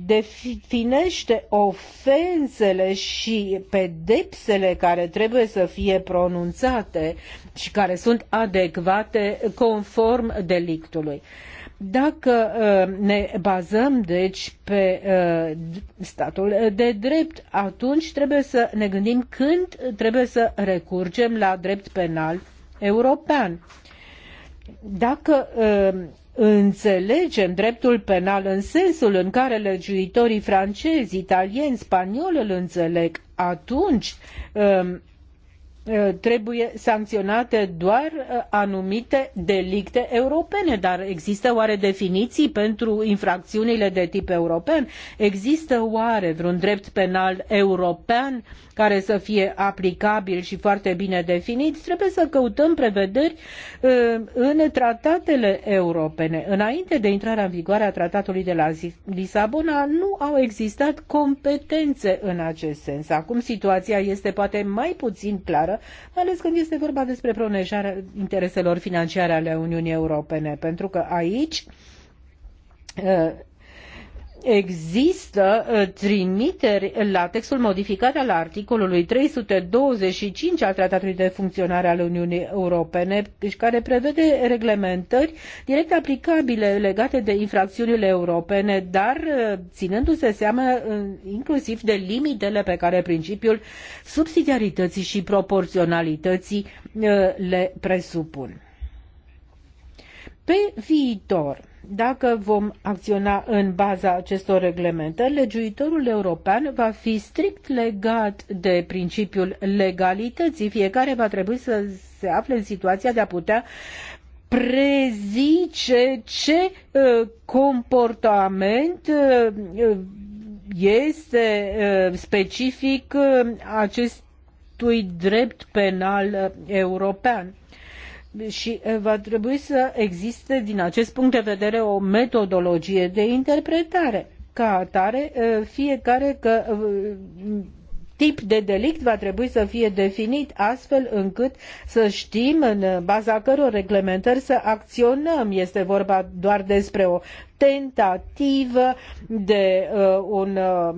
definește ofensele și pedepsele care trebuie să fie pronunțate și care sunt adecvate conform delictului. Dacă uh, ne bazăm, deci, pe uh, statul de drept, atunci trebuie să ne gândim când trebuie să recurgem la drept penal european. Dacă uh, înțelegem dreptul penal în sensul în care legiuitorii francezi, italieni, spanioli îl înțeleg, atunci Uh, trebuie sancționate doar uh, anumite delicte europene, dar există oare definiții pentru infracțiunile de tip european? Există oare vreun drept penal european care să fie aplicabil și foarte bine definit? Trebuie să căutăm prevederi uh, în tratatele europene. Înainte de intrarea în vigoare a tratatului de la Lisabona nu au existat competențe în acest sens. Acum situația este poate mai puțin clară țară, mai ales când este vorba despre protejarea intereselor financiare ale Uniunii Europene, pentru că aici uh, există uh, trimiteri la textul modificat al articolului 325 al Tratatului de Funcționare al Uniunii Europene, deci care prevede reglementări direct aplicabile legate de infracțiunile europene, dar uh, ținându-se seama uh, inclusiv de limitele pe care principiul subsidiarității și proporționalității le presupun. Pe viitor, dacă vom acționa în baza acestor reglementări, legiuitorul european va fi strict legat de principiul legalității. Fiecare va trebui să se afle în situația de a putea prezice ce uh, comportament uh, este uh, specific acestui drept penal european și eh, va trebui să existe din acest punct de vedere o metodologie de interpretare. Ca atare, eh, fiecare că, eh, tip de delict va trebui să fie definit astfel încât să știm în baza căror reglementări să acționăm. Este vorba doar despre o tentativă de uh, un uh,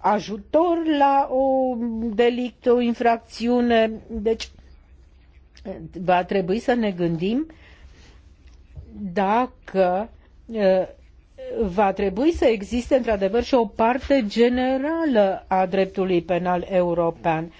ajutor la un delict, o infracțiune. Deci va trebui să ne gândim dacă va trebui să existe într-adevăr și o parte generală a dreptului penal european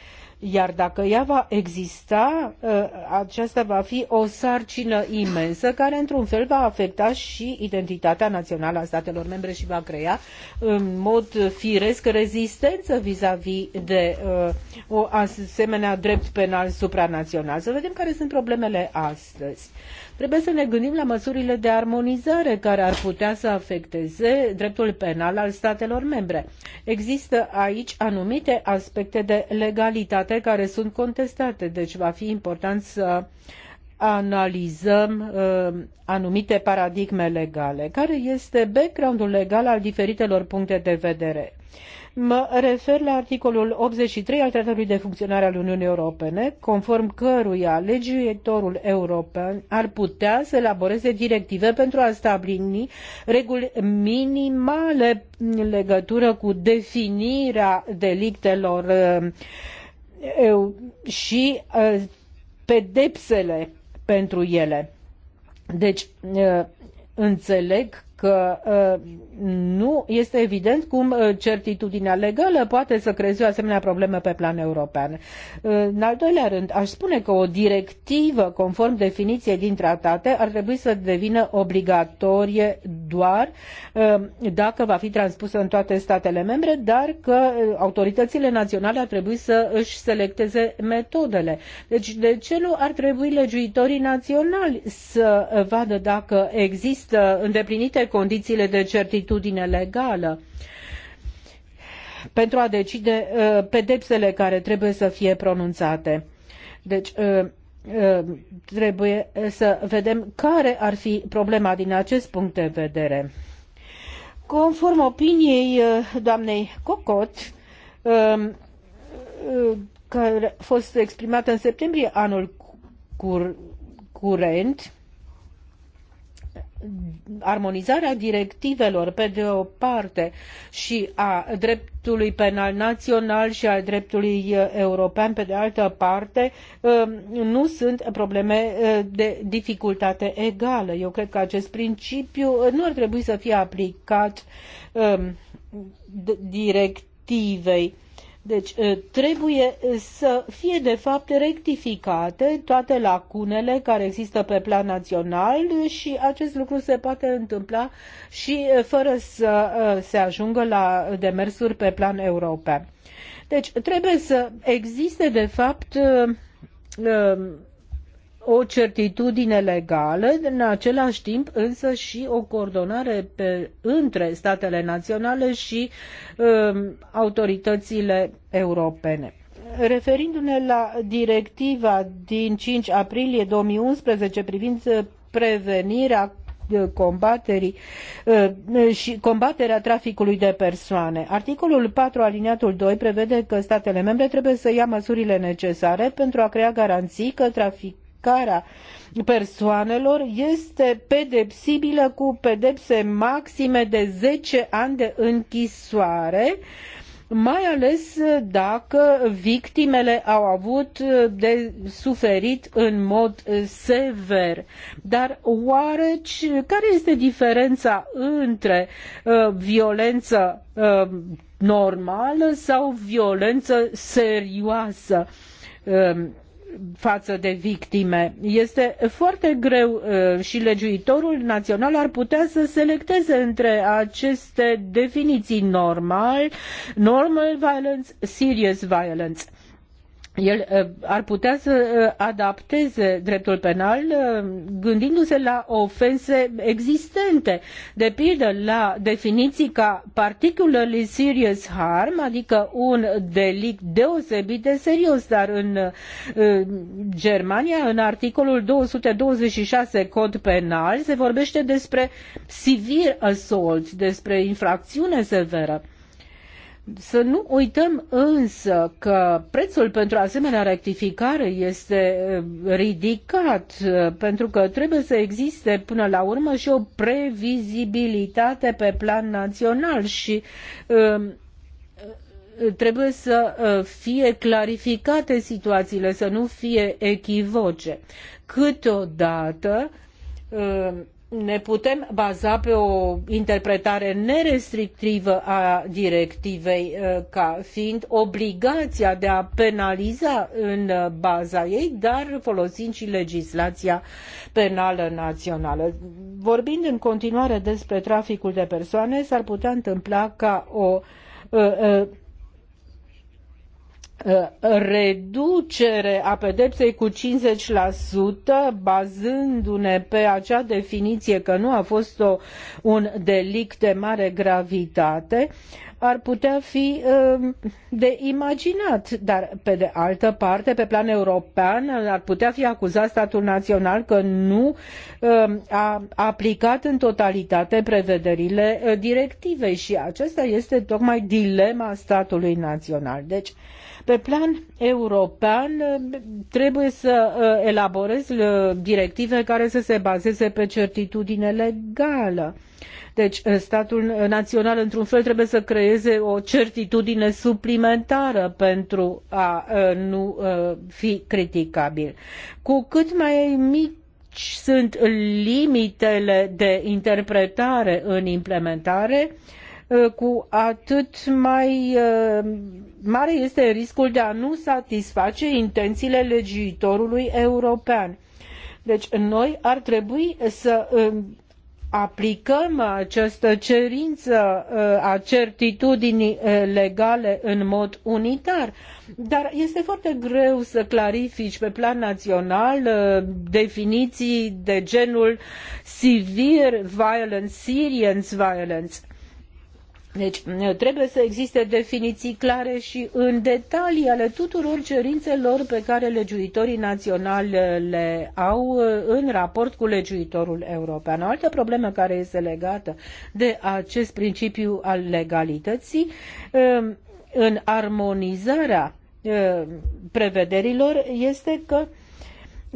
iar dacă ea va exista, ă, aceasta va fi o sarcină imensă care într-un fel va afecta și identitatea națională a statelor membre și va crea în mod firesc rezistență vis-a-vis de ă, o asemenea drept penal supranațional. Să vedem care sunt problemele astăzi. Trebuie să ne gândim la măsurile de armonizare care ar putea să afecteze dreptul penal al statelor membre. Există aici anumite aspecte de legalitate care sunt contestate, deci va fi important să analizăm uh, anumite paradigme legale. Care este backgroundul legal al diferitelor puncte de vedere? Uh, Mă refer la articolul 83 al Tratatului de Funcționare al Uniunii Europene, conform căruia legiuitorul european ar putea să elaboreze directive pentru a stabili reguli minimale în legătură cu definirea delictelor eh, și eh, pedepsele pentru ele. Deci, eh, înțeleg că ă, nu este evident cum ă, certitudinea legală poate să creeze o asemenea problemă pe plan european. Ă, în al doilea rând, aș spune că o directivă conform definiției din tratate ar trebui să devină obligatorie doar dacă va fi transpusă în toate statele membre, dar că autoritățile naționale ar trebui să își selecteze metodele. Deci, de ce nu ar trebui legiuitorii naționali să vadă dacă există îndeplinite condițiile de certitudine legală pentru a decide uh, pedepsele care trebuie să fie pronunțate. Deci uh, uh, trebuie să vedem care ar fi problema din acest punct de vedere. Conform opiniei doamnei Cocot, um, care a fost exprimată în septembrie anul cur curent, armonizarea directivelor pe de o parte și a dreptului penal național și a dreptului uh, european pe de altă parte um, nu sunt probleme uh, de dificultate egală. Eu cred că acest principiu uh, nu ar trebui să fie aplicat um, directivei deci ă, trebuie ă, să fie de fapt rectificate toate lacunele care există pe plan național și acest lucru se poate întâmpla și ă, fără să se ajungă la demersuri pe plan european. Deci trebuie să existe de fapt o certitudine legală, în același timp însă și o coordonare pe, între statele naționale și um, autoritățile europene. Referindu-ne la directiva din 5 aprilie 2011 privind uh, prevenirea uh, combaterii uh, și combaterea traficului de persoane. Articolul 4 aliniatul 2 prevede că statele membre trebuie să ia măsurile necesare pentru a crea garanții că traficul identificarea persoanelor este pedepsibilă cu pedepse maxime de 10 ani de închisoare mai ales dacă victimele au avut de suferit în mod sever. Dar oare care este diferența între uh, violență uh, normală sau violență serioasă? Uh, faă de victime. Este foarte greu uh, și legiuitorul național ar putea să selecteze între aceste definiții normal, normal violence, serious violence el uh, ar putea să uh, adapteze dreptul penal uh, gândindu-se la ofense existente, de pildă la definiții ca particularly serious harm, adică un delict deosebit de serios, dar în Germania, în articolul 226 cod penal, se vorbește despre severe assault, despre infracțiune severă. Să nu uităm însă că prețul pentru asemenea rectificare este eh, ridicat, eh, pentru că trebuie să existe până la urmă și o previzibilitate pe plan național și eh, trebuie să fie clarificate situațiile, să nu fie echivoce. Câteodată ne putem baza pe o interpretare nerestrictivă a directivei uh, ca fiind obligația de a penaliza în baza ei, dar folosind și legislația penală națională. Vorbind în continuare despre traficul de persoane, s-ar putea întâmpla ca o uh, uh, Uh, reducere a pedepsei cu 50% bazându-ne pe acea definiție că nu a fost o, un delict de mare gravitate, uh, ar putea fi um, de imaginat, dar pe de altă parte, pe plan european, ar putea fi acuzat statul național că nu um, a aplicat în totalitate prevederile uh, directivei și acesta este tocmai dilema statului național. Deci, pe plan european um, trebuie să uh, elaborez uh, directive care să se bazeze pe certitudine legală. Deci eh, statul național într-un fel trebuie să creeze o certitudine suplimentară pentru a eh, nu eh, fi criticabil. Cu cât mai mic sunt limitele de interpretare în implementare, cu atât mai mare este riscul de a nu satisface intențiile legiuitorului european. Deci noi ar trebui să aplicăm această cerință uh, a certitudinii uh, legale în mod unitar, dar este foarte greu să clarifici pe plan național uh, definiții de genul severe violence, serious violence. Deci trebuie să existe definiții clare și în detalii ale tuturor cerințelor pe care legiuitorii naționali le au în raport cu legiuitorul european. O altă problemă care este legată de acest principiu al legalității um, în armonizarea um, prevederilor este că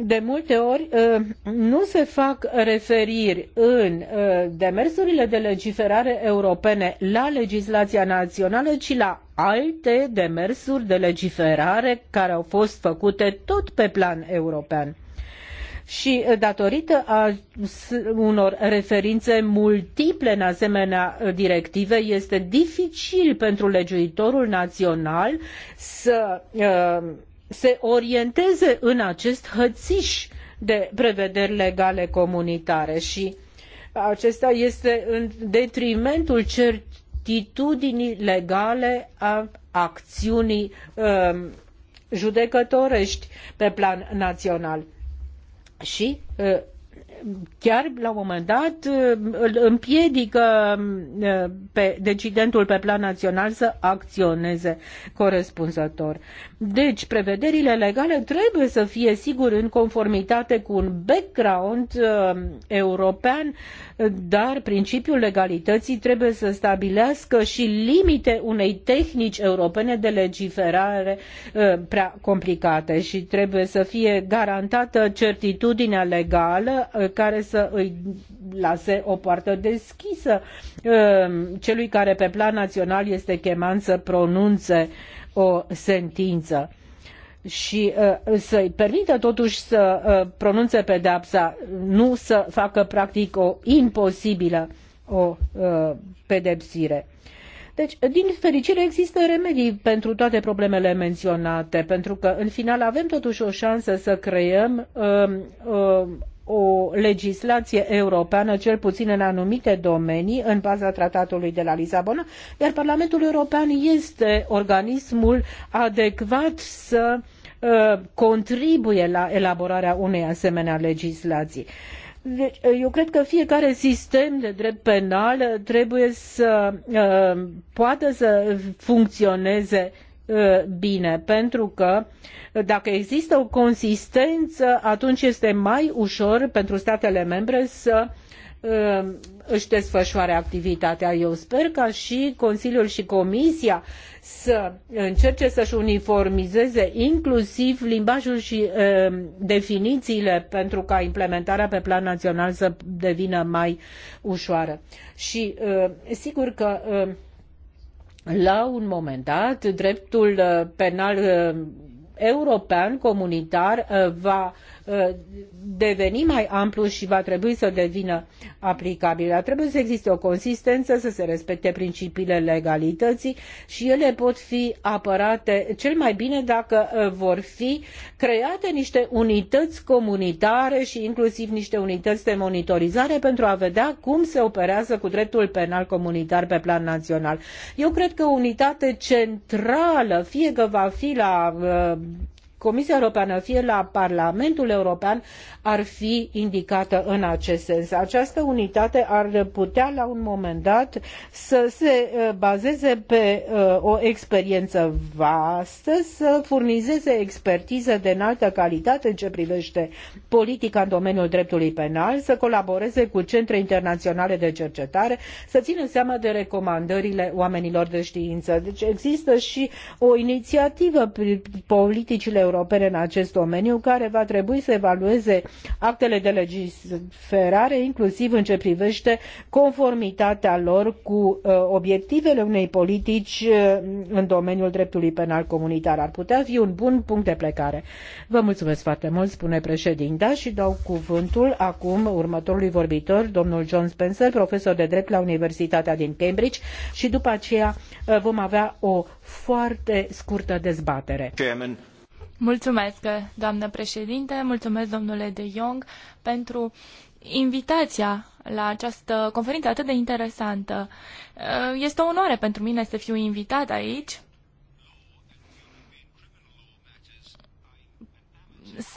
de multe ori uh, nu se fac referiri în uh, demersurile de legiferare europene la legislația națională, ci la alte demersuri de legiferare care au fost făcute tot pe plan european. Și uh, datorită a unor referințe multiple în asemenea directive, este dificil pentru legiuitorul național să uh, se orienteze în acest hățiș de prevederi legale comunitare și acesta este în detrimentul certitudinii legale a acțiunii uh, judecătorești pe plan național. Și uh, chiar la un moment dat uh, îl împiedică um, uh, pe decidentul pe plan național să acționeze corespunzător. Deci, prevederile legale trebuie să fie, sigur, în conformitate cu un background uh, european, dar principiul legalității trebuie să stabilească și limite unei tehnici europene de legiferare uh, prea complicate și trebuie să fie garantată certitudinea legală uh, care să îi lase o poartă deschisă uh, celui care pe plan național este chemat să pronunțe uh, o sentință și uh, să-i permită totuși să uh, pronunțe pedepsa, nu să facă practic o imposibilă o uh, pedepsire. Deci, din fericire, există remedii pentru toate problemele menționate, pentru că, în final, avem totuși o șansă să creăm um, um, o legislație europeană, cel puțin în anumite domenii, în baza tratatului de la Lisabona, iar Parlamentul European este organismul adecvat să uh, contribuie la elaborarea unei asemenea legislații. Uh, deci, eh, eu cred că fiecare sistem de drept penal eh, trebuie să eh, poată să funcționeze bine, pentru că dacă există o consistență, atunci este mai ușor pentru statele membre să își desfășoare activitatea. Eu sper ca și Consiliul și Comisia să încerce să-și uniformizeze inclusiv limbajul și e, definițiile pentru ca implementarea pe plan național să devină mai ușoară. Și e, sigur că e, la un moment dat dreptul penal european comunitar va deveni mai amplu și va trebui să devină aplicabil. Trebuie să existe o consistență, să se respecte principiile legalității și ele pot fi apărate cel mai bine dacă uh, vor fi create niște unități comunitare și inclusiv niște unități de monitorizare pentru a vedea cum se operează cu dreptul penal comunitar pe plan național. Eu cred că o unitate centrală, fie că va fi la uh, Comisia Europeană, fie la Parlamentul European, ar fi indicată în acest sens. Această unitate ar putea la un moment dat să se eh, bazeze pe eh, o experiență vastă, să furnizeze expertiză de înaltă calitate în ce privește politica în domeniul dreptului penal, să colaboreze cu centre internaționale de cercetare, să țină seama de recomandările oamenilor de știință. Deci există și o inițiativă prin politicile europene în acest domeniu, care va trebui să evalueze actele de legiferare, inclusiv în ce privește conformitatea lor cu uh, obiectivele unei politici uh, în domeniul dreptului penal comunitar. Ar putea fi un bun punct de plecare. Vă mulțumesc foarte mult, spune președinta, și dau cuvântul acum următorului vorbitor, domnul John Spencer, profesor de drept la Universitatea din Cambridge, și după aceea uh, vom avea o foarte scurtă dezbatere. Chairman. Mulțumesc, doamnă președinte, mulțumesc, domnule De Jong, pentru invitația la această conferință atât de interesantă. Uh, este o onoare pentru mine să fiu invitat aici.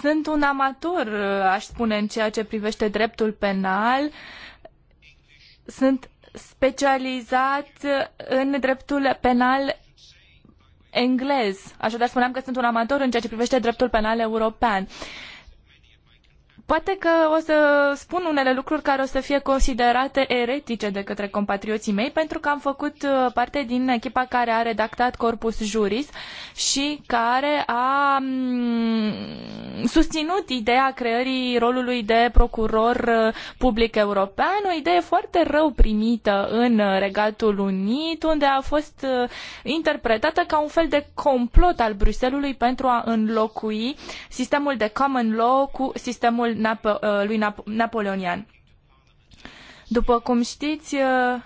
Sunt un amator, uh, aș spune, în ceea ce privește dreptul penal. Sunt specializat în dreptul penal englez. Așadar spuneam că sunt un amator în ceea ce privește dreptul penal european. Poate că o să spun unele lucruri care o să fie considerate eretice de către compatrioții mei, pentru că am făcut uh, parte din echipa care a redactat Corpus Juris și care a mm, susținut ideea creării rolului de procuror uh, public european, o idee foarte rău primită în uh, Regatul Unit, unde a fost interpretată ca un fel de complot al Bruxellesului pentru a înlocui sistemul de common law cu sistemul Napo- uh, lui Nap- Napoleonian. După cum știți, uh,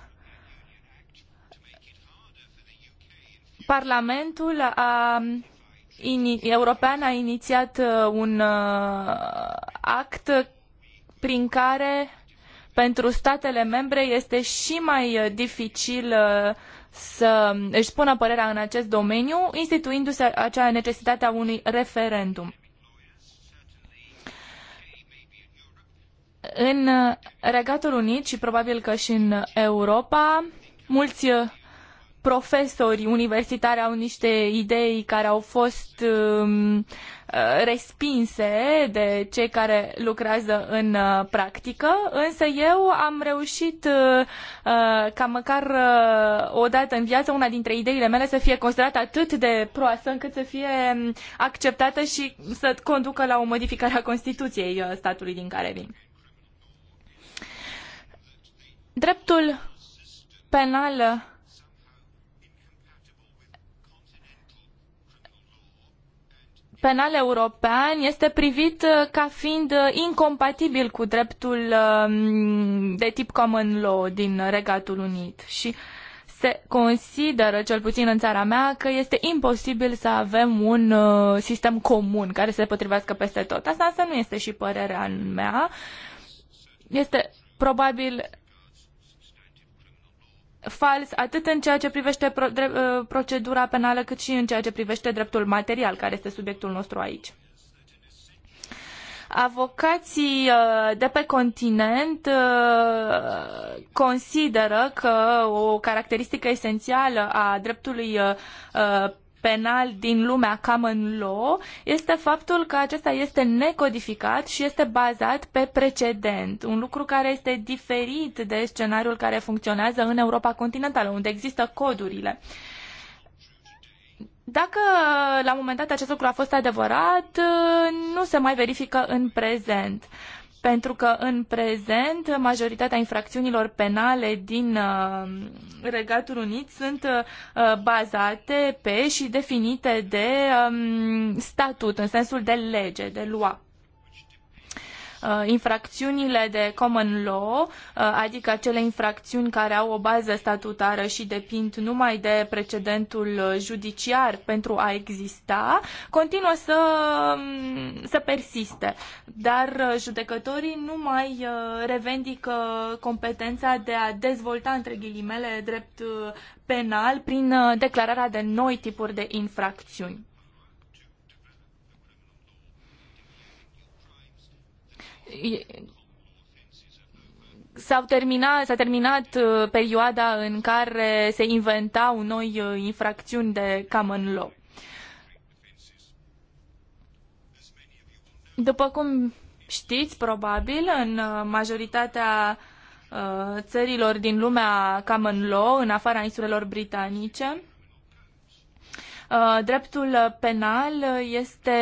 Parlamentul a, in, european a inițiat uh, un act prin care pentru statele membre este și mai dificil să își spună părerea în acest domeniu, instituindu-se acea necesitate a unui referendum. În uh, Regatul Unit și probabil că și în Europa, mulți uh, profesori universitari au niște idei care au fost um, uh, respinse de cei care lucrează în practică, însă eu am reușit ca măcar o dată în viață una dintre ideile mele să fie considerată atât de proastă încât să fie um, acceptată și să conducă la o modificare a Constituției statului din care vin. Dreptul penal penal european este privit uh, ca fiind uh, incompatibil cu dreptul um, de tip common law din Regatul Unit și se consideră, cel puțin în țara mea, că este imposibil să avem un uh, sistem comun care să se potrivească peste tot. Asta însă nu este și părerea mea. Este probabil fals atât în ceea ce privește uh, procedura penală, cât și în ceea ce privește dreptul material, care este subiectul nostru aici. Avocații uh, de pe continent uh, consideră că o caracteristică esențială a dreptului penal din lumea common law este faptul că acesta este necodificat și este bazat pe precedent, un lucru care este diferit de scenariul care funcționează în Europa continentală, unde există codurile. Dacă la un moment dat acest lucru a fost adevărat, nu se mai verifică în prezent. Uh, pentru că în prezent majoritatea infracțiunilor penale din uh, Regatul Unit sunt uh, bazate pe și definite de um, statut, în sensul de lege, de lua. Uh, infracțiunile de common law, uh, adică acele infracțiuni care au o bază statutară și depind numai de precedentul judiciar pentru a exista, continuă să, um, să persiste. Dar uh, judecătorii nu mai revendică competența de a dezvolta, între ghilimele, drept penal prin declararea de noi tipuri de infracțiuni. S-a terminat, s-a terminat uh, perioada în care se inventau noi uh, infracțiuni de common law. După cum știți, probabil, în uh, majoritatea țărilor din lumea common law, în afara insulelor britanice, dreptul penal este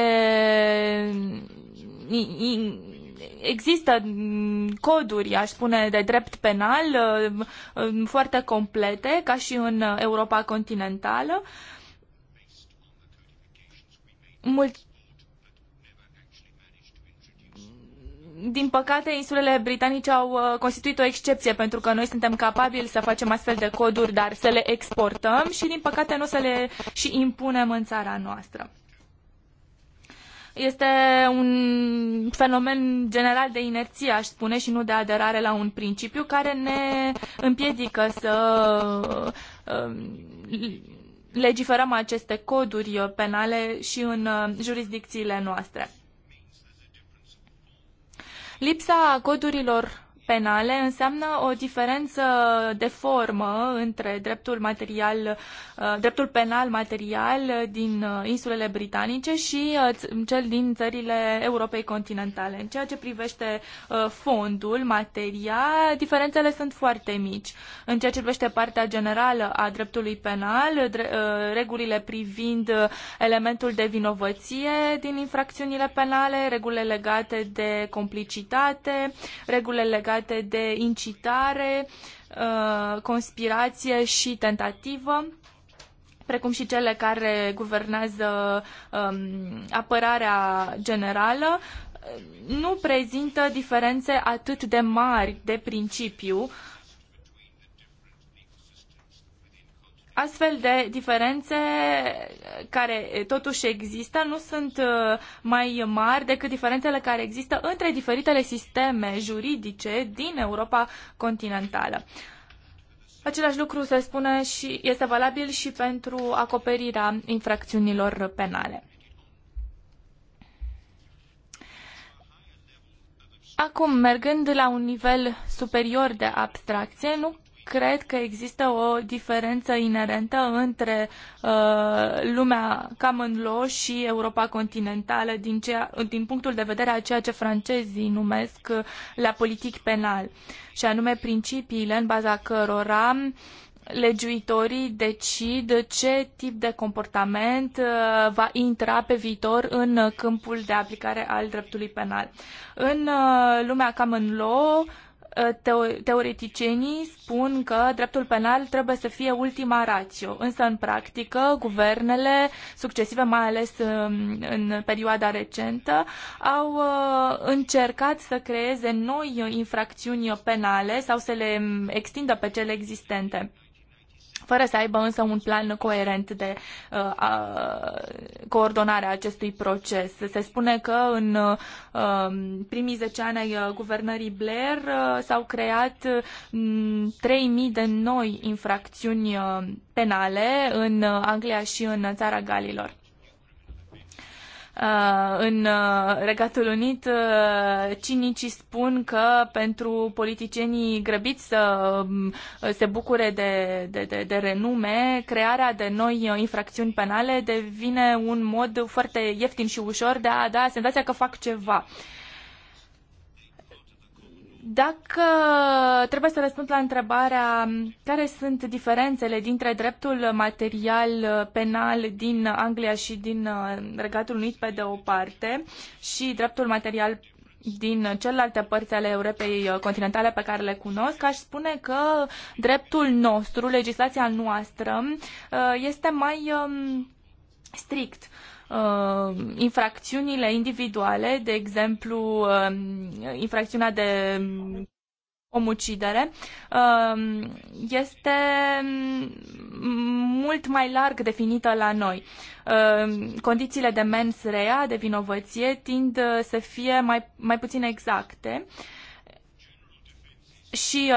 există mm, coduri, aș spune, de drept penal mm, mm, foarte complete, ca și în Europa continentală. Mul- din păcate, insulele britanice au uh, constituit o excepție pentru că noi suntem capabili să facem astfel de coduri, dar să le exportăm și, din păcate, nu să le și impunem în țara noastră este un fenomen general de inerție, aș spune, și nu de aderare la un principiu care ne împiedică să um, legiferăm aceste coduri penale și în um, jurisdicțiile noastre. Lipsa codurilor penale înseamnă o diferență de formă între dreptul, material, uh, dreptul penal material din uh, insulele britanice și uh, cel din țările Europei continentale. În ceea ce privește fondul, materia, diferențele sunt foarte mici. În ceea ce privește partea generală a dreptului penal, regulile privind elementul de vinovăție din infracțiunile penale, regulile legate de complicitate, regulile legate legate de incitare, uh, conspirație și tentativă precum și cele care guvernează um, apărarea generală, uh, nu prezintă diferențe atât de mari de principiu Astfel de diferențe care totuși există nu sunt uh, mai mari decât diferențele care există între diferitele sisteme juridice din Europa continentală. Același lucru se spune și este valabil și pentru acoperirea infracțiunilor penale. Acum, mergând la un nivel superior de abstracție, nu cred că există o diferență inerentă între uh, lumea common law și Europa continentală din, ceea, din punctul de vedere a ceea ce francezii numesc uh, la politic penal, și anume principiile în baza cărora legiuitorii decid ce tip de comportament uh, va intra pe viitor în câmpul de aplicare al dreptului penal. În uh, lumea common law, Uh, teoreticienii spun că dreptul penal trebuie să fie ultima ratio, însă în practică guvernele succesive, mai ales um, în perioada recentă, au uh, încercat să creeze noi infracțiuni penale sau să le um, extindă pe cele existente fără să aibă însă un plan coerent de uh, a, coordonare a acestui proces. Se spune că în uh, primii 10 ani ai uh, guvernării Blair uh, s-au creat uh, mm, 3.000 de noi infracțiuni uh, penale în uh, Anglia și în uh, țara Galilor. Uh, în uh, Regatul Unit, uh, cinicii spun că pentru politicienii grăbiți să um, se bucure de, de, de, de renume, crearea de noi infracțiuni penale devine un mod foarte ieftin și ușor de a da senzația că fac ceva. Uh, dacă trebuie să răspund la întrebarea care sunt diferențele dintre dreptul material penal din Anglia și din uh, Regatul Unit pe de o parte și dreptul material din celelalte părți ale Europei uh, continentale pe care le cunosc, aș spune că dreptul nostru, legislația noastră, uh, este mai um, strict Uh, infracțiunile individuale, de exemplu uh, infracțiunea de omucidere, uh, este mult mai larg definită la noi. Condițiile de mens rea, de vinovăție, tind să fie mai, mai puțin exacte și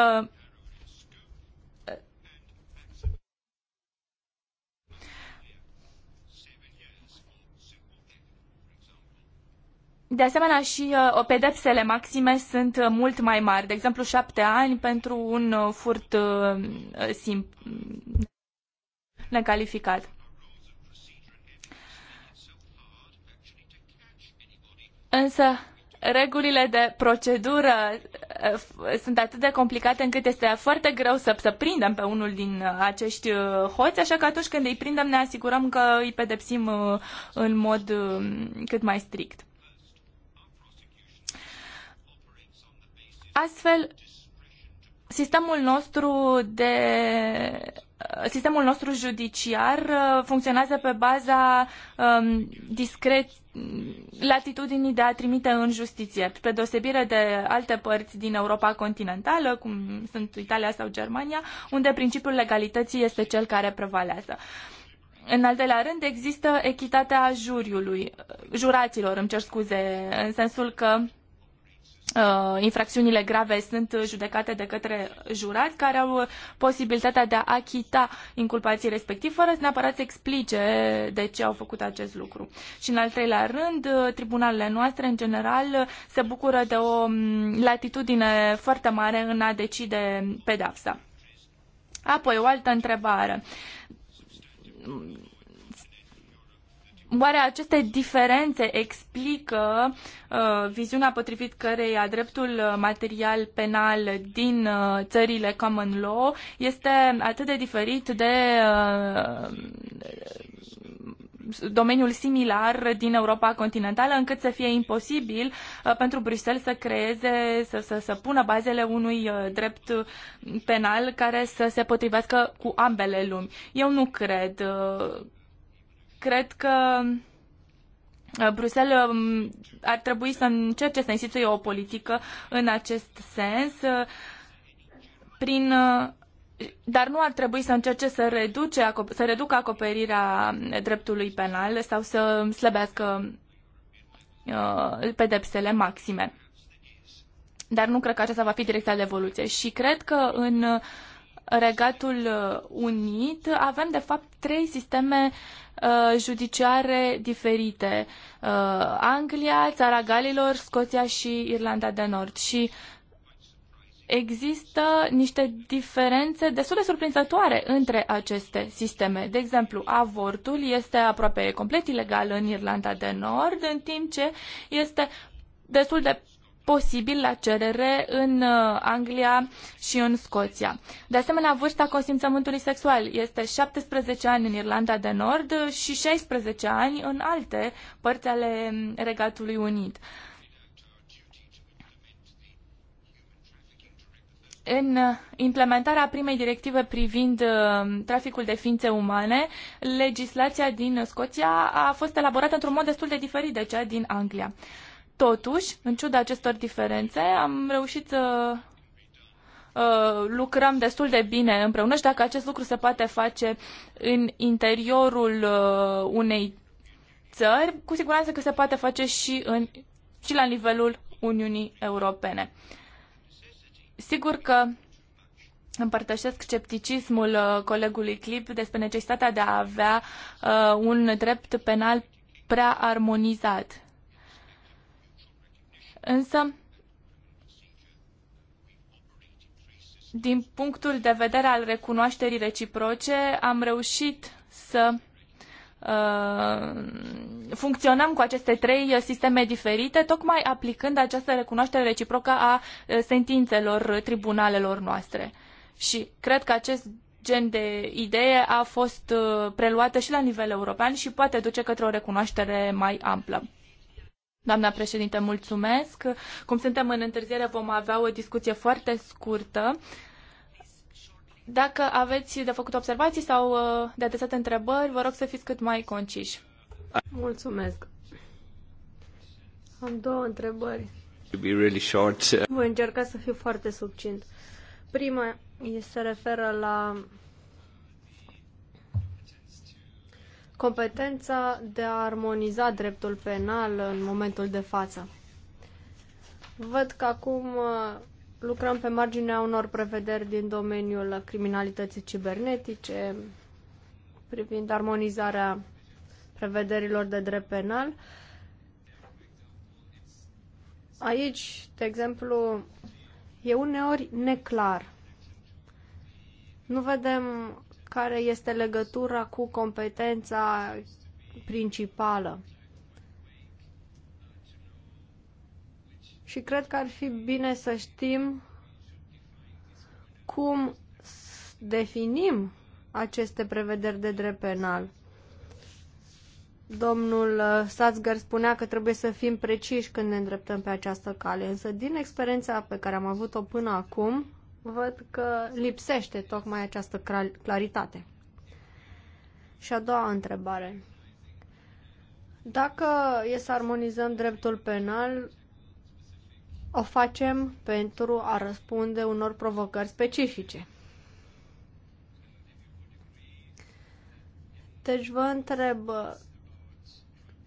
De asemenea, și uh, pedepsele maxime sunt uh, mult mai mari. De exemplu, șapte ani pentru un uh, furt uh, necalificat. Însă, regulile de procedură uh, sunt atât de complicate încât este foarte greu să, să prindem pe unul din uh, acești hoți, așa că atunci când îi prindem ne asigurăm că îi pedepsim în mod cât mai strict. Astfel, sistemul nostru de sistemul nostru judiciar uh, funcționează pe baza um, discret latitudinii de a trimite în justiție, pe deosebire de alte părți din Europa continentală, cum sunt Italia sau Germania, unde principiul legalității este cel care prevalează. În al doilea rând, există echitatea juriului, juraților, îmi cer scuze, în sensul că Uh, infracțiunile grave sunt judecate de către jurați care au posibilitatea de a achita inculpații respectiv fără să neapărat să explice de ce au făcut acest lucru. Și în al treilea rând, uh, tribunalele noastre în general se bucură de o um, latitudine foarte mare în a decide pedapsa. Apoi, o altă întrebare Oare aceste diferențe explică uh, viziunea potrivit căreia dreptul material penal din uh, țările common law este atât de diferit de uh, domeniul similar din Europa continentală, încât să fie imposibil uh, pentru Bruxelles să creeze, să, să, să pună bazele unui uh, drept penal care să se potrivească cu ambele lumi. Eu nu cred uh, Cred că uh, Bruxelles um, ar trebui să încerce să instituie o politică în acest sens uh, prin uh, dar nu ar trebui să încerce să, reduce, să reducă acoperirea um, dreptului penal sau să slăbească uh, pedepsele maxime. Dar nu cred că aceasta va fi direcția de evoluție. Și cred că în Regatul Unit avem, de fapt, trei sisteme uh, Uh, judiciare diferite. Uh, Anglia, Țara Galilor, Scoția și Irlanda de Nord. Și există niște diferențe destul de surprinzătoare între aceste sisteme. De exemplu, avortul este aproape complet ilegal în Irlanda de Nord, în timp ce este destul de posibil la cerere în uh, Anglia și în Scoția. De asemenea, vârsta consimțământului sexual este 17 ani în Irlanda de Nord și 16 ani în alte părți ale mm, Regatului Unit. în uh, implementarea primei directive privind uh, traficul de ființe umane, legislația din Scoția a fost elaborată într-un mod destul de diferit de cea din Anglia. Totuși, în ciuda acestor diferențe, am reușit să uh, lucrăm destul de bine împreună și dacă acest lucru se poate face în interiorul uh, unei țări, cu siguranță că se poate face și, în, și la nivelul Uniunii Europene. Sigur că împărtășesc scepticismul uh, colegului Clip despre necesitatea de a avea un drept penal prea armonizat. Însă, din punctul de vedere al recunoașterii reciproce, am reușit să uh, funcționăm cu aceste trei uh, sisteme diferite, tocmai aplicând această recunoaștere reciprocă a uh, sentințelor tribunalelor noastre. Și cred că acest gen de idee a fost uh, preluată și la nivel european și poate duce către o recunoaștere mai amplă. Doamna președinte, mulțumesc. Cum suntem în întârziere, vom avea o discuție foarte scurtă. Dacă aveți de făcut observații sau uh, de adresat întrebări, vă rog să fiți cât mai conciși. Mulțumesc. Am două întrebări. Uh, Voi încerca să fiu foarte subțint. Prima se referă la competența de a armoniza dreptul penal în momentul de față. Văd că acum uh, lucrăm pe marginea unor prevederi din domeniul criminalității cibernetice, privind armonizarea prevederilor de drept penal. Aici, de exemplu, e uneori neclar. Nu vedem care este legătura cu competența principală. Și cred că ar fi bine să știm cum definim aceste prevederi de drept penal. Domnul uh, Satzger spunea că trebuie să fim preciși când ne îndreptăm pe această cale, însă din experiența pe care am avut-o până acum, văd că lipsește tocmai această claritate. Și a doua întrebare. Dacă e să armonizăm dreptul penal, o facem pentru a răspunde unor provocări specifice. Deci vă întreb,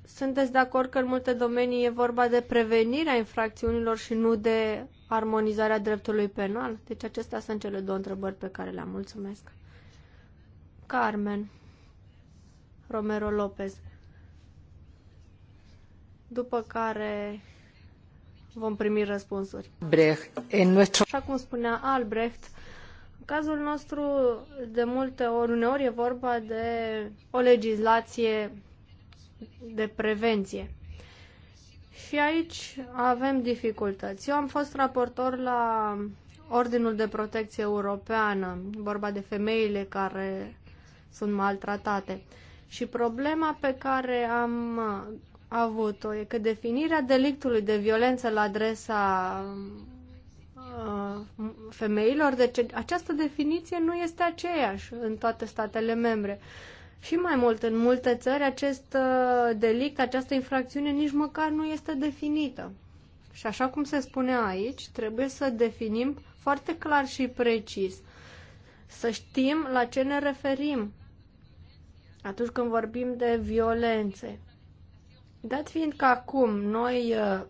sunteți de acord că în multe domenii e vorba de prevenirea infracțiunilor și nu de armonizarea dreptului penal? Deci acestea sunt cele două întrebări pe care le-am. Mulțumesc. Carmen Romero Lopez. După care vom primi răspunsuri. Brecht, în nuestro... Așa cum spunea Albrecht, în cazul nostru, de multe ori, uneori e vorba de o legislație de prevenție. Și aici avem dificultăți. Eu am fost raportor la Ordinul de Protecție Europeană, vorba de femeile care sunt maltratate. Și problema pe care am avut-o e că definirea delictului de violență la adresa uh, femeilor, deci această definiție nu este aceeași în toate statele membre. Și mai mult, în multe țări acest uh, delict, această infracțiune nici măcar nu este definită. Și așa cum se spune aici, trebuie să definim foarte clar și precis, să știm la ce ne referim atunci când vorbim de violențe. Dat fiind că acum noi uh,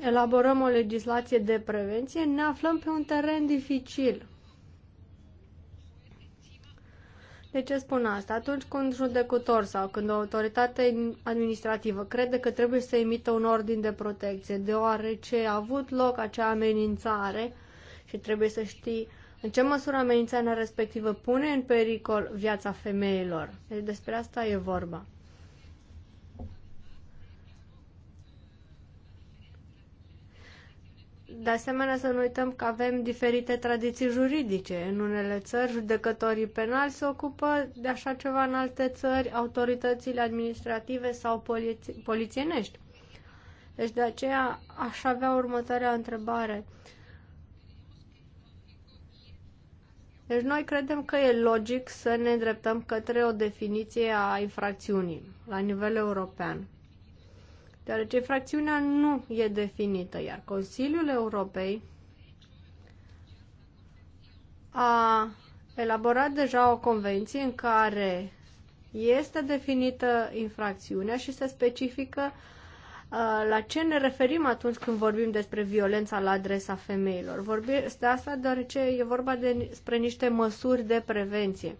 elaborăm o legislație de prevenție, ne aflăm pe un teren dificil. De ce spun asta? Atunci când judecător sau când o autoritate administrativă crede că trebuie să emită un ordin de protecție, deoarece a avut loc acea amenințare și trebuie să știi în ce măsură amenințarea respectivă pune în pericol viața femeilor. Deci despre asta e vorba. De asemenea, să nu uităm că avem diferite tradiții juridice. În unele țări, judecătorii penali se ocupă de așa ceva, în alte țări, autoritățile administrative sau poliți- polițienești. Deci, de aceea, aș avea următoarea întrebare. Deci noi credem că e logic să ne îndreptăm către o definiție a infracțiunii la nivel european deoarece fracțiunea nu e definită, iar Consiliul Europei a elaborat deja o convenție în care este definită infracțiunea și se specifică uh, la ce ne referim atunci când vorbim despre violența la adresa femeilor. Vorbim de asta deoarece e vorba despre niște măsuri de prevenție.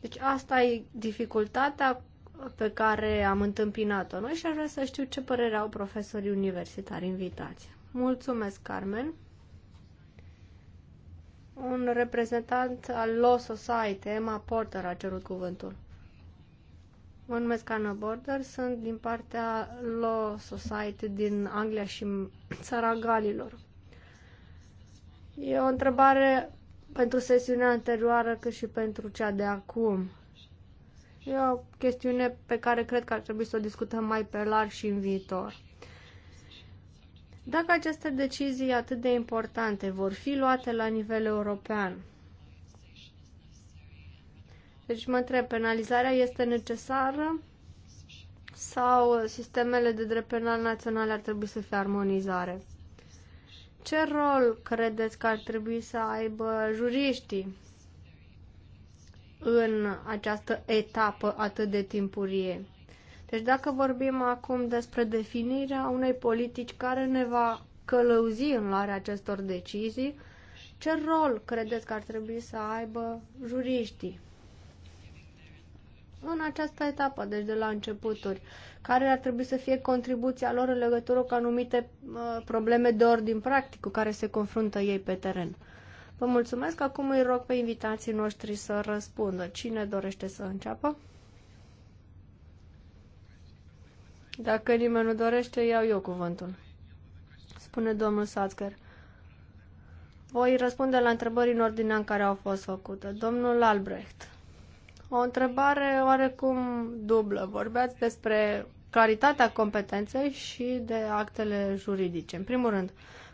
Deci asta e dificultatea pe care am întâmpinat-o noi și aș vrea să știu ce părere au profesorii universitari invitați. Mulțumesc, Carmen. Un reprezentant al Law Society, Emma Porter, a cerut cuvântul. Mă numesc Anna Border, sunt din partea Law Society din Anglia și țara Galilor. E o întrebare pentru sesiunea anterioară cât și pentru cea de acum. E o chestiune pe care cred că ar trebui să o discutăm mai pe larg și în viitor. Dacă aceste decizii atât de importante vor fi luate la nivel european, deci mă întreb, penalizarea este necesară sau sistemele de drept penal naționale ar trebui să fie armonizare? Ce rol credeți că ar trebui să aibă juriștii în această etapă atât de timpurie. Deci dacă vorbim acum despre definirea unei politici care ne va călăuzi în luarea acestor decizii, ce rol credeți că ar trebui să aibă juriștii? În această etapă, deci de la începuturi, care ar trebui să fie contribuția lor în legătură cu anumite uh, probleme de ordin practic cu care se confruntă ei pe teren? Vă mulțumesc. Acum îi rog pe invitații noștri să răspundă. Cine dorește să înceapă? Dacă nimeni nu dorește, iau eu cuvântul. Spune domnul Satzker. Voi răspunde la întrebări în ordinea în care au fost făcute. Domnul Albrecht, o întrebare oarecum dublă. Vorbeați despre claritatea competenței și de actele juridice. În primul rând,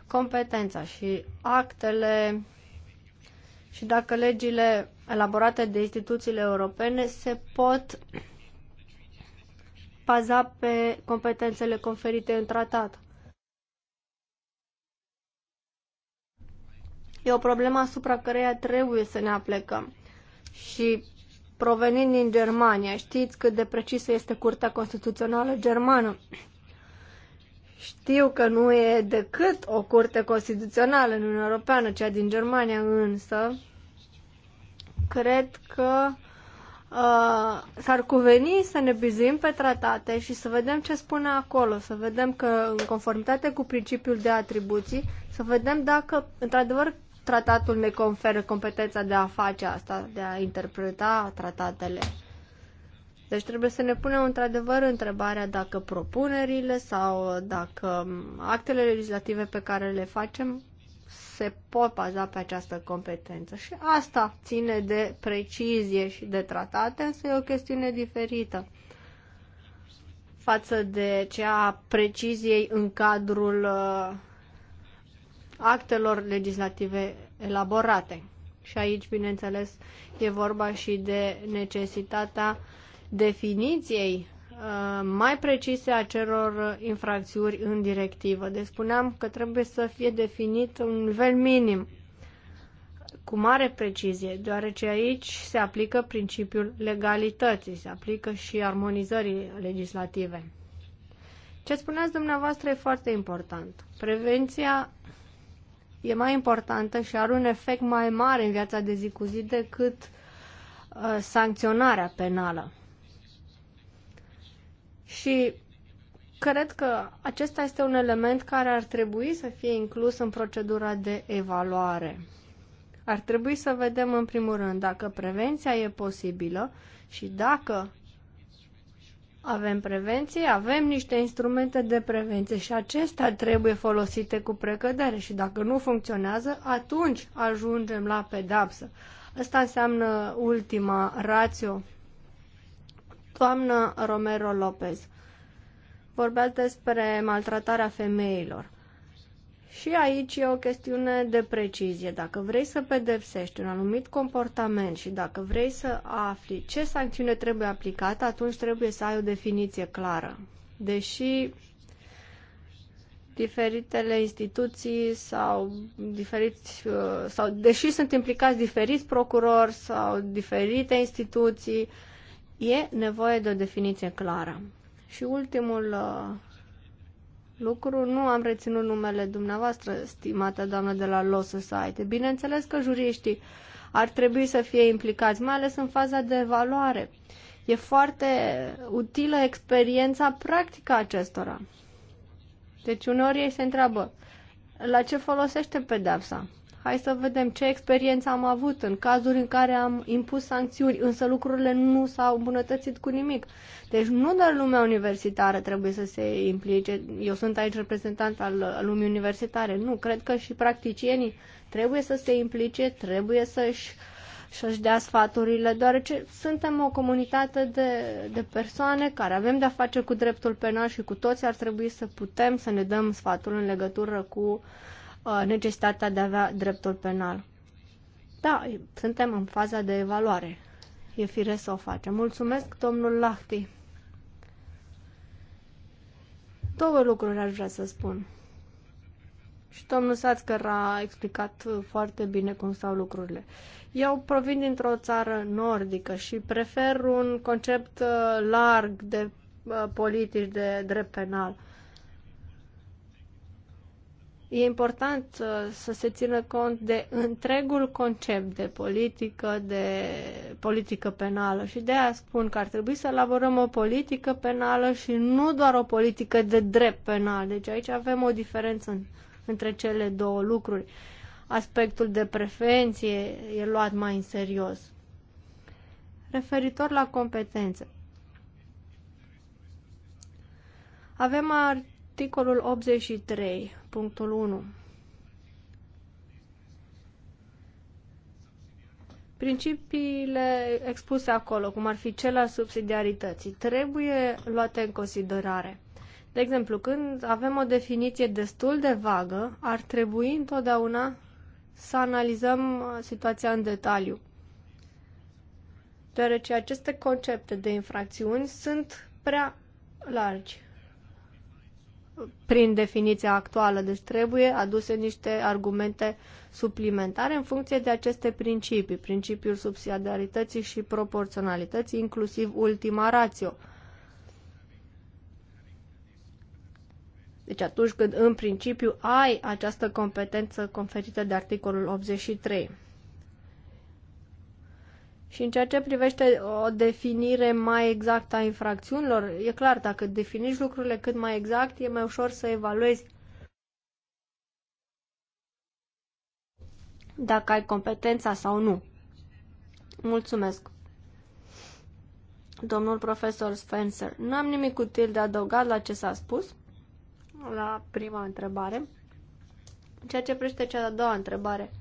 competența și actele și dacă legile elaborate de instituțiile europene se pot baza pe competențele conferite în tratat. E o problemă asupra căreia trebuie să ne aplecăm. Și provenind din Germania, știți cât de precisă este Curtea Constituțională Germană știu că nu e decât o curte constituțională în Uniunea Europeană, cea din Germania, însă cred că uh, s-ar cuveni să ne bizuim pe tratate și să vedem ce spune acolo, să vedem că în conformitate cu principiul de atribuții, să vedem dacă într-adevăr tratatul ne conferă competența de a face asta, de a interpreta tratatele. Deci trebuie să ne punem într-adevăr întrebarea dacă propunerile sau dacă actele legislative pe care le facem se pot baza pe această competență. Și asta ține de precizie și de tratate, însă e o chestiune diferită față de cea a preciziei în cadrul uh, actelor legislative elaborate. Și aici, bineînțeles, e vorba și de necesitatea definiției uh, mai precise a celor infracțiuni în directivă. Deci spuneam că trebuie să fie definit un nivel minim cu mare precizie, deoarece aici se aplică principiul legalității, se aplică și armonizării legislative. Ce spuneați dumneavoastră e foarte important. Prevenția e mai importantă și are un efect mai mare în viața de zi cu zi decât uh, sancționarea penală. Și cred că acesta este un element care ar trebui să fie inclus în procedura de evaluare. Ar trebui să vedem, în primul rând, dacă prevenția e posibilă și dacă avem prevenție, avem niște instrumente de prevenție și acestea trebuie folosite cu precădere și dacă nu funcționează, atunci ajungem la pedapsă. Asta înseamnă ultima rațio Doamnă Romero Lopez, vorbea despre maltratarea femeilor. Și aici e o chestiune de precizie. Dacă vrei să pedepsești un anumit comportament și dacă vrei să afli ce sancțiune trebuie aplicată, atunci trebuie să ai o definiție clară. Deși diferitele instituții sau diferiți, uh, sau deși sunt implicați diferiți procurori sau diferite instituții, E nevoie de o definiție clară. Și ultimul uh, lucru, nu am reținut numele dumneavoastră, stimată doamnă de la Law Society. Bineînțeles că juriștii ar trebui să fie implicați, mai ales în faza de evaluare. E foarte utilă experiența practică acestora. Deci uneori ei se întreabă, la ce folosește pedepsa? Hai să vedem ce experiență am avut în cazuri în care am impus sancțiuni, însă lucrurile nu s-au îmbunătățit cu nimic. Deci nu doar lumea universitară trebuie să se implice. Eu sunt aici reprezentant al lumii universitare. Nu, cred că și practicienii trebuie să se implice, trebuie să-și și-și dea sfaturile, deoarece suntem o comunitate de, de persoane care avem de-a face cu dreptul penal și cu toți ar trebui să putem să ne dăm sfatul în legătură cu uh, Uh, necesitatea de a avea dreptul penal. Da, suntem în faza de evaluare. E firesc să o facem. Mulțumesc, domnul Lahti. Două lucruri aș vrea să spun. Și domnul Sațcăr a explicat foarte bine cum stau lucrurile. Eu provin dintr-o țară nordică și prefer un concept uh, larg de uh, politici de drept penal. E important uh, să se țină cont de întregul concept de politică, de politică penală și de aia spun că ar trebui să elaborăm o politică penală și nu doar o politică de drept penal. Deci aici avem o diferență în, între cele două lucruri. Aspectul de prevenție e luat mai în serios. Referitor la competențe. Avem articolul 83 punctul 1. Principiile expuse acolo, cum ar fi cel al subsidiarității, trebuie luate în considerare. De exemplu, când avem o definiție destul de vagă, ar trebui întotdeauna să analizăm situația în detaliu. Deoarece aceste concepte de infracțiuni sunt prea largi prin definiția actuală, deci trebuie aduse niște argumente suplimentare în funcție de aceste principii, principiul subsidiarității și proporționalității, inclusiv ultima ratio. Deci atunci când în principiu ai această competență conferită de articolul 83. Și în ceea ce privește o definire mai exactă a infracțiunilor, e clar, dacă definiști lucrurile cât mai exact, e mai ușor să evaluezi dacă ai competența sau nu. Mulțumesc. Domnul profesor Spencer, nu am nimic util de adăugat la ce s-a spus, la prima întrebare. În ceea ce privește cea de-a doua întrebare –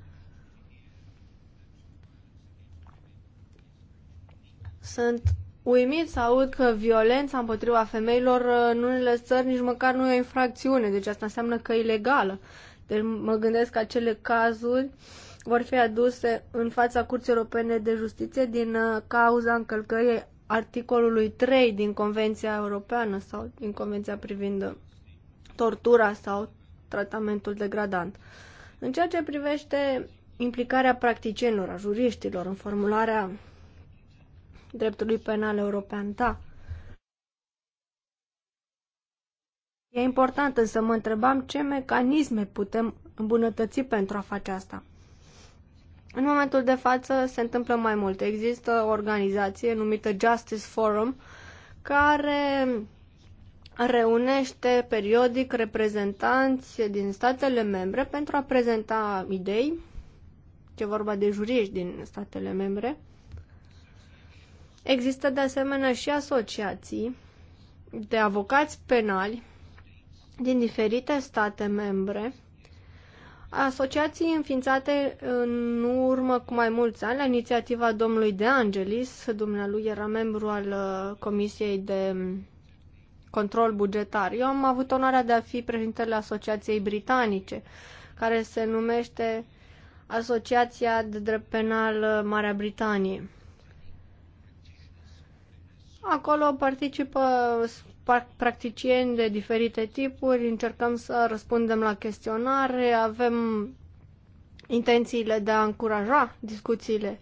Sunt uimit să aud că violența împotriva femeilor uh, în unele țări nici măcar nu e o infracțiune, deci asta înseamnă că e ilegală. Deci mă gândesc că acele cazuri vor fi aduse în fața Curții Europene de Justiție din uh, cauza încălcării articolului 3 din Convenția Europeană sau din Convenția privind uh, tortura sau tratamentul degradant. În ceea ce privește implicarea practicienilor, a juriștilor în formularea dreptului penal european, da. E important însă mă întrebam ce mecanisme putem îmbunătăți pentru a face asta. În momentul de față se întâmplă mai multe. Există o organizație numită Justice Forum care reunește periodic reprezentanți din statele membre pentru a prezenta idei, ce vorba de juriști din statele membre, Există de asemenea și asociații de avocați penali din diferite state membre, asociații înființate în urmă cu mai mulți ani la inițiativa domnului De Angelis, dumnealui era membru al uh, Comisiei de Control Bugetar. Eu am avut onoarea de a fi președintele Asociației Britanice, care se numește Asociația de Drept Penal Marea Britanie. Acolo participă practicieni de diferite tipuri, încercăm să răspundem la chestionare, avem intențiile de a încuraja discuțiile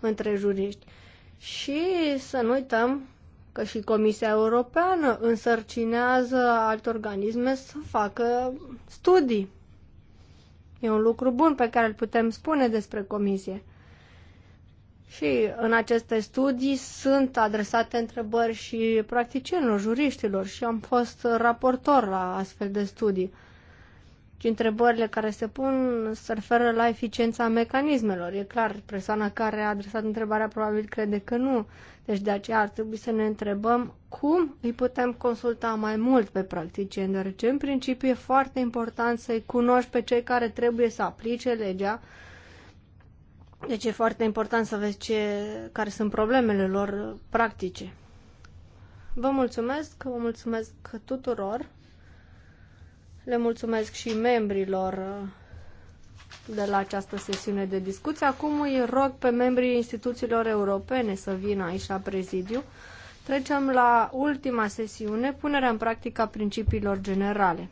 între juriști. Și să nu uităm că și Comisia Europeană însărcinează alte organisme să facă studii. E un lucru bun pe care îl putem spune despre Comisie. Și în aceste studii sunt adresate întrebări și practicienilor, juriștilor și am fost raportor la astfel de studii. Și întrebările care se pun se referă la eficiența mecanismelor. E clar, persoana care a adresat întrebarea probabil crede că nu. Deci de aceea ar trebui să ne întrebăm cum îi putem consulta mai mult pe practicieni, deoarece în principiu e foarte important să-i cunoști pe cei care trebuie să aplice legea, deci e foarte important să vezi ce, care sunt problemele lor practice. Vă mulțumesc, vă mulțumesc tuturor. Le mulțumesc și membrilor uh, de la această sesiune de discuție. Acum îi rog pe membrii instituțiilor europene să vină aici la prezidiu. Trecem la ultima sesiune, punerea în practică a principiilor generale.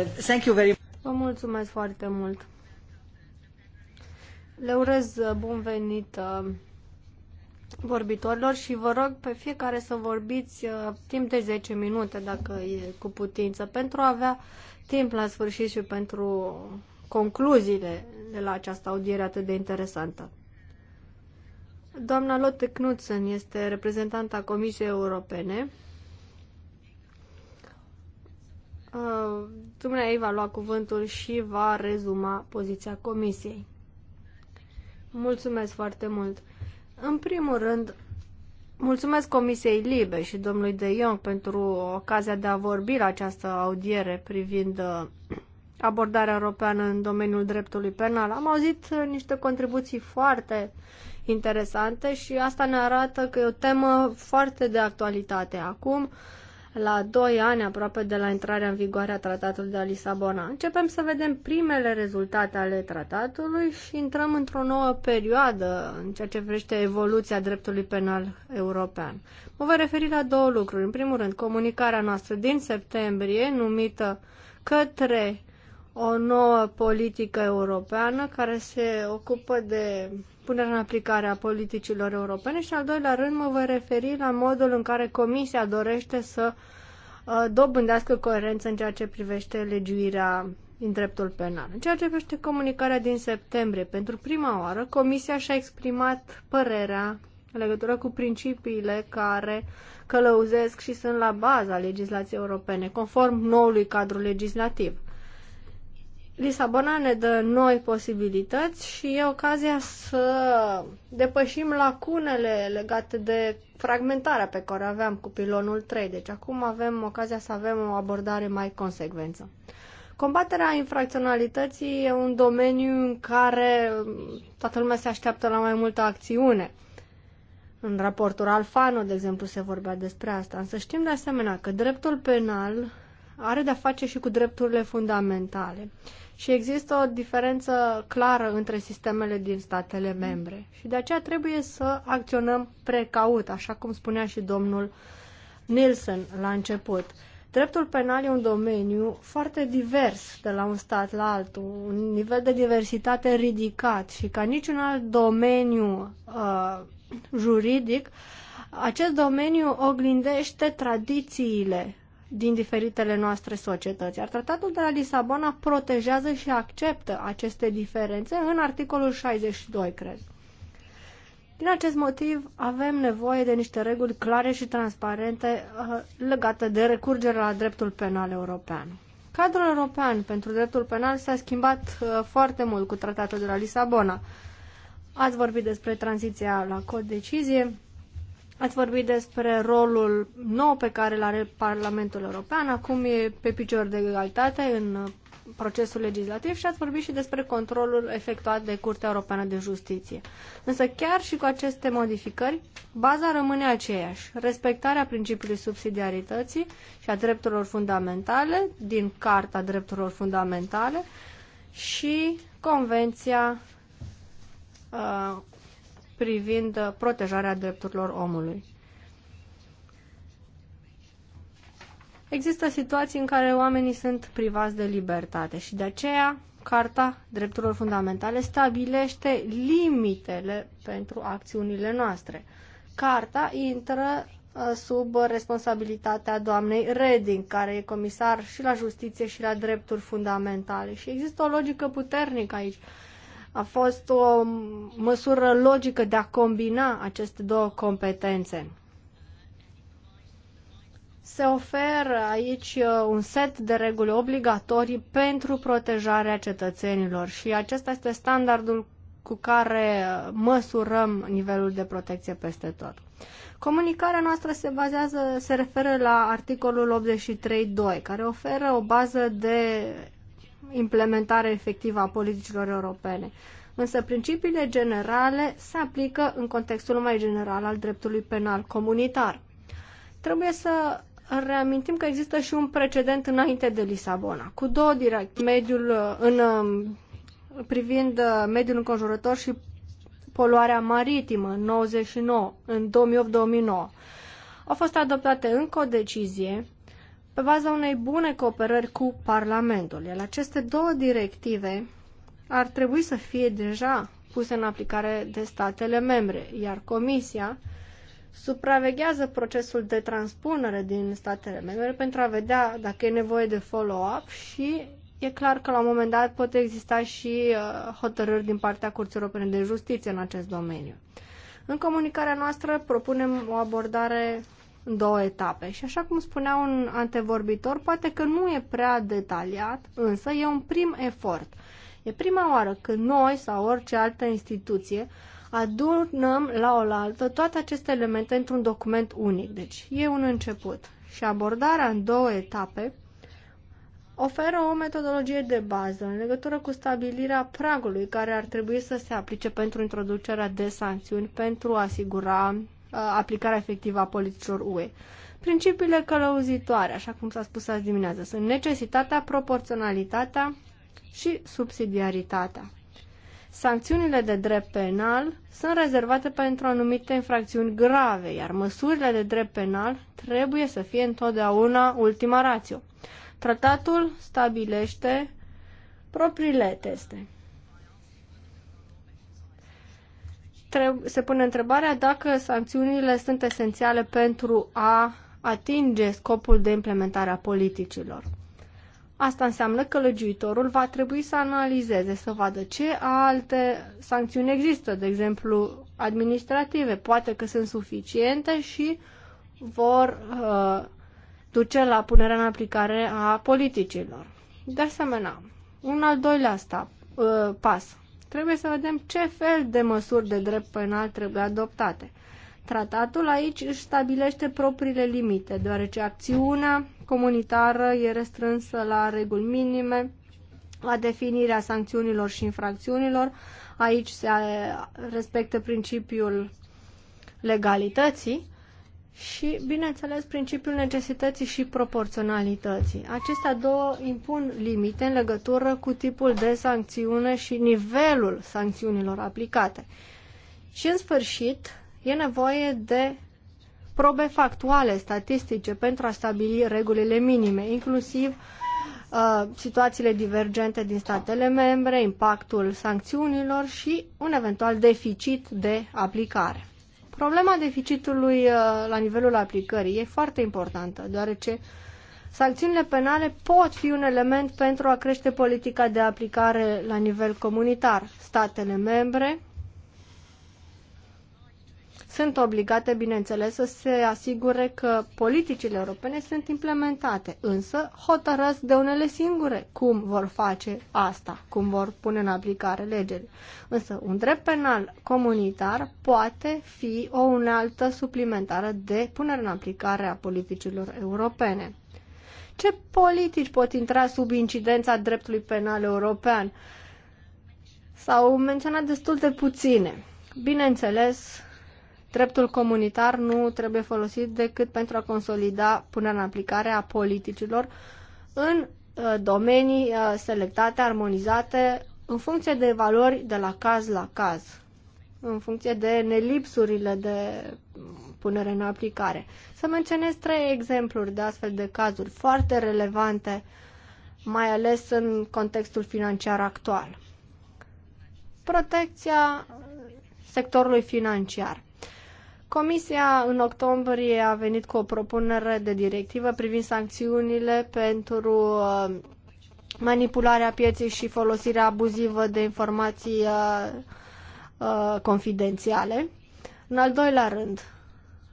Uh, thank you very Vă mulțumesc foarte mult. Le urez uh, bun venit uh, vorbitorilor și vă rog pe fiecare să vorbiți timp de 10 minute, dacă e cu putință, pentru a avea timp la sfârșit și pentru concluziile de la această audiere atât de interesantă. Doamna Lotte Knudsen este reprezentanta Comisiei Europene Uh, dumnezeu ei va lua cuvântul și va rezuma poziția comisiei. Mulțumesc foarte mult. În primul rând, mulțumesc Comisiei Libe și domnului De Jong pentru ocazia de a vorbi la această audiere privind uh, abordarea europeană în domeniul dreptului penal. Am auzit uh, niște contribuții foarte interesante și asta ne arată că e o temă foarte de actualitate acum. Uh, la doi ani aproape de la intrarea în vigoare a tratatului de la Lisabona. Începem să vedem primele rezultate ale tratatului și intrăm într-o nouă perioadă în ceea ce privește evoluția dreptului penal european. Mă voi referi la două lucruri. În primul rând, comunicarea noastră din septembrie, numită către o nouă politică europeană care se ocupă de punerea în aplicare a politicilor europene și, al doilea rând, mă voi referi la modul în care Comisia dorește să uh, dobândească coerență în ceea ce privește legiuirea din dreptul penal. În ceea ce privește comunicarea din septembrie, pentru prima oară, Comisia și-a exprimat părerea în legătură cu principiile care călăuzesc și sunt la baza legislației europene, conform noului cadru legislativ. Lisabona ne dă noi posibilități și e ocazia să depășim lacunele legate de fragmentarea pe care o aveam cu pilonul 3. Deci acum avem ocazia să avem o abordare mai consecvență. Combaterea infracționalității e un domeniu în care toată lumea se așteaptă la mai multă acțiune. În raportul Alfano, de exemplu, se vorbea despre asta, însă știm de asemenea că dreptul penal are de-a face și cu drepturile fundamentale. Și există o diferență clară între sistemele din statele membre. Și de aceea trebuie să acționăm precaut, așa cum spunea și domnul Nielsen la început. Dreptul penal e un domeniu foarte divers de la un stat la altul, un nivel de diversitate ridicat și ca niciun alt domeniu uh, juridic, acest domeniu oglindește tradițiile din diferitele noastre societăți. Iar tratatul de la Lisabona protejează și acceptă aceste diferențe în articolul 62, cred. Din acest motiv, avem nevoie de niște reguli clare și transparente uh, legate de recurgerea la dreptul penal european. Cadrul european pentru dreptul penal s-a schimbat uh, foarte mult cu tratatul de la Lisabona. Ați vorbit despre tranziția la codecizie, Ați vorbit despre rolul nou pe care îl are Parlamentul European, acum e pe picior de egalitate în procesul legislativ și ați vorbit și despre controlul efectuat de Curtea Europeană de Justiție. Însă chiar și cu aceste modificări, baza rămâne aceeași, respectarea principiului subsidiarității și a drepturilor fundamentale din Carta Drepturilor Fundamentale și Convenția uh, privind uh, protejarea drepturilor omului. Există situații în care oamenii sunt privați de libertate și de aceea Carta Drepturilor Fundamentale stabilește limitele pentru acțiunile noastre. Carta intră uh, sub responsabilitatea doamnei Reding, care e comisar și la justiție și la drepturi fundamentale. Și există o logică puternică aici. A fost o măsură logică de a combina aceste două competențe. Se oferă aici uh, un set de reguli obligatorii pentru protejarea cetățenilor și acesta este standardul cu care uh, măsurăm nivelul de protecție peste tot. Comunicarea noastră se bazează, se referă la articolul 83.2, care oferă o bază de implementare efectivă a politicilor europene. Însă principiile generale se aplică în contextul mai general al dreptului penal comunitar. Trebuie să reamintim că există și un precedent înainte de Lisabona, cu două direct, mediul uh, în, um, privind uh, mediul înconjurător și poluarea maritimă în 99, în 2008-2009. Au fost adoptate încă o decizie pe baza unei bune cooperări cu Parlamentul. Iar aceste două directive ar trebui să fie deja puse în aplicare de statele membre, iar Comisia supraveghează procesul de transpunere din statele membre pentru a vedea dacă e nevoie de follow-up și e clar că la un moment dat pot exista și uh, hotărâri din partea Curții Europene de Justiție în acest domeniu. În comunicarea noastră propunem o abordare două etape. Și așa cum spunea un antevorbitor, poate că nu e prea detaliat, însă e un prim efort. E prima oară când noi sau orice altă instituție adunăm la oaltă toate aceste elemente într-un document unic. Deci e un început. Și abordarea în două etape oferă o metodologie de bază în legătură cu stabilirea pragului care ar trebui să se aplice pentru introducerea de sancțiuni pentru a asigura Uh, aplicarea efectivă a politicilor UE. Principiile călăuzitoare, așa cum s-a spus azi dimineață, sunt necesitatea, proporționalitatea și subsidiaritatea. Sancțiunile de drept penal sunt rezervate pentru anumite infracțiuni grave, iar măsurile de drept penal trebuie să fie întotdeauna ultima rațiu. Tratatul stabilește propriile teste. se pune întrebarea dacă sancțiunile sunt esențiale pentru a atinge scopul de implementare a politicilor. Asta înseamnă că legiuitorul va trebui să analizeze, să vadă ce alte sancțiuni există, de exemplu administrative, poate că sunt suficiente și vor uh, duce la punerea în aplicare a politicilor. De asemenea, un al doilea stap, uh, pas, Trebuie să vedem ce fel de măsuri de drept penal trebuie adoptate. Tratatul aici își stabilește propriile limite, deoarece acțiunea comunitară e restrânsă la reguli minime, la definirea sancțiunilor și infracțiunilor. Aici se respectă principiul legalității, și, bineînțeles, principiul necesității și proporționalității. Acestea două impun limite în legătură cu tipul de sancțiune și nivelul sancțiunilor aplicate. Și, în sfârșit, e nevoie de probe factuale, statistice, pentru a stabili regulile minime, inclusiv uh, situațiile divergente din statele membre, impactul sancțiunilor și un eventual deficit de aplicare. Problema deficitului uh, la nivelul aplicării e foarte importantă, deoarece sancțiunile penale pot fi un element pentru a crește politica de aplicare la nivel comunitar. Statele membre sunt obligate, bineînțeles, să se asigure că politicile europene sunt implementate, însă hotărăsc de unele singure cum vor face asta, cum vor pune în aplicare legile. Însă un drept penal comunitar poate fi o unealtă suplimentară de punere în aplicare a politicilor europene. Ce politici pot intra sub incidența dreptului penal european? S-au menționat destul de puține. Bineînțeles, dreptul comunitar nu trebuie folosit decât pentru a consolida punerea în aplicare a politicilor în uh, domenii uh, selectate, armonizate, în funcție de valori de la caz la caz, în funcție de nelipsurile de punere în aplicare. Să menționez trei exempluri de astfel de cazuri foarte relevante, mai ales în contextul financiar actual. Protecția sectorului financiar. Comisia în octombrie a venit cu o propunere de directivă privind sancțiunile pentru uh, manipularea pieței și folosirea abuzivă de informații uh, uh, confidențiale. În al doilea rând,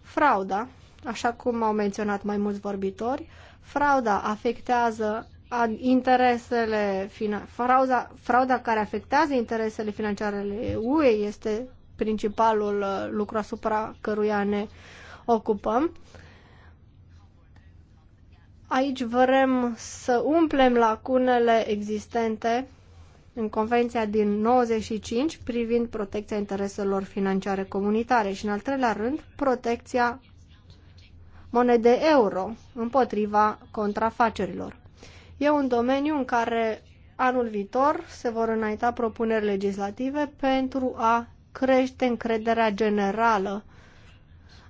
frauda, așa cum au menționat mai mulți vorbitori, frauda afectează interesele frauda, frauda care afectează interesele financiare ale UE este principalul uh, lucru asupra căruia ne ocupăm. Aici vrem să umplem lacunele existente în Convenția din 95 privind protecția intereselor financiare comunitare și, în al treilea rând, protecția monede euro împotriva contrafacerilor. E un domeniu în care anul viitor se vor înainta propuneri legislative pentru a crește încrederea generală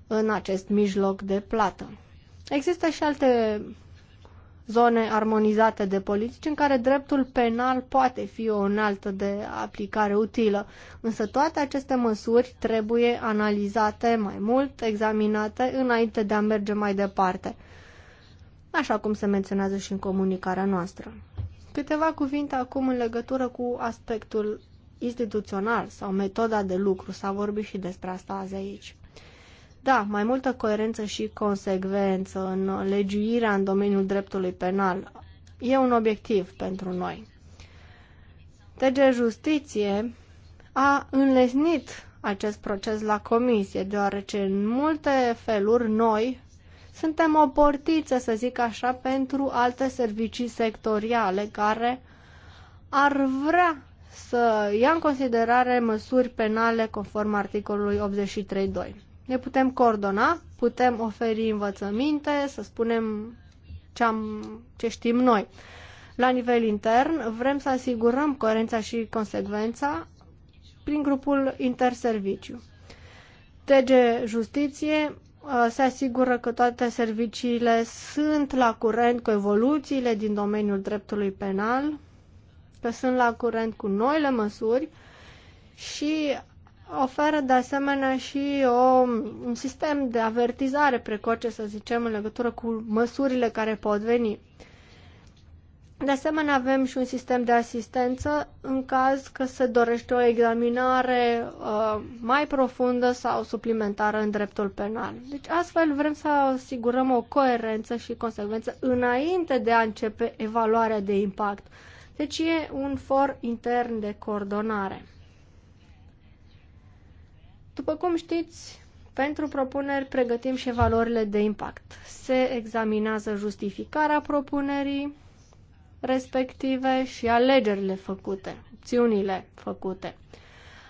în acest mijloc de plată. Există și alte zone armonizate de politici în care dreptul penal poate fi o înaltă de aplicare utilă, însă toate aceste măsuri trebuie analizate mai mult, examinate, înainte de a merge mai departe, așa cum se menționează și în comunicarea noastră. Câteva cuvinte acum în legătură cu aspectul instituțional sau metoda de lucru. S-a vorbit și despre asta azi aici. Da, mai multă coerență și consecvență în legiuirea în domeniul dreptului penal e un obiectiv pentru noi. TG Justiție a înlesnit acest proces la comisie, deoarece în multe feluri noi suntem o portiță, să zic așa, pentru alte servicii sectoriale care ar vrea să ia în considerare măsuri penale conform articolului 83.2. Ne putem coordona, putem oferi învățăminte, să spunem ce, am, ce știm noi. La nivel intern, vrem să asigurăm coerența și consecvența prin grupul interserviciu. TG Justiție uh, se asigură că toate serviciile sunt la curent cu evoluțiile din domeniul dreptului penal, pe sunt la curent cu noile măsuri și oferă de asemenea și o, un sistem de avertizare precoce, să zicem, în legătură cu măsurile care pot veni. De asemenea, avem și un sistem de asistență în caz că se dorește o examinare uh, mai profundă sau suplimentară în dreptul penal. Deci, astfel vrem să asigurăm o coerență și consecvență înainte de a începe evaluarea de impact. Deci e un for intern de coordonare. După cum știți, pentru propuneri pregătim și valorile de impact. Se examinează justificarea propunerii respective și alegerile făcute, opțiunile făcute.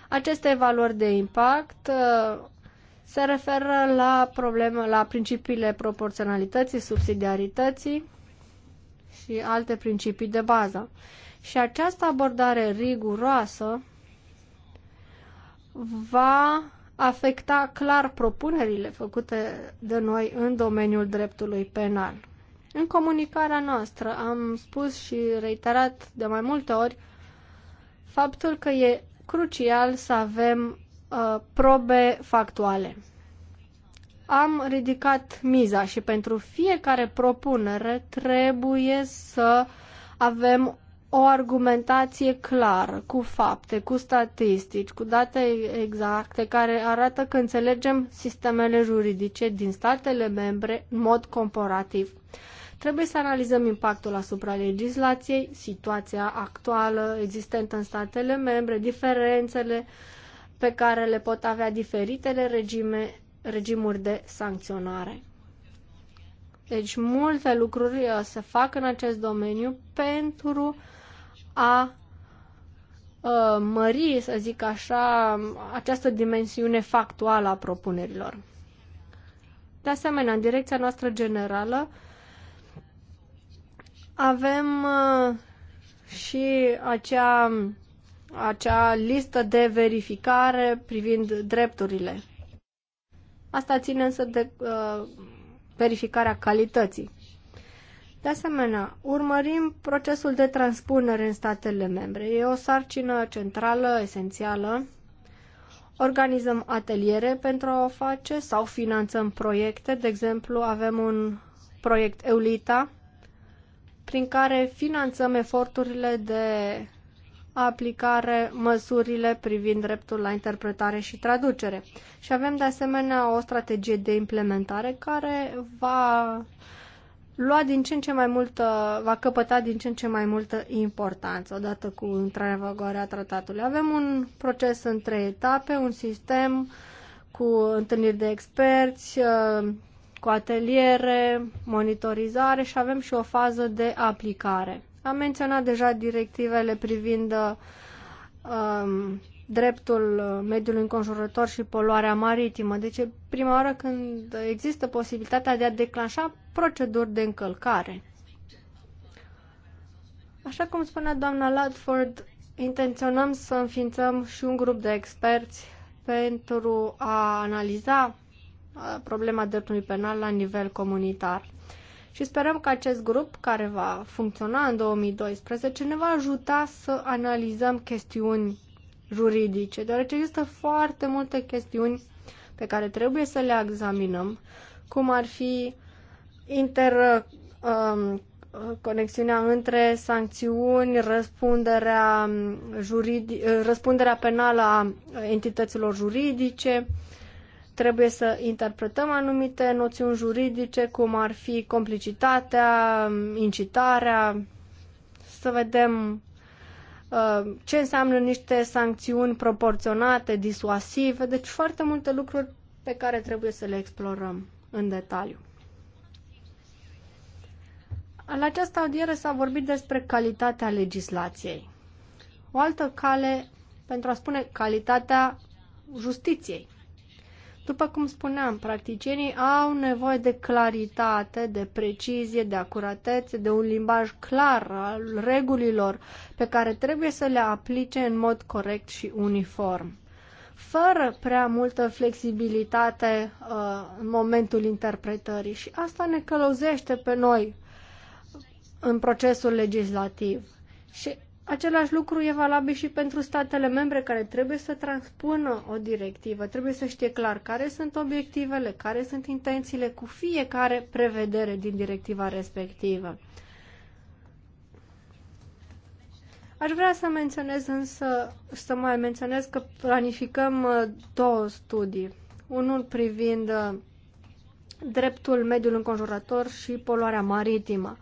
Aceste valori de impact uh, se referă la, probleme, la principiile proporționalității, subsidiarității și alte principii de bază. Și această abordare riguroasă va afecta clar propunerile făcute de noi în domeniul dreptului penal. În comunicarea noastră am spus și reiterat de mai multe ori faptul că e crucial să avem uh, probe factuale am ridicat miza și pentru fiecare propunere trebuie să avem o argumentație clară, cu fapte, cu statistici, cu date exacte care arată că înțelegem sistemele juridice din statele membre în mod comparativ. Trebuie să analizăm impactul asupra legislației, situația actuală existentă în statele membre, diferențele pe care le pot avea diferitele regime regimuri de sancționare. Deci multe lucruri uh, se fac în acest domeniu pentru a uh, mări, să zic așa, această dimensiune factuală a propunerilor. De asemenea, în direcția noastră generală avem uh, și acea, acea listă de verificare privind drepturile Asta ține însă de uh, verificarea calității. De asemenea, urmărim procesul de transpunere în statele membre. E o sarcină centrală, esențială. Organizăm ateliere pentru a o face sau finanțăm proiecte. De exemplu, avem un proiect EULITA prin care finanțăm eforturile de aplicare măsurile privind dreptul la interpretare și traducere. Și avem de asemenea o strategie de implementare care va lua din ce în ce mai multă, va căpăta din ce în ce mai multă importanță odată cu intrarea în vigoare a tratatului. Avem un proces în trei etape, un sistem cu întâlniri de experți, uh, cu ateliere, monitorizare și avem și o fază de aplicare. Am menționat deja directivele privind um, dreptul mediului înconjurător și poluarea maritimă. Deci prima oară când există posibilitatea de a declanșa proceduri de încălcare. Așa cum spunea doamna Ladford, intenționăm să înființăm și un grup de experți pentru a analiza uh, problema dreptului penal la nivel comunitar și sperăm că acest grup care va funcționa în 2012 ne va ajuta să analizăm chestiuni juridice, deoarece există foarte multe chestiuni pe care trebuie să le examinăm, cum ar fi inter, um, conexiunea între sancțiuni, răspunderea, juridi, răspunderea penală a entităților juridice, Trebuie să interpretăm anumite noțiuni juridice, cum ar fi complicitatea, incitarea, să vedem uh, ce înseamnă niște sancțiuni proporționate, disuasive, deci foarte multe lucruri pe care trebuie să le explorăm în detaliu. În această audiere s-a vorbit despre calitatea legislației. O altă cale pentru a spune calitatea justiției. După cum spuneam, practicienii au nevoie de claritate, de precizie, de acuratețe, de un limbaj clar al regulilor pe care trebuie să le aplice în mod corect și uniform. Fără prea multă flexibilitate uh, în momentul interpretării și asta ne călăuzește pe noi în procesul legislativ. Și Același lucru e valabil și pentru statele membre care trebuie să transpună o directivă. Trebuie să știe clar care sunt obiectivele, care sunt intențiile cu fiecare prevedere din directiva respectivă. Aș vrea să menționez însă, să mai menționez că planificăm uh, două studii. Unul privind uh, dreptul mediul înconjurător și poluarea maritimă.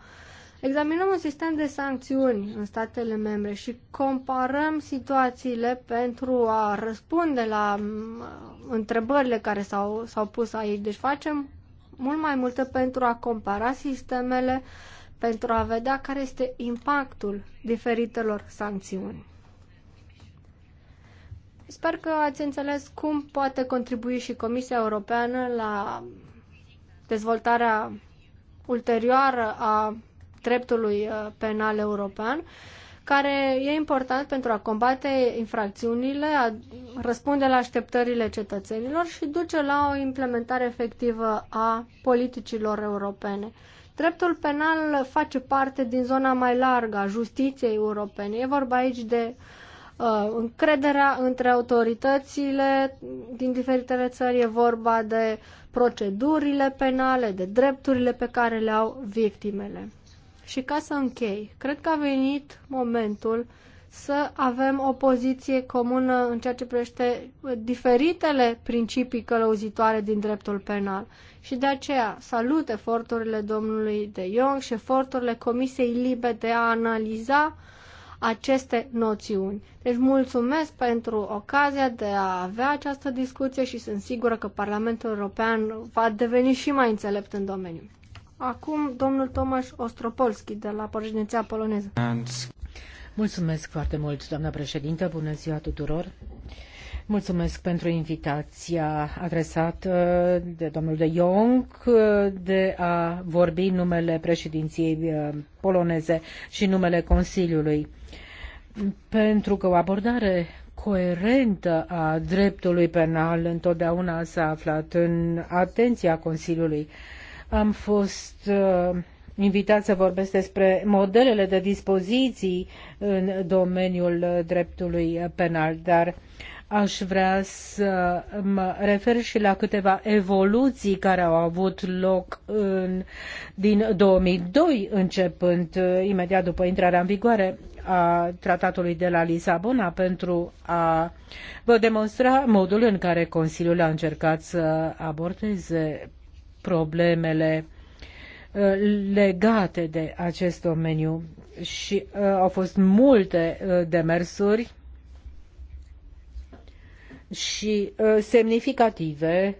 Examinăm un sistem de sancțiuni în statele membre și comparăm situațiile pentru a răspunde la mm, întrebările care s-au, s-au pus aici. Deci facem mult mai multe pentru a compara sistemele, pentru a vedea care este impactul diferitelor sancțiuni. Sper că ați înțeles cum poate contribui și Comisia Europeană la dezvoltarea ulterioară a dreptului uh, penal european, care e important pentru a combate infracțiunile, a răspunde la așteptările cetățenilor și duce la o implementare efectivă a politicilor europene. Dreptul penal face parte din zona mai largă a justiției europene. E vorba aici de uh, încrederea între autoritățile din diferitele țări, e vorba de procedurile penale, de drepturile pe care le au victimele. Și ca să închei, cred că a venit momentul să avem o poziție comună în ceea ce privește uh, diferitele principii călăuzitoare din dreptul penal. Și de aceea salut eforturile domnului De Jong și eforturile Comisiei Libe de a analiza aceste noțiuni. Deci mulțumesc pentru ocazia de a avea această discuție și sunt sigură că Parlamentul European va deveni și mai înțelept în domeniu. Acum, domnul Tomaș Ostropolski, de la președinția poloneză. Mulțumesc foarte mult, doamna președintă. Bună ziua tuturor. Mulțumesc pentru invitația adresată de domnul de Jong de a vorbi numele președinției uh, poloneze și numele Consiliului. Pentru că o abordare coerentă a dreptului penal întotdeauna s-a aflat în atenția Consiliului am fost uh, invitat să vorbesc despre modelele de dispoziții în domeniul dreptului penal, dar aș vrea să mă refer și la câteva evoluții care au avut loc în, din 2002, începând uh, imediat după intrarea în vigoare a tratatului de la Lisabona pentru a vă demonstra modul în care Consiliul a încercat să abordeze problemele uh, legate de acest domeniu și uh, au fost multe uh, demersuri și semnificative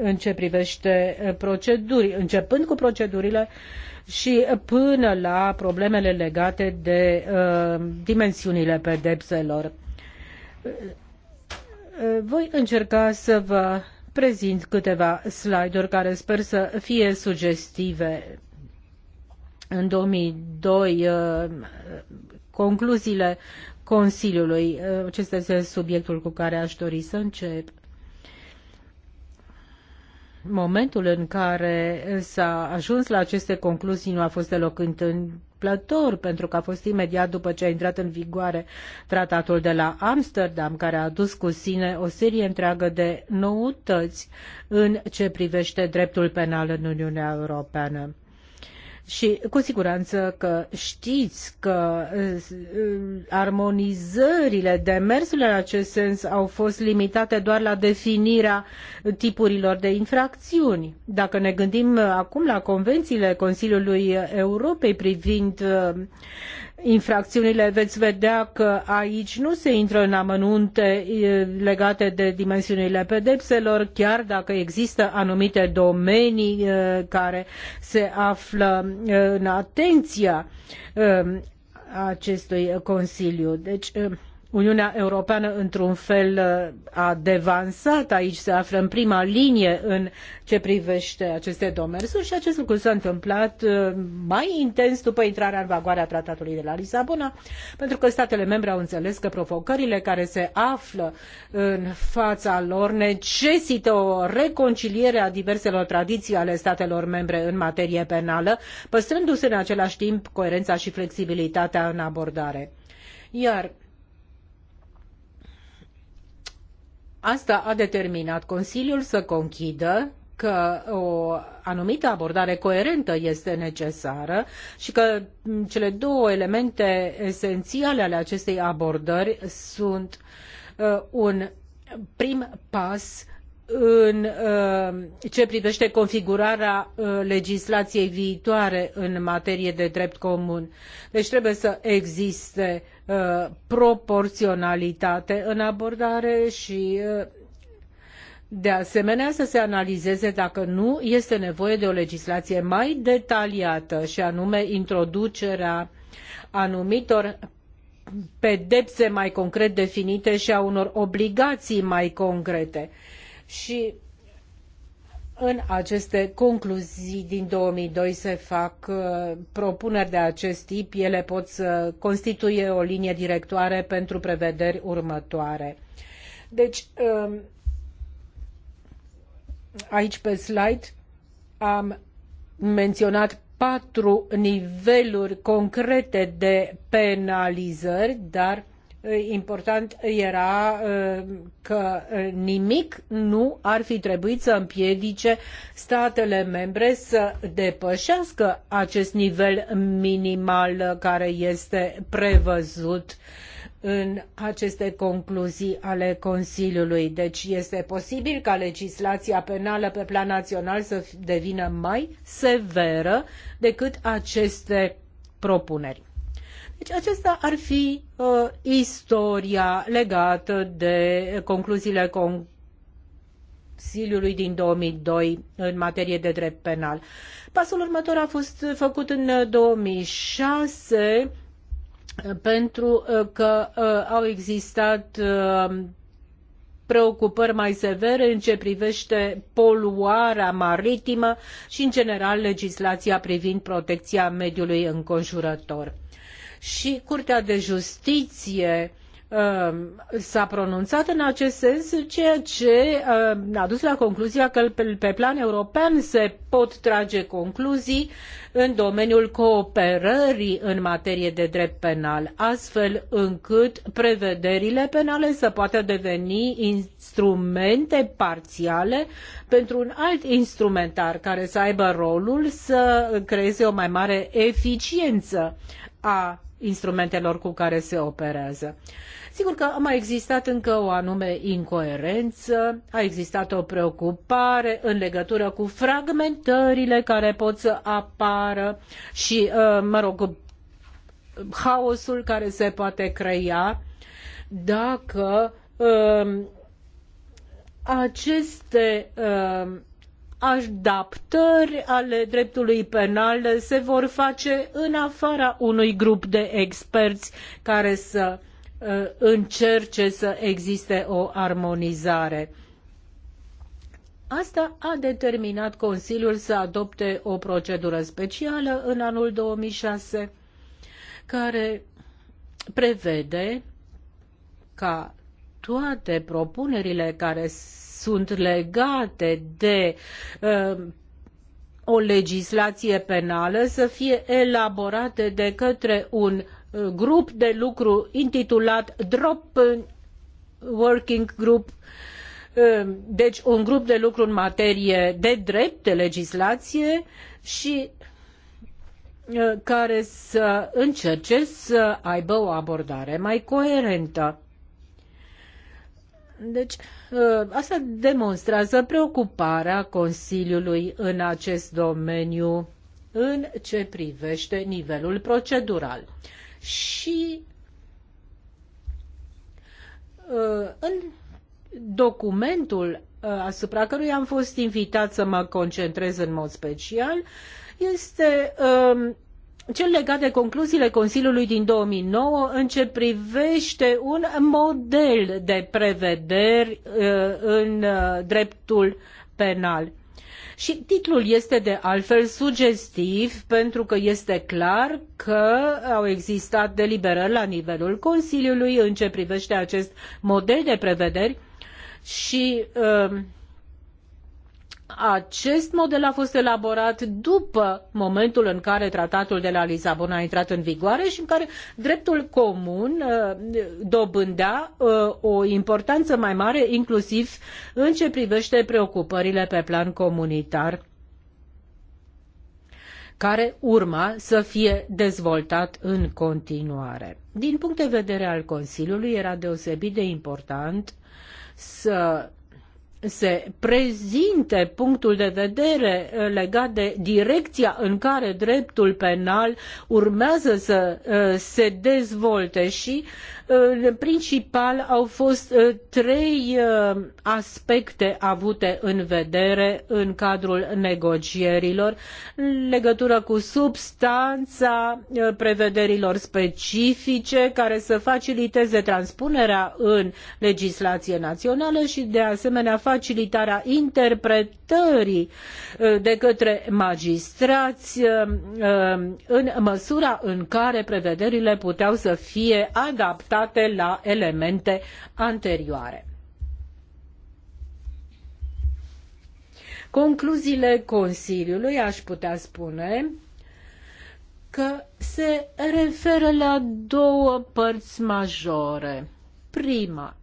în ce privește proceduri, începând cu procedurile și până la problemele legate de dimensiunile pedepselor. voi încerca să vă prezint câteva slide-uri care sper să fie sugestive. În 2002, uh, concluziile Consiliului, uh, acesta este subiectul cu care aș dori să încep momentul în care s-a ajuns la aceste concluzii nu a fost deloc întâmplător, pentru că a fost imediat după ce a intrat în vigoare tratatul de la Amsterdam, care a adus cu sine o serie întreagă de noutăți în ce privește dreptul penal în Uniunea Europeană. Și cu siguranță că știți că uh, uh, armonizările, demersurile în acest sens au fost limitate doar la definirea tipurilor de infracțiuni. Dacă ne gândim uh, acum la convențiile Consiliului Europei privind infracțiunile veți vedea că aici nu se intră în amănunte legate de dimensiunile pedepselor, chiar dacă există anumite domenii care se află în atenția acestui Consiliu. Deci, Uniunea Europeană, într-un fel, uh, a devansat aici, se află în prima linie în ce privește aceste demersuri și acest lucru s-a întâmplat uh, mai intens după intrarea în vagoare a Tratatului de la Lisabona, pentru că statele membre au înțeles că provocările care se află în fața lor necesită o reconciliere a diverselor tradiții ale statelor membre în materie penală, păstrându-se în același timp coerența și flexibilitatea în abordare. Iar Asta a determinat Consiliul să conchidă că o anumită abordare coerentă este necesară și că cele două elemente esențiale ale acestei abordări sunt uh, un prim pas în uh, ce privește configurarea uh, legislației viitoare în materie de drept comun. Deci trebuie să existe uh, Uh, proporționalitate în abordare și uh, de asemenea să se analizeze dacă nu este nevoie de o legislație mai detaliată și anume introducerea anumitor pedepse mai concret definite și a unor obligații mai concrete. Și în aceste concluzii din 2002 se fac uh, propuneri de acest tip. Ele pot să constituie o linie directoare pentru prevederi următoare. Deci, um, aici pe slide am menționat patru niveluri concrete de penalizări, dar important era uh, că uh, nimic nu ar fi trebuit să împiedice statele membre să depășească acest nivel minimal care este prevăzut în aceste concluzii ale Consiliului. Deci este posibil ca legislația penală pe plan național să devină mai severă decât aceste propuneri. Deci acesta ar fi uh, istoria legată de concluziile Consiliului din 2002 în materie de drept penal. Pasul următor a fost făcut în 2006 uh, uh, pentru uh, că uh, au existat uh, preocupări mai severe în ce privește poluarea maritimă și, în general, legislația privind protecția mediului înconjurător și Curtea de Justiție um, s-a pronunțat în acest sens, ceea ce um, a dus la concluzia că pe plan european se pot trage concluzii în domeniul cooperării în materie de drept penal, astfel încât prevederile penale să poată deveni instrumente parțiale pentru un alt instrumentar care să aibă rolul să creeze o mai mare eficiență a instrumentelor cu care se operează. Sigur că a mai existat încă o anume incoerență, a existat o preocupare în legătură cu fragmentările care pot să apară și, uh, mă rog, haosul care se poate crea dacă uh, aceste uh, adaptări ale dreptului penal se vor face în afara unui grup de experți care să uh, încerce să existe o armonizare. Asta a determinat Consiliul să adopte o procedură specială în anul 2006 care prevede ca toate propunerile care sunt legate de uh, o legislație penală să fie elaborate de către un uh, grup de lucru intitulat Drop Working Group um, deci un grup de lucru în materie de drept, de legislație și uh, care să încerce să aibă o abordare mai coerentă. Deci, uh, asta demonstrează preocuparea Consiliului în acest domeniu în ce privește nivelul procedural. Și uh, în documentul uh, asupra căruia am fost invitat să mă concentrez în mod special este um, cel legat de concluziile Consiliului din 2009 în ce privește un model de prevederi uh, în uh, dreptul penal. Și titlul este de altfel sugestiv pentru că este clar că au existat deliberări la nivelul Consiliului în ce privește acest model de prevederi și uh, acest model a fost elaborat după momentul în care tratatul de la Lisabona a intrat în vigoare și în care dreptul comun uh, dobândea uh, o importanță mai mare, inclusiv în ce privește preocupările pe plan comunitar care urma să fie dezvoltat în continuare. Din punct de vedere al Consiliului, era deosebit de important să se prezinte punctul de vedere uh, legat de direcția în care dreptul penal urmează să uh, se dezvolte și în principal au fost ă, trei ă, aspecte avute în vedere în cadrul negocierilor în legătură cu substanța ă, prevederilor specifice care să faciliteze transpunerea în legislație națională și de asemenea facilitarea interpretării de către magistrați în măsura în care prevederile puteau să fie adaptate raportate la elemente anterioare. Concluziile Consiliului, aș putea spune, că se referă la două părți majore. Prima,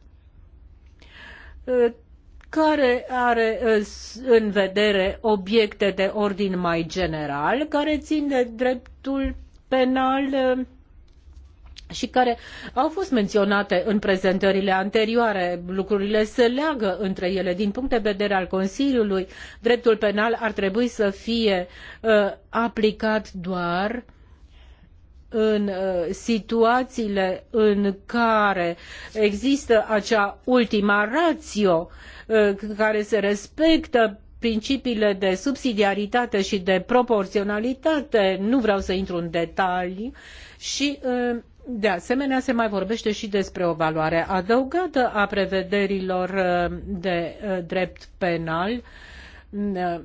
care are uh, în vedere obiecte de ordin mai general, care țin de dreptul penal uh, și care au fost menționate în prezentările anterioare. Lucrurile se leagă între ele. Din punct de vedere al Consiliului, dreptul penal ar trebui să fie uh, aplicat doar în uh, situațiile în care există acea ultima ratio uh, care se respectă principiile de subsidiaritate și de proporționalitate, nu vreau să intru în detalii, și uh, de asemenea, se mai vorbește și despre o valoare adăugată a prevederilor uh, de uh, drept penal mm, uh,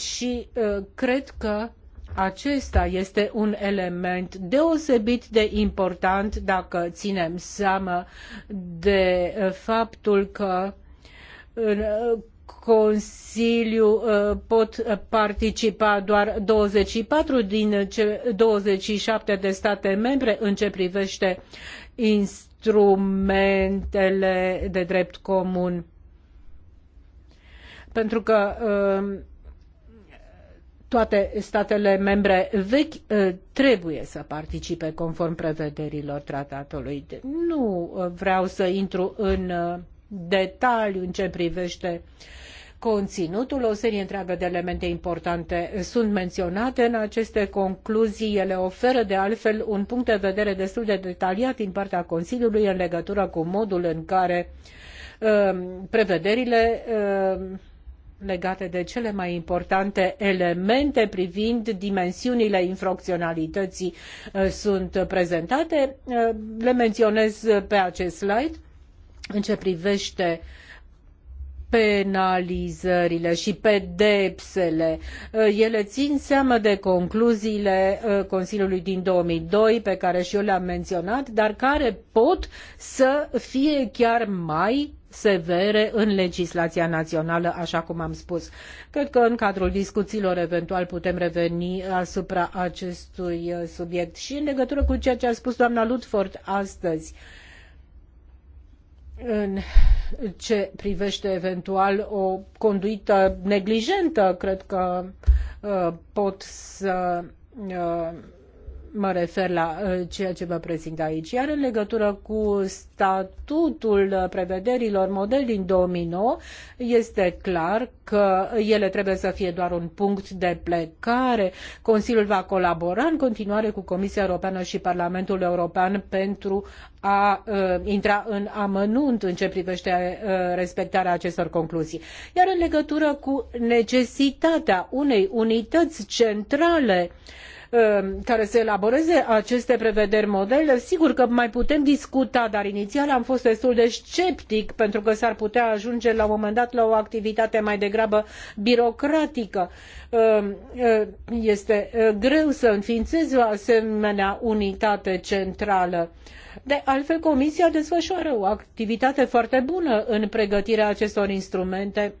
și cred că acesta este un element deosebit de important dacă ținem seama de faptul că Consiliu uh, pot participa doar 24 din 27 de state membre în ce privește instrumentele de drept comun. Pentru că uh, toate statele membre vechi uh, trebuie să participe conform prevederilor tratatului. Nu vreau să intru în detaliu în ce privește conținutul. O serie întreagă de elemente importante sunt menționate în aceste concluzii. Ele oferă, de altfel, un punct de vedere destul de detaliat din partea Consiliului în legătură cu modul în care um, prevederile um, legate de cele mai importante elemente privind dimensiunile infracționalității uh, sunt prezentate. Uh, le menționez pe acest slide în ce privește penalizările și pedepsele. Eh, ele in seama de concluziile eh, Consiliului din 2002, pe care și eu le-am menționat, dar care pot să fie chiar mai severe în legislația națională, așa cum am spus. Cred că în cadrul discuțiilor eventual putem reveni asupra acestui eh, subiect și în legătură cu ceea ce a spus doamna Ludford astăzi. Uh, în ce privește eventual o conduită neglijentă, cred că uh, pot să uh, mă refer la uh, ceea ce vă prezint aici. Iar în legătură cu statutul uh, prevederilor model din 2009, este clar că ele trebuie să fie doar un punct de plecare. Consiliul va colabora în continuare cu Comisia Europeană și Parlamentul European pentru a uh, intra în amănunt în ce privește uh, respectarea acestor concluzii. Iar în legătură cu necesitatea unei unități centrale uh, Uh, care să elaboreze aceste prevederi modele. Sigur că mai putem discuta, dar inițial am fost destul de sceptic pentru că s-ar putea ajunge la un moment dat la o activitate mai degrabă birocratică. Uh, uh, este greu să înființezi o asemenea unitate centrală. De altfel, Comisia desfășoară o activitate foarte bună în pregătirea acestor instrumente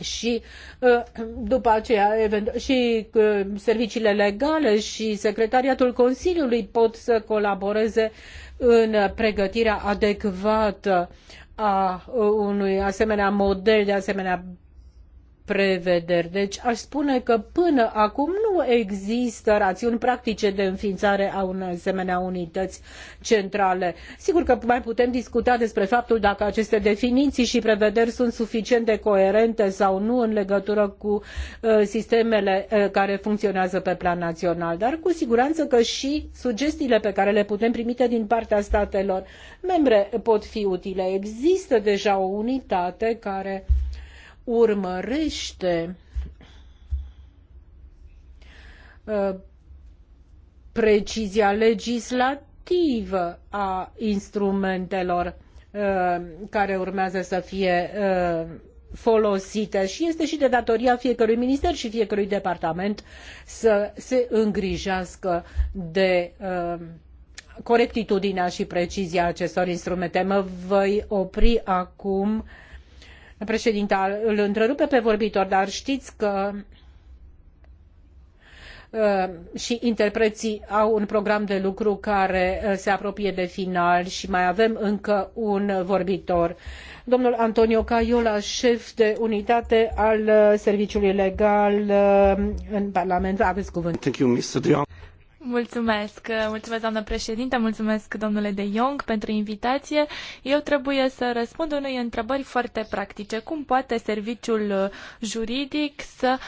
și uh, după aceea și uh, serviciile legale și secretariatul Consiliului pot să colaboreze în pregătirea adecvată a uh, unui asemenea model, de asemenea prevederi. Deci aș spune că până acum nu există rațiuni practice de înființare a unei asemenea unități centrale. Sigur că mai putem discuta despre faptul dacă aceste definiții și prevederi sunt suficient de coerente sau nu în legătură cu uh, sistemele uh, care funcționează pe plan național, dar cu siguranță că și sugestiile pe care le putem primite din partea statelor membre pot fi utile. Există deja o unitate care urmărește uh, precizia legislativă a instrumentelor uh, care urmează să fie uh, folosite și este și de datoria fiecărui minister și fiecărui departament să se îngrijească de corectitudinea și precizia acestor instrumente. Mă voi opri acum uh, Președinta îl întrerupe pe vorbitor, dar știți că uh, și interpreții au un program de lucru care uh, se apropie de final și mai avem încă un vorbitor. Domnul Antonio Caiola, șef de unitate al uh, Serviciului Legal în Parlament, aveți cuvânt. Mulțumesc, mulțumesc doamnă președinte, mulțumesc domnule de Jong pentru invitație. Eu trebuie să răspund unei întrebări foarte practice. Cum poate serviciul juridic să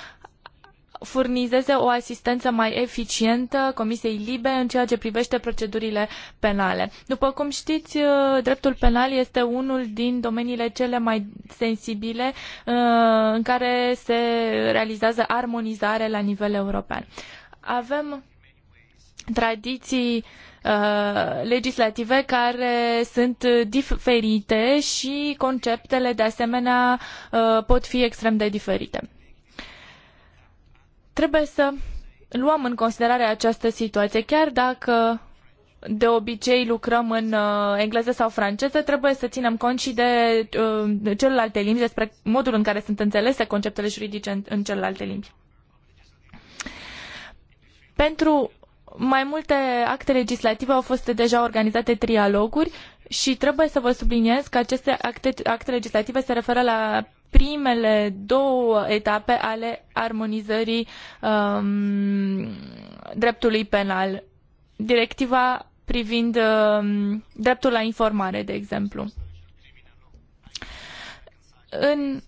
furnizeze o asistență mai eficientă Comisiei Libe în ceea ce privește procedurile penale. După cum știți, dreptul penal este unul din domeniile cele mai sensibile uh, în care se realizează armonizare la nivel european. Avem tradiții uh, legislative care sunt diferite și conceptele de asemenea uh, pot fi extrem de diferite. Trebuie să luăm în considerare această situație, chiar dacă de obicei lucrăm în uh, engleză sau franceză, trebuie să ținem cont și de uh, celelalte limbi, despre modul în care sunt înțelese conceptele juridice în, în celelalte limbi. Pentru mai multe acte legislative au fost deja organizate trialoguri și trebuie să vă subliniez că aceste acte, acte legislative se referă la primele două etape ale armonizării um, dreptului penal. Directiva privind um, dreptul la informare, de exemplu. În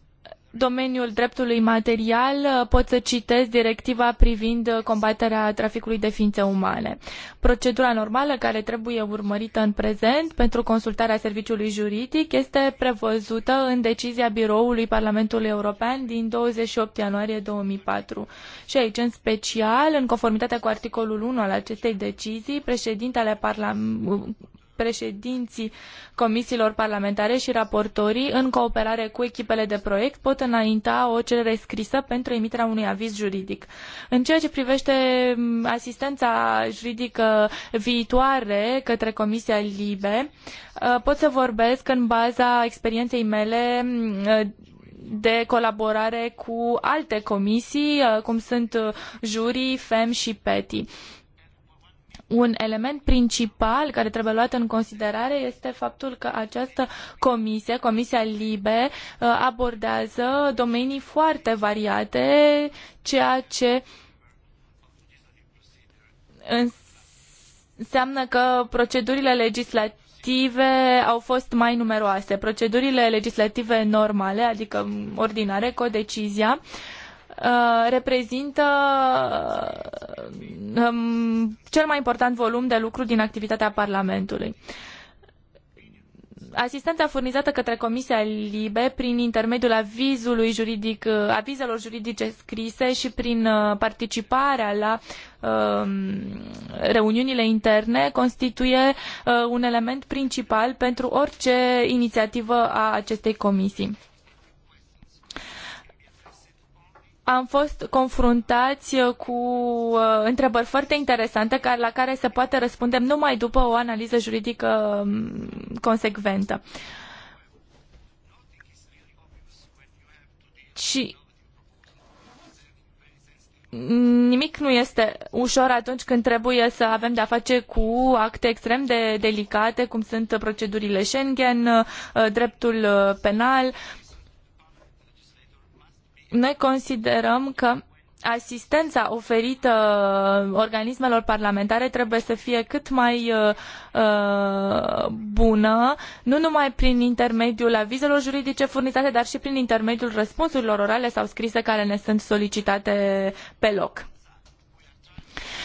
domeniul dreptului material uh, pot să citez directiva privind uh, combaterea traficului de ființe umane. Procedura normală care trebuie urmărită în prezent pentru consultarea serviciului juridic este prevăzută în decizia biroului Parlamentului European din 28 ianuarie 2004. Și aici, în special, în conformitate cu articolul 1 al acestei decizii, președintele Parlamentului președinții comisiilor parlamentare și raportorii, în cooperare cu echipele de proiect, pot înainta o cerere scrisă pentru emiterea unui aviz juridic. În ceea ce privește mm, asistența juridică viitoare către Comisia Libe, uh, pot să vorbesc în baza experienței mele mm, uh, de colaborare cu alte comisii, uh, cum sunt juri, FEM și PETI un element principal care trebuie luat în considerare este faptul că această comisie, Comisia Libe, uh, abordează domenii foarte variate, ceea ce înseamnă că procedurile legislative au fost mai numeroase. Procedurile legislative normale, adică ordinare, codecizia, uh, Uh, reprezintă uh, um, cel mai important volum de lucru din activitatea Parlamentului. Asistența furnizată către Comisia Libe prin intermediul avizului juridic, uh, avizelor juridice scrise și prin participarea la um, reuniunile interne constituie uh, un element principal pentru orice inițiativă a acestei comisii. am fost confruntați uh, cu uh, întrebări foarte interesante la care se poate răspunde numai după o analiză juridică um, consecventă. Și nimic nu este ușor atunci când trebuie să avem de-a face cu acte extrem de delicate, cum sunt procedurile Schengen, uh, dreptul penal noi considerăm că asistența oferită uh, organismelor parlamentare trebuie să fie cât mai uh, uh, bună, nu numai prin intermediul avizelor juridice furnizate, dar și prin intermediul răspunsurilor orale sau scrise care ne sunt solicitate pe loc.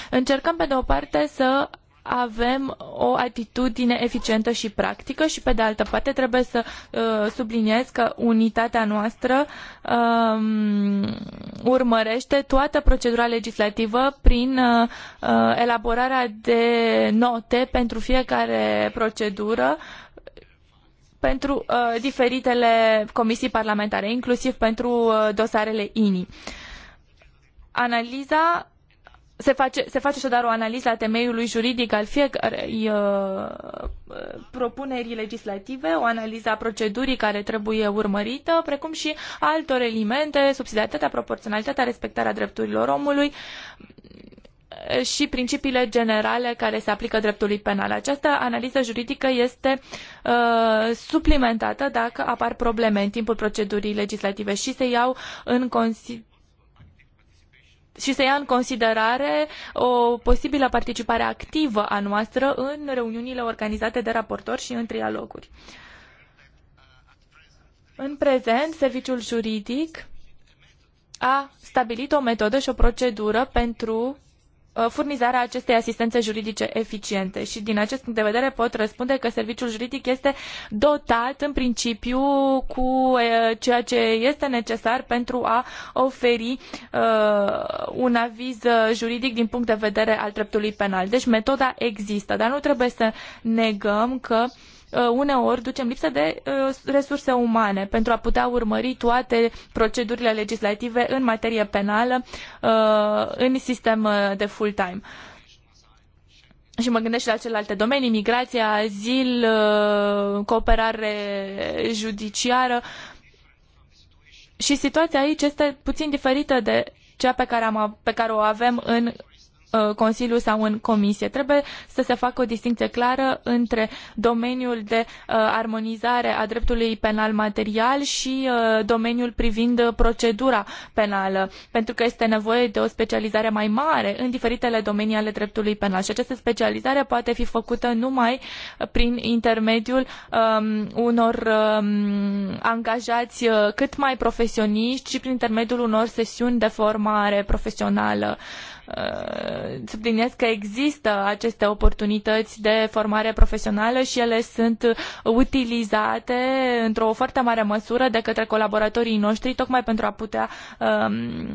Încercăm, pe de o parte, să avem o atitudine eficientă și practică și pe de altă parte trebuie să uh, subliniez că unitatea noastră uh, urmărește toată procedura legislativă prin uh, uh, elaborarea de note pentru fiecare procedură pentru uh, diferitele comisii parlamentare, inclusiv pentru uh, dosarele INI. Analiza se face, se face așadar o analiză a temeiului juridic al fiecărei uh, legislative, o analiză a procedurii care trebuie urmărită, precum și altor elemente, subsidiaritatea, proporționalitatea, respectarea drepturilor omului și principiile generale care se aplică dreptului penal. Această analiză juridică este uh, suplimentată dacă apar probleme în timpul procedurii legislative și se iau în considerare și să ia în considerare o posibilă participare activă a noastră în reuniunile organizate de raportori și în trialoguri. În prezent, serviciul juridic a stabilit o metodă și o procedură pentru Uh, furnizarea acestei asistențe juridice eficiente și din acest punct de vedere pot răspunde că serviciul juridic este dotat în principiu cu uh, ceea ce este necesar pentru a oferi uh, un aviz juridic din punct de vedere al dreptului penal. Deci metoda există, dar nu trebuie să negăm că uh, Uh, uneori ducem lipsă de uh, resurse umane pentru a putea urmări toate procedurile legislative în materie penală uh, în sistem de full-time. Și mă gândesc și la celelalte domenii, migrație, azil, cooperare judiciară. Și situația aici este puțin diferită de cea pe care, am, pe care o avem în Uh, Consiliu sau în Comisie. Trebuie să se facă o distinție clară între domeniul de uh, armonizare a dreptului penal material și uh, domeniul privind procedura penală, pentru că este nevoie de o specializare mai mare în diferitele domenii ale dreptului penal și această specializare poate fi făcută numai prin intermediul um, unor um, angajați cât mai profesioniști și prin intermediul unor sesiuni de formare profesională. Uh, Uh, subliniez că există aceste oportunități de formare profesională și ele sunt utilizate într-o foarte mare măsură de către colaboratorii noștri, tocmai pentru a putea um,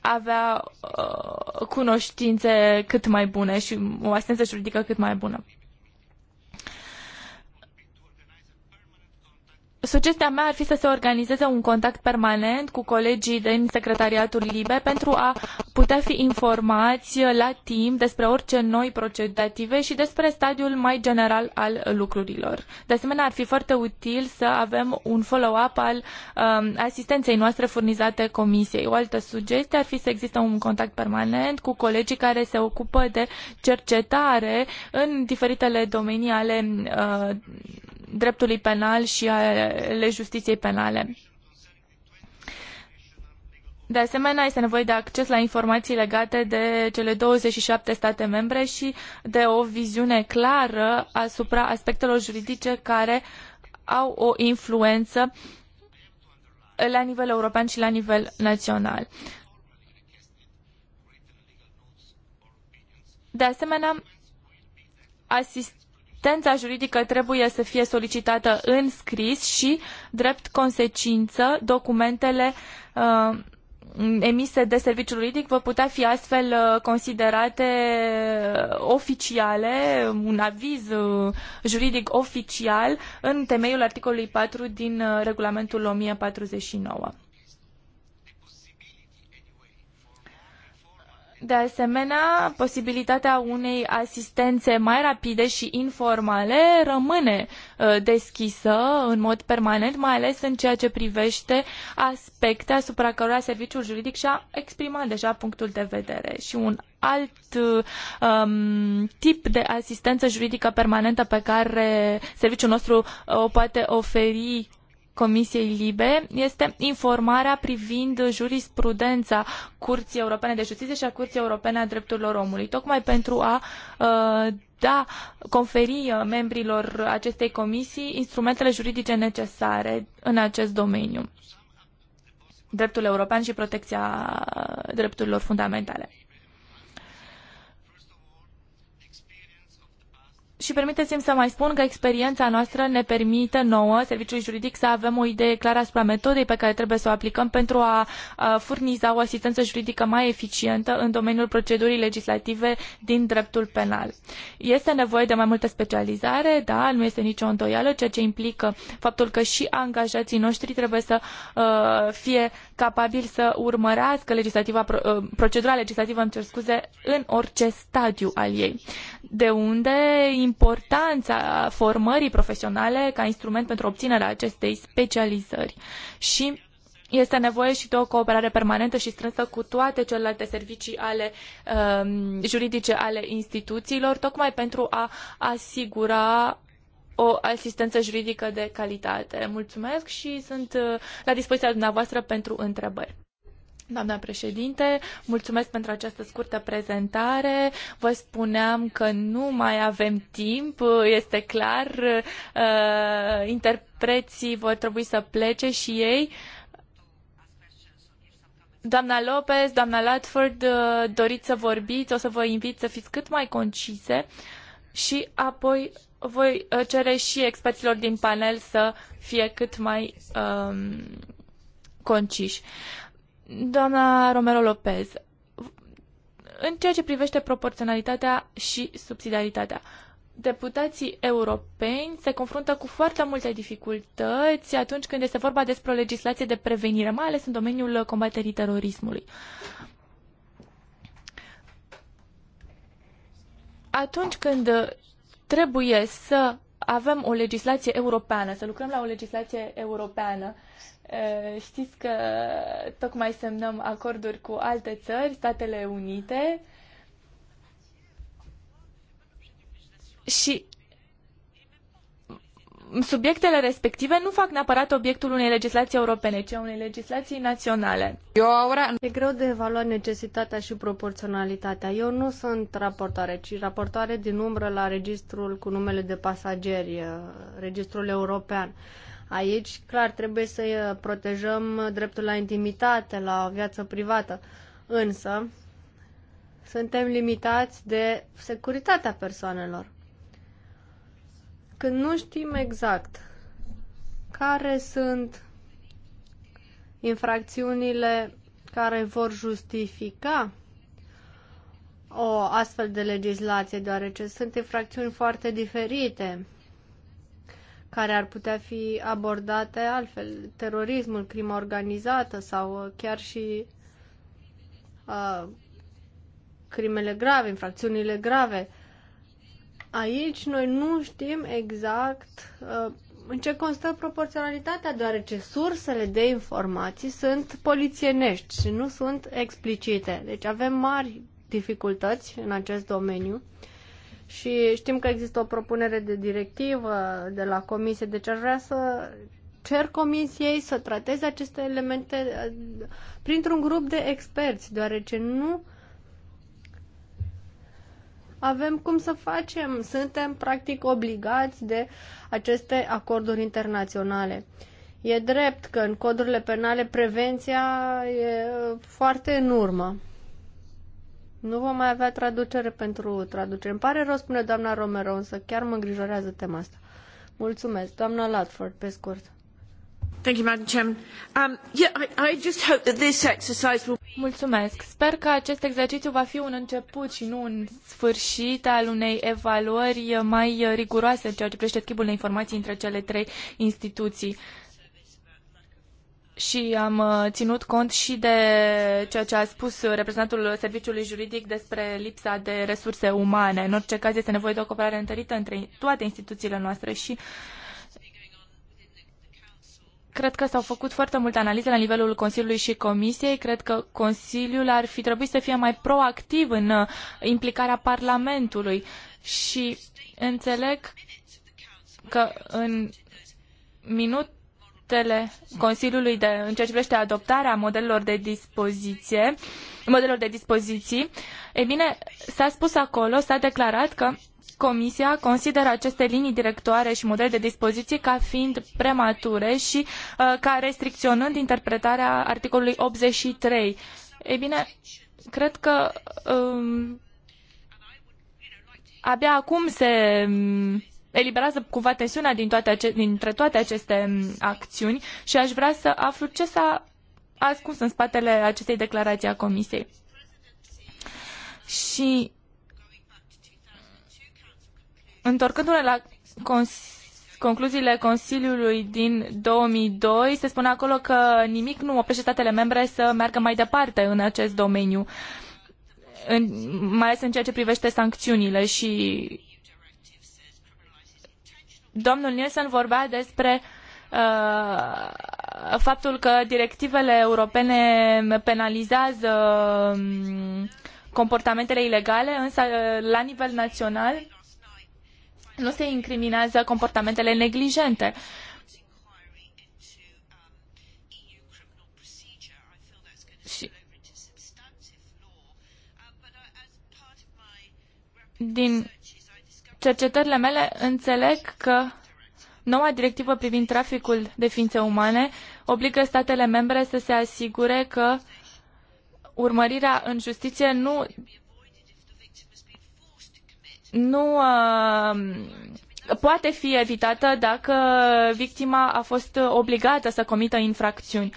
avea uh, cunoștințe cât mai bune și o asistență juridică cât mai bună. Sugestia mea ar fi să se organizeze un contact permanent cu colegii din secretariatul LIBE pentru a putea fi informați la timp despre orice noi procedative și despre stadiul mai general al lucrurilor. De asemenea, ar fi foarte util să avem un follow-up al um, asistenței noastre furnizate comisiei. O altă sugestie ar fi să existe un contact permanent cu colegii care se ocupă de cercetare în diferitele domenii ale uh, dreptului penal și ale justiției penale. De asemenea, este nevoie de acces la informații legate de cele 27 state membre și de o viziune clară asupra aspectelor juridice care au o influență la nivel european și la nivel național. De asemenea, asist Asistența juridică trebuie să fie solicitată în scris și, drept consecință, documentele uh, emise de serviciul juridic vor putea fi astfel uh, considerate uh, oficiale, un aviz uh, juridic oficial în temeiul articolului 4 din regulamentul 1049. de asemenea, posibilitatea unei asistențe mai rapide și informale rămâne uh, deschisă în mod permanent, mai ales în ceea ce privește aspecte asupra cărora serviciul juridic și-a exprimat deja punctul de vedere. Și un alt uh, um, tip de asistență juridică permanentă pe care serviciul nostru uh, o poate oferi Comisiei Libe este informarea privind jurisprudența Curții Europene de Justiție și a Curții Europene a Drepturilor Omului, tocmai pentru a uh, da, conferi uh, membrilor acestei comisii instrumentele juridice necesare în acest domeniu. Dreptul european și protecția uh, drepturilor fundamentale. Și permiteți-mi să mai spun că experiența noastră ne permite nouă, serviciul juridic, să avem o idee clară asupra metodei pe care trebuie să o aplicăm pentru a, a furniza o asistență juridică mai eficientă în domeniul procedurii legislative din dreptul penal. Este nevoie de mai multă specializare, da, nu este nicio îndoială, ceea ce implică faptul că și angajații noștri trebuie să uh, fie capabili să urmărească legislativa, uh, procedura legislativă, îmi cer scuze, în orice stadiu al ei. De unde importanța formării profesionale ca instrument pentru obținerea acestei specializări și este nevoie și de o cooperare permanentă și strânsă cu toate celelalte servicii ale, um, juridice ale instituțiilor, tocmai pentru a asigura o asistență juridică de calitate. Mulțumesc și sunt uh, la dispoziția dumneavoastră pentru întrebări. Doamna președinte, mulțumesc pentru această scurtă prezentare. Vă spuneam că nu mai avem timp, este clar. Uh, interpreții vor trebui să plece și ei. Doamna Lopez, doamna Latford, uh, doriți să vorbiți, o să vă invit să fiți cât mai concise și apoi voi uh, cere și experților din panel să fie cât mai um, conciși. Doamna Romero Lopez, în ceea ce privește proporționalitatea și subsidiaritatea, deputații europeni se confruntă cu foarte multe dificultăți atunci când este vorba despre o legislație de prevenire, mai ales în domeniul combaterii terorismului. Atunci când trebuie să avem o legislație europeană, să lucrăm la o legislație europeană, Eh, știți că tocmai semnăm acorduri cu alte țări, Statele Unite. Și subiectele respective nu fac neapărat obiectul unei legislații europene, ci a unei legislații naționale. Eu, Aura... E greu de evaluat necesitatea și proporționalitatea. Eu nu sunt raportoare, ci raportoare din umbră la registrul cu numele de pasageri, eh, registrul european. Aici, clar, trebuie să eh, protejăm dreptul la intimitate, la viață privată, însă suntem limitați de securitatea persoanelor. Când nu știm exact care sunt infracțiunile care vor justifica o astfel de legislație, deoarece sunt infracțiuni foarte diferite care ar putea fi abordate altfel. Terorismul, crima organizată sau uh, chiar și uh, crimele grave, infracțiunile grave. Aici noi nu știm exact uh, în ce constă proporționalitatea, deoarece sursele de informații sunt polițienești și nu sunt explicite. Deci avem mari dificultăți în acest domeniu. Și știm că există o propunere de directivă de la comisie, deci aș vrea să cer comisiei să trateze aceste elemente uh, printr-un grup de experți, deoarece nu avem cum să facem. Suntem practic obligați de aceste acorduri internaționale. E drept că în codurile penale prevenția e foarte în urmă. Nu vom mai avea traducere pentru traducere. Îmi pare rău, spune doamna Romero, însă chiar mă îngrijorează tema asta. Mulțumesc. Doamna Latford, pe scurt. Thank you, Madam Chairman. Um, yeah, I, I just hope that this exercise will... Mulțumesc. Sper că acest exercițiu va fi un început și nu un sfârșit al unei evaluări mai riguroase în ceea ce privește schimbul de informații între cele trei instituții și am uh, ținut cont și de ceea ce a spus reprezentantul serviciului juridic despre lipsa de resurse umane. În orice caz este nevoie de o cooperare întărită între toate instituțiile noastre și Cred că s-au făcut foarte multe analize la nivelul Consiliului și Comisiei. Cred că Consiliul ar fi trebuit să fie mai proactiv în uh, implicarea Parlamentului și înțeleg că în minut rapoartele Consiliului de, în ceea ce privește adoptarea modelelor de dispoziție, modelelor de dispoziții, e bine, s-a spus acolo, s-a declarat că Comisia consideră aceste linii directoare și modele de dispoziție ca fiind premature și uh, ca restricționând interpretarea articolului 83. Ei bine, cred că um, abia acum se um, eliberează cumva tensiunea din toate ace- dintre toate aceste acțiuni și aș vrea să aflu ce s-a ascuns în spatele acestei declarații a Comisiei. Și întorcându-ne la cons- concluziile Consiliului din 2002, se spune acolo că nimic nu oprește statele membre să meargă mai departe în acest domeniu, în, mai ales în ceea ce privește sancțiunile și Domnul Nielsen vorbea despre uh, faptul că directivele europene penalizează um, comportamentele ilegale, însă uh, la nivel național nu se incriminează comportamentele neglijente. din cercetările mele înțeleg că noua directivă privind traficul de ființe umane obligă statele membre să se asigure că urmărirea în justiție nu nu uh, poate fi evitată dacă victima a fost obligată să comită infracțiuni.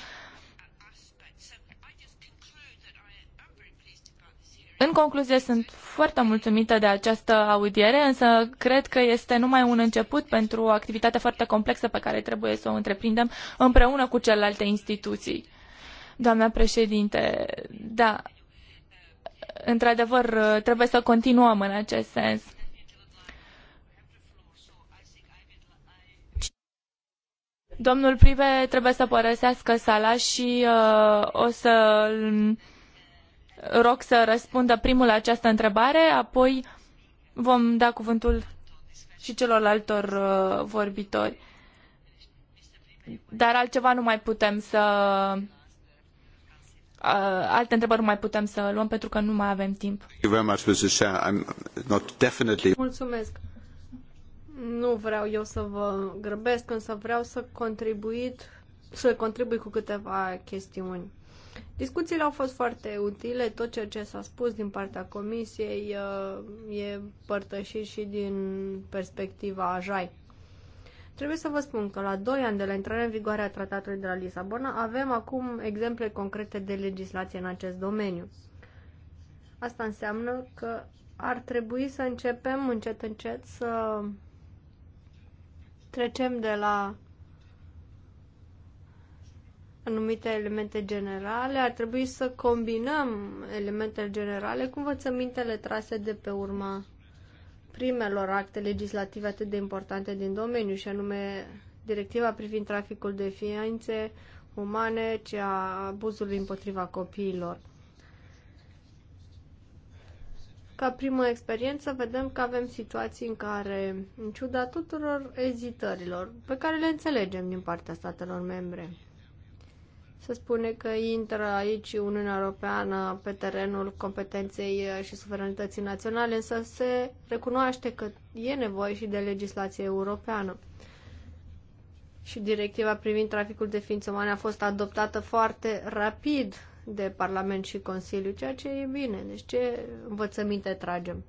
În concluzie, sunt foarte mulțumită de această audiere, însă cred că este numai un început pentru o activitate foarte complexă pe care trebuie să o întreprindem împreună cu celelalte instituții. Doamna președinte, da, într-adevăr, trebuie să continuăm în acest sens. Domnul Prive trebuie să părăsească sala și uh, o să rog să răspundă primul la această întrebare, apoi vom da cuvântul și celorlaltor uh, vorbitori. Dar altceva nu mai putem să... Uh, alte întrebări nu mai putem să luăm pentru că nu mai avem timp. Mulțumesc. Nu vreau eu să vă grăbesc, însă vreau să contribuit, să contribui cu câteva chestiuni. Discuțiile au fost foarte utile, tot ceea ce s-a spus din partea comisiei uh, e părtășit și din perspectiva JAI. Trebuie să vă spun că la 2 ani de la intrarea în vigoare a tratatului de la Lisabona avem acum exemple concrete de legislație în acest domeniu. Asta înseamnă că ar trebui să începem încet încet să trecem de la anumite elemente generale, ar trebui să combinăm elementele generale cu învățămintele trase de pe urma primelor acte legislative atât de importante din domeniu, și anume directiva privind traficul de ființe umane, cea abuzului împotriva copiilor. Ca primă experiență vedem că avem situații în care, în ciuda tuturor ezitărilor pe care le înțelegem din partea statelor membre, se spune că intră aici Uniunea Europeană pe terenul competenței uh, și suveranității naționale, însă se recunoaște că e nevoie și de legislație europeană. Și directiva privind traficul de ființe umane a fost adoptată foarte rapid de Parlament și Consiliu, ceea ce e bine. Deci ce învățăminte tragem?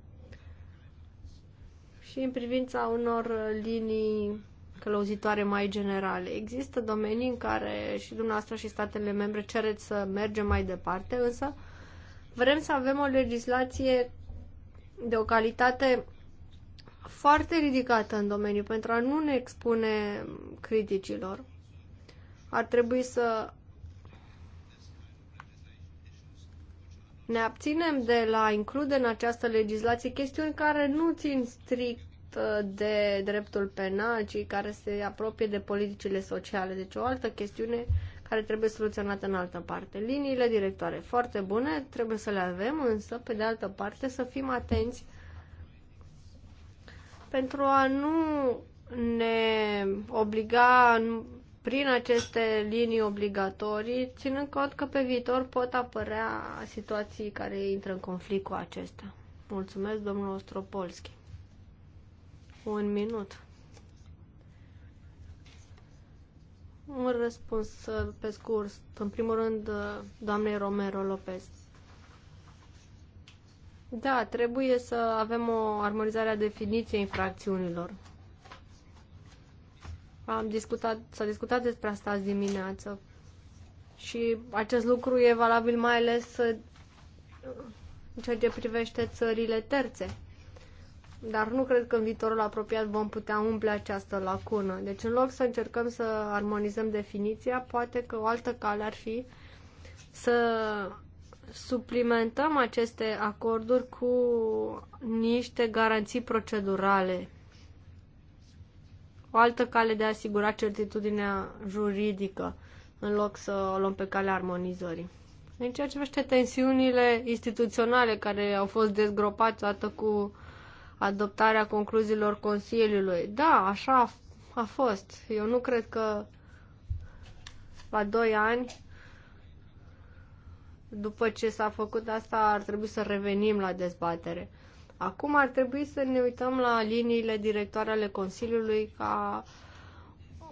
Și în privința unor uh, linii călăuzitoare mai generale. Există domenii în care și dumneavoastră și statele membre cereți să mergem mai departe, însă vrem să avem o legislație de o calitate foarte ridicată în domeniu pentru a nu ne expune criticilor. Ar trebui să ne abținem de la include în această legislație chestiuni care nu țin strict Uh, de dreptul penal, ci care se apropie de politicile sociale. Deci o altă chestiune care trebuie soluționată în altă parte. Liniile directoare foarte bune, trebuie să le avem, însă, pe de altă parte, să fim atenți pentru a nu ne obliga prin aceste linii obligatorii, ținând cont că pe viitor pot apărea situații care intră în conflict cu acestea. Mulțumesc, domnul Ostropolski un minut. Un răspuns uh, pe scurs. În primul rând, uh, doamnei Romero Lopez. Da, trebuie să avem o armonizare a definiției infracțiunilor. Am discutat, s-a discutat despre asta azi dimineață. Și acest lucru e valabil mai ales uh, în ceea ce privește țările terțe dar nu cred că în viitorul apropiat vom putea umple această lacună. Deci în loc să încercăm să armonizăm definiția, poate că o altă cale ar fi să suplimentăm aceste acorduri cu niște garanții procedurale. O altă cale de a asigura certitudinea juridică în loc să o luăm pe calea armonizării. În ceea ce tensiunile instituționale care au fost dezgropate odată cu adoptarea concluziilor Consiliului. Da, așa a fost. Eu nu cred că la doi ani după ce s-a făcut asta ar trebui să revenim la dezbatere. Acum ar trebui să ne uităm la liniile directoare ale Consiliului ca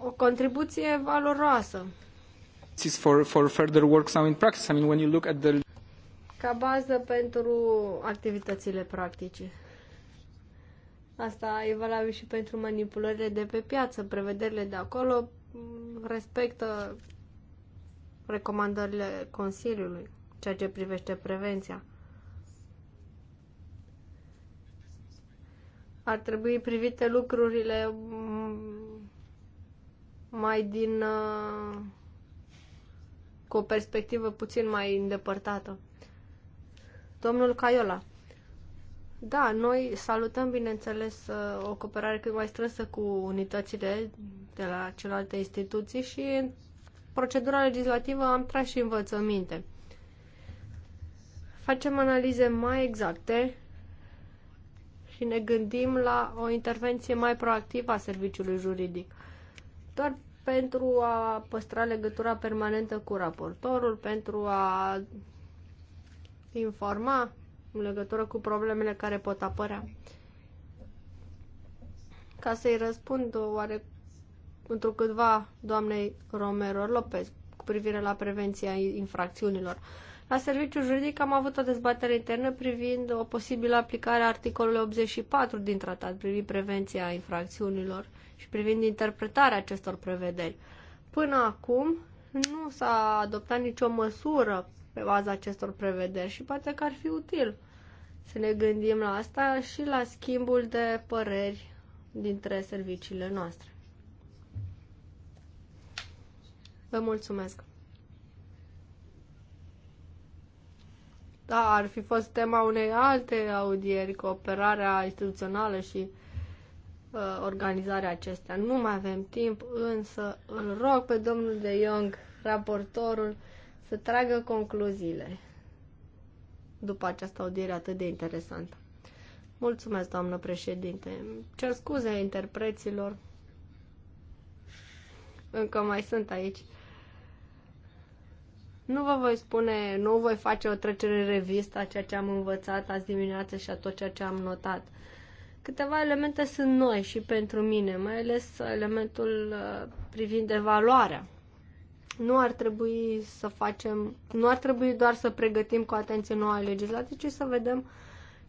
o contribuție valoroasă. For, for further work now in practice. I mean, when you look at the... Ca bază pentru activitățile practice. Asta e valabil și pentru manipulările de pe piață. Prevederile de acolo respectă recomandările Consiliului, ceea ce privește prevenția. Ar trebui privite lucrurile mm, mai din uh, cu o perspectivă puțin mai îndepărtată. Domnul Caiola. Da, noi salutăm, bineînțeles, uh, o cooperare cât mai strânsă cu unitățile de la celelalte instituții și în procedura legislativă am tras și învățăminte. Facem analize mai exacte și ne gândim la o intervenție mai proactivă a serviciului juridic. Doar pentru a păstra legătura permanentă cu raportorul, pentru a informa în legătură cu problemele care pot apărea. Ca să-i răspund oare câtva doamnei Romero Lopez cu privire la prevenția infracțiunilor. La serviciul juridic am avut o dezbatere internă privind o posibilă aplicare a articolului 84 din tratat privind prevenția infracțiunilor și privind interpretarea acestor prevederi. Până acum nu s-a adoptat nicio măsură pe baza acestor prevederi și poate că ar fi util să ne gândim la asta și la schimbul de păreri dintre serviciile noastre. Vă mulțumesc! Da, ar fi fost tema unei alte audieri, cooperarea instituțională și uh, organizarea acestea. Nu mai avem timp, însă îl rog pe domnul de Young, raportorul, să tragă concluziile după această audiere atât de interesantă. Mulțumesc, doamnă președinte. Cer scuze interpreților. Încă mai sunt aici. Nu vă voi spune, nu voi face o trecere în revistă a ceea ce am învățat azi dimineață și a tot ceea ce am notat. Câteva elemente sunt noi și pentru mine, mai ales elementul uh, privind evaluarea nu ar trebui să facem, nu ar trebui doar să pregătim cu atenție noua legislație, ci să vedem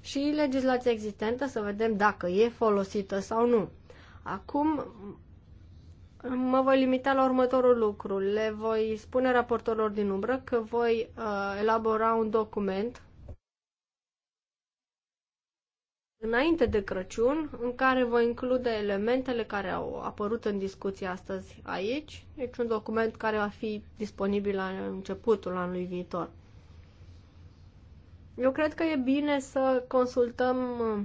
și legislația existentă, să vedem dacă e folosită sau nu. Acum mă voi limita la următorul lucru. Le voi spune raportorilor din umbră că voi uh, elabora un document înainte de Crăciun, în care voi include elementele care au apărut în discuție astăzi aici, deci un document care va fi disponibil la începutul anului viitor. Eu cred că e bine să consultăm uh,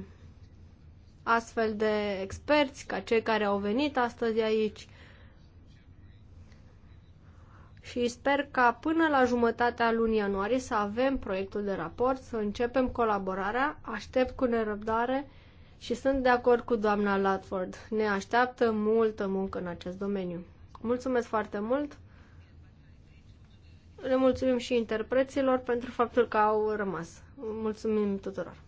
astfel de experți, ca cei care au venit astăzi aici, și sper ca până la jumătatea lunii ianuarie să avem proiectul de raport, să începem colaborarea. Aștept cu nerăbdare și sunt de acord cu doamna Latford. Ne așteaptă multă muncă în acest domeniu. Mulțumesc foarte mult! Le mulțumim și interpreților pentru faptul că au rămas. Mulțumim tuturor!